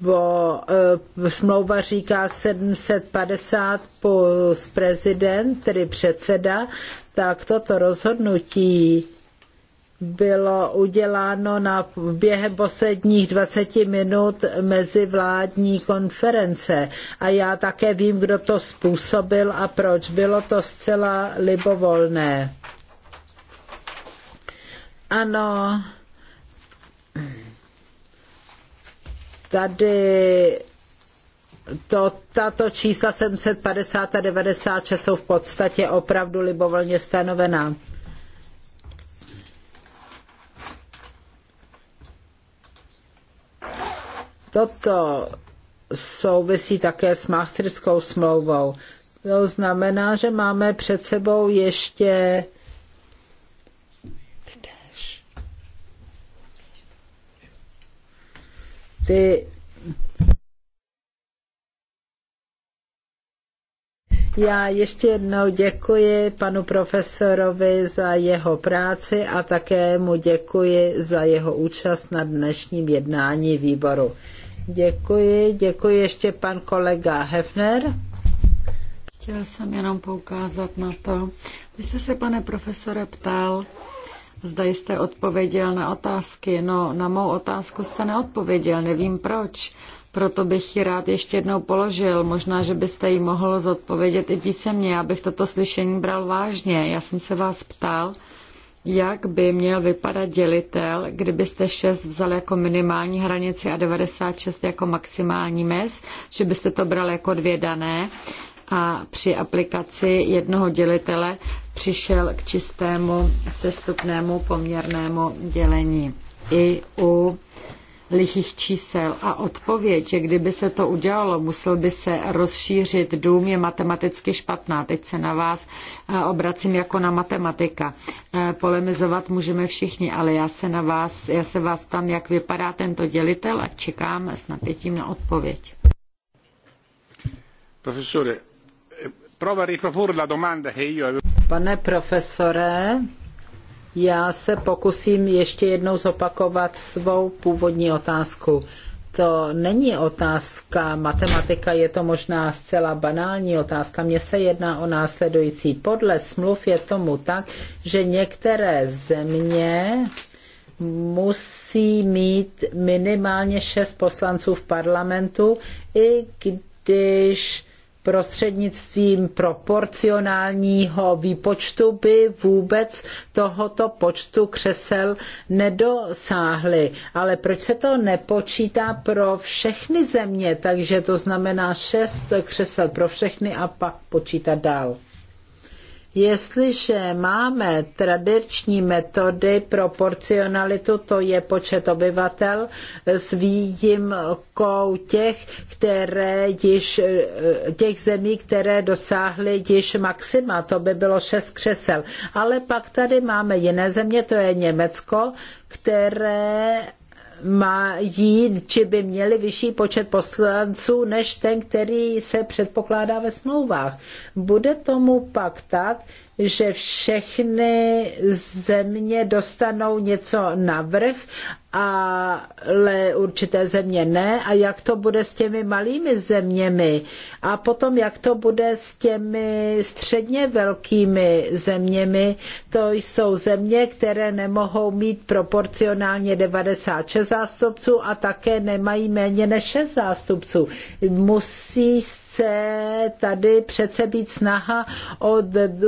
bo eh, smlouva říká 750 plus prezident, tedy předseda, tak toto rozhodnutí bylo uděláno na, během posledních 20 minut mezi vládní konference. A já také vím, kdo to způsobil a proč. Bylo to zcela libovolné. Ano. Tady to, tato čísla 750 a 96 jsou v podstatě opravdu libovolně stanovená. Toto souvisí také s Maastrichtskou smlouvou. To znamená, že máme před sebou ještě ty Já ještě jednou děkuji panu profesorovi za jeho práci a také mu děkuji za jeho účast na dnešním jednání výboru. Děkuji, děkuji ještě pan kolega Hefner. Chtěla jsem jenom poukázat na to, vy jste se, pane profesore, ptal, Zda jste odpověděl na otázky. No, na mou otázku jste neodpověděl, nevím proč. Proto bych ji rád ještě jednou položil. Možná, že byste ji mohl zodpovědět i písemně. abych toto slyšení bral vážně. Já jsem se vás ptal, jak by měl vypadat dělitel, kdybyste 6 vzal jako minimální hranici a 96 jako maximální mez, že byste to bral jako dvě dané a při aplikaci jednoho dělitele přišel k čistému sestupnému poměrnému dělení. I u lichých čísel a odpověď, že kdyby se to udělalo, musel by se rozšířit dům, je matematicky špatná. Teď se na vás eh, obracím jako na matematika. Eh, polemizovat můžeme všichni, ale já se na vás, já se vás tam, jak vypadá tento dělitel a čekám s napětím na odpověď. Profesore, Pane profesore, já se pokusím ještě jednou zopakovat svou původní otázku. To není otázka matematika, je to možná zcela banální otázka. Mně se jedná o následující. Podle smluv je tomu tak, že některé země musí mít minimálně šest poslanců v parlamentu, i když prostřednictvím proporcionálního výpočtu by vůbec tohoto počtu křesel nedosáhly. Ale proč se to nepočítá pro všechny země? Takže to znamená šest křesel pro všechny a pak počítat dál. Jestliže máme tradiční metody proporcionalitu, to je počet obyvatel, s výjimkou těch, které již, těch zemí, které dosáhly již maxima, to by bylo šest křesel. Ale pak tady máme jiné země, to je Německo, které mají, či by měli vyšší počet poslanců než ten, který se předpokládá ve smlouvách. Bude tomu pak tak, že všechny země dostanou něco navrh, ale určité země ne. A jak to bude s těmi malými zeměmi? A potom jak to bude s těmi středně velkými zeměmi? To jsou země, které nemohou mít proporcionálně 96 zástupců a také nemají méně než 6 zástupců. Musí chce tady přece být snaha o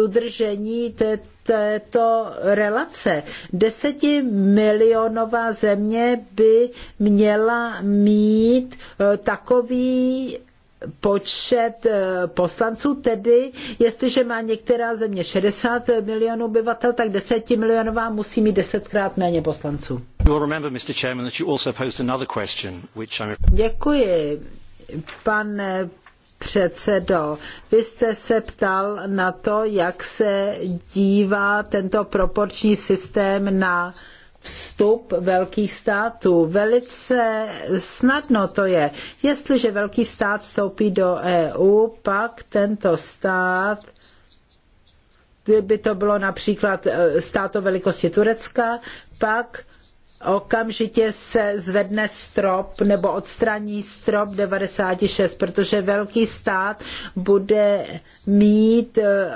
udržení této relace. Desetimilionová země by měla mít e, takový počet e, poslanců, tedy jestliže má některá země 60 milionů obyvatel, tak desetimilionová musí mít desetkrát méně poslanců. Děkuji, pane předsedo. Vy jste se ptal na to, jak se dívá tento proporční systém na vstup velkých států. Velice snadno to je. Jestliže velký stát vstoupí do EU, pak tento stát kdyby to bylo například e, stát o velikosti Turecka, pak okamžitě se zvedne strop nebo odstraní strop 96, protože velký stát bude mít eh,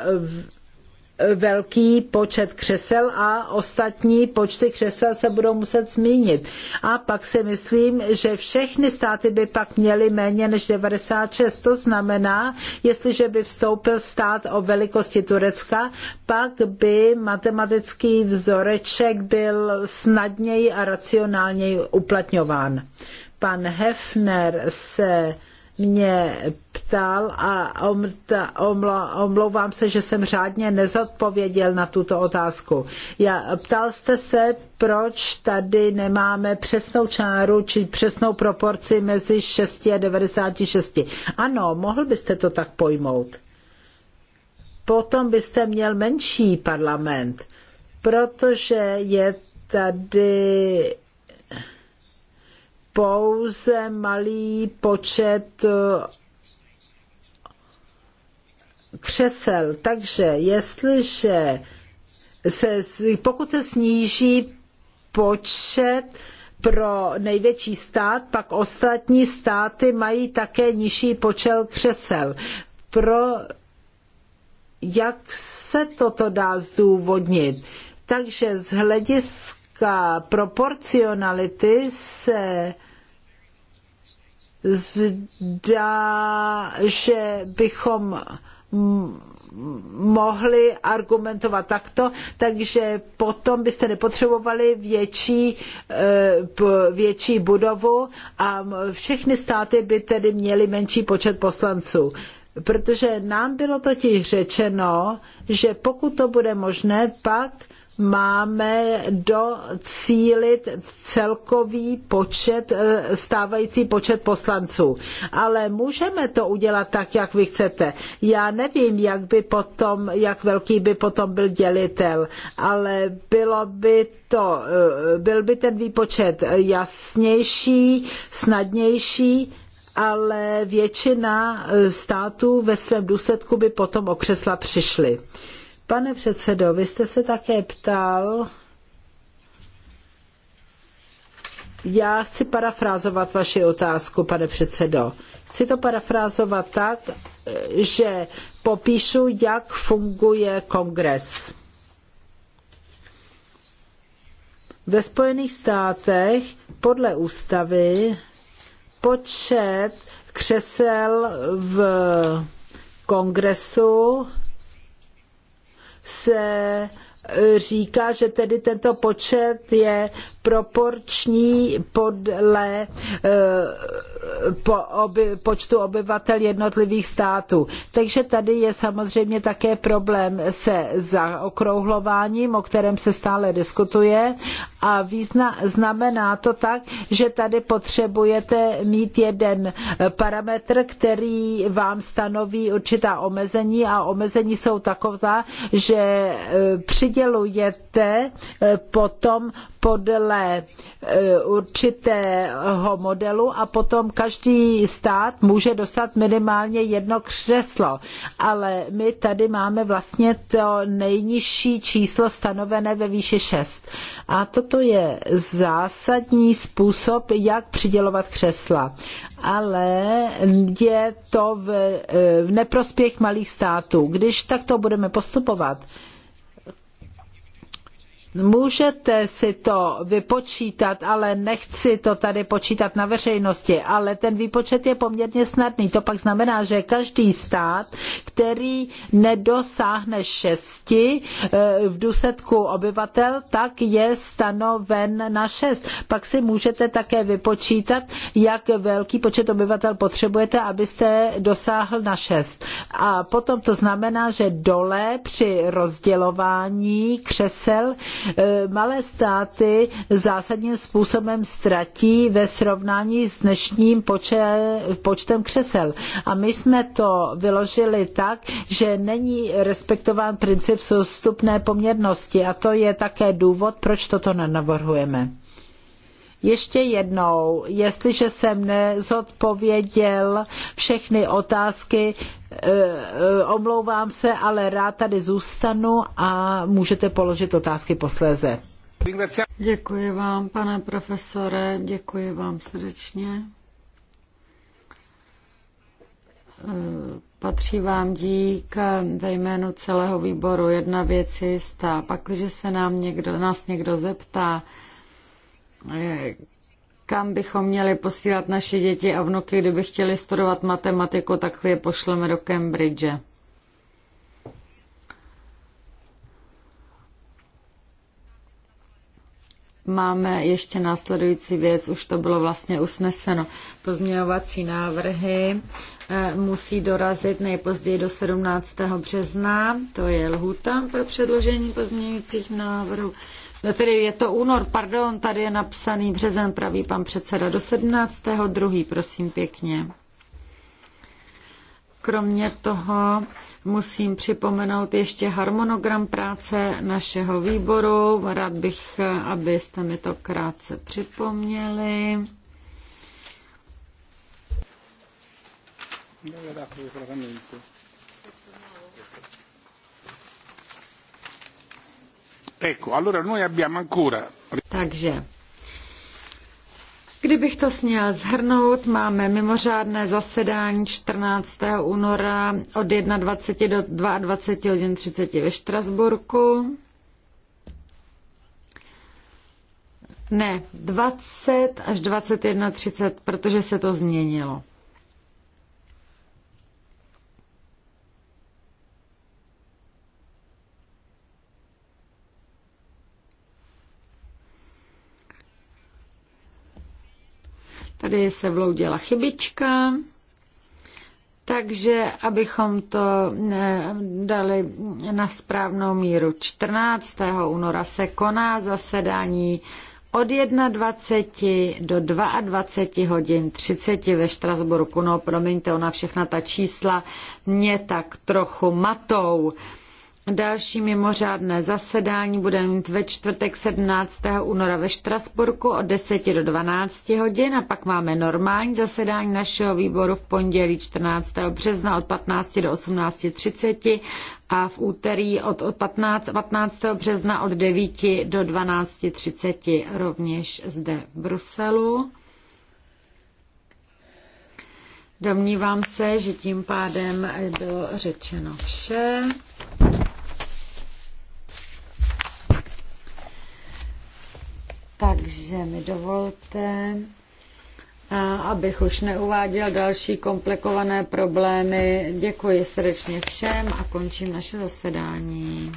velký počet křesel a ostatní počty křesel se budou muset zmínit. A pak si myslím, že všechny státy by pak měly méně než 96. To znamená, jestliže by vstoupil stát o velikosti Turecka, pak by matematický vzoreček byl snadněji a racionálněji uplatňován. Pan Hefner se mě ptal a omlouvám se, že jsem řádně nezodpověděl na tuto otázku. Já, ptal jste se, proč tady nemáme přesnou čáru či přesnou proporci mezi 6 a 96. Ano, mohl byste to tak pojmout. Potom byste měl menší parlament, protože je tady pouze malý počet eh, křesel. Takže jestliže se, pokud se sníží počet pro největší stát, pak ostatní státy mají také nižší počet křesel. Pro jak se toto dá zdůvodnit? Takže z hlediska otázka proporcionality se zdá, že bychom mohli argumentovat takto, takže potom byste nepotřebovali větší, eh, větší budovu a všechny státy by tedy měly menší počet poslanců. Protože nám bylo totiž řečeno, že pokud to bude možné, pak máme docílit celkový počet, eh, stávající počet poslanců. Ale můžeme to udělat tak, jak vy chcete. Já nevím, jak by potom, jak velký by potom byl dělitel, ale bylo by to, eh, byl by ten výpočet jasnější, snadnější, ale většina eh, států ve svém důsledku by potom o křesla přišly. Pane předsedo, vy jste se také ptal, já chci parafrázovat vaši otázku, pane předsedo. Chci to parafrázovat tak, že popíšu, jak funguje kongres. Ve Spojených státech podle ústavy počet křesel v kongresu se eh, říká, že tedy tento počet je proporční podle eh, po, oby, počtu obyvatel jednotlivých států. Takže tady je samozřejmě také problém se zaokrouhlováním, o kterém se stále diskutuje a význa, znamená to tak, že tady potřebujete mít jeden eh, parametr, který vám stanoví určitá omezení a omezení jsou taková, že eh, přidělujete potom podle eh, určitého modelu a potom každý stát může dostat minimálně jedno křeslo. Ale my tady máme vlastně to nejnižší číslo stanovené ve výši 6. A toto je zásadní způsob, jak přidělovat křesla. Ale je to v, eh, v neprospěch malých států. Když takto budeme postupovat, Můžete si to vypočítat, ale nechci to tady počítat na veřejnosti, ale ten výpočet je poměrně snadný. To pak znamená, že každý stát, který nedosáhne šesti eh, v důsledku obyvatel, tak je stanoven na šest. Pak si můžete také vypočítat, jak velký počet obyvatel potřebujete, abyste dosáhl na šest. A potom to znamená, že dole při rozdělování křesel Eh, malé státy zásadním způsobem ztratí ve srovnání s dnešním počtem křesel. A my jsme to vyložili tak, že není respektován princip soustupné poměrnosti a to je také důvod, proč toto nenavrhujeme. Ještě jednou, jestliže jsem nezodpověděl všechny otázky, eh, eh, omlouvám se, ale rád tady zůstanu a můžete položit otázky posléze. Děkuji vám, pane profesore, děkuji vám srdečně. Eh, patří vám dík ve jménu celého výboru. Jedna věc je jistá. Pak, když se nám někdo, nás někdo zeptá, kam bychom měli posílat naše děti a vnuky, kdyby chtěli studovat matematiku, tak je pošleme do Cambridge. Máme ještě následující věc, už to bylo vlastně usneseno. Pozměňovací návrhy eh, musí dorazit nejpozději do 17. března, to je lhůta pro předložení pozměňujících návrhů tedy je to únor, pardon, tady je napsaný březen, pravý pan předseda, do 17. 2. prosím pěkně. Kromě toho musím připomenout ještě harmonogram práce našeho výboru. Rád bych, abyste mi to krátce připomněli. No, Takže Kdybych to směl zhrnout, máme mimořádné zasedání 14. února od 21 do 22 hodin 30 ve Štrasburku. Ne, 20 až 21.30, protože se to změnilo. Tady se vloudila chybička. Takže abychom to eh, dali na správnou míru, 14. února se koná zasedání od 21 do 22 hodin 30 ve Štrasburku. No, promiňte, ona všechna ta čísla mě tak trochu matou. Další mimořádné zasedání budeme mít ve čtvrtek 17. února ve Štrasburku od 10 do 12 hodin a pak máme normální zasedání našeho výboru v pondělí 14. března od 15 do 18.30 a v úterý od, od 15, 15. března od 9 do 12.30 rovněž zde v Bruselu. Domnívám se, že tím pádem bylo řečeno vše. Takže mi dovolte, abych už neuváděl další komplikované problémy. Děkuji srdečně všem a končím naše zasedání.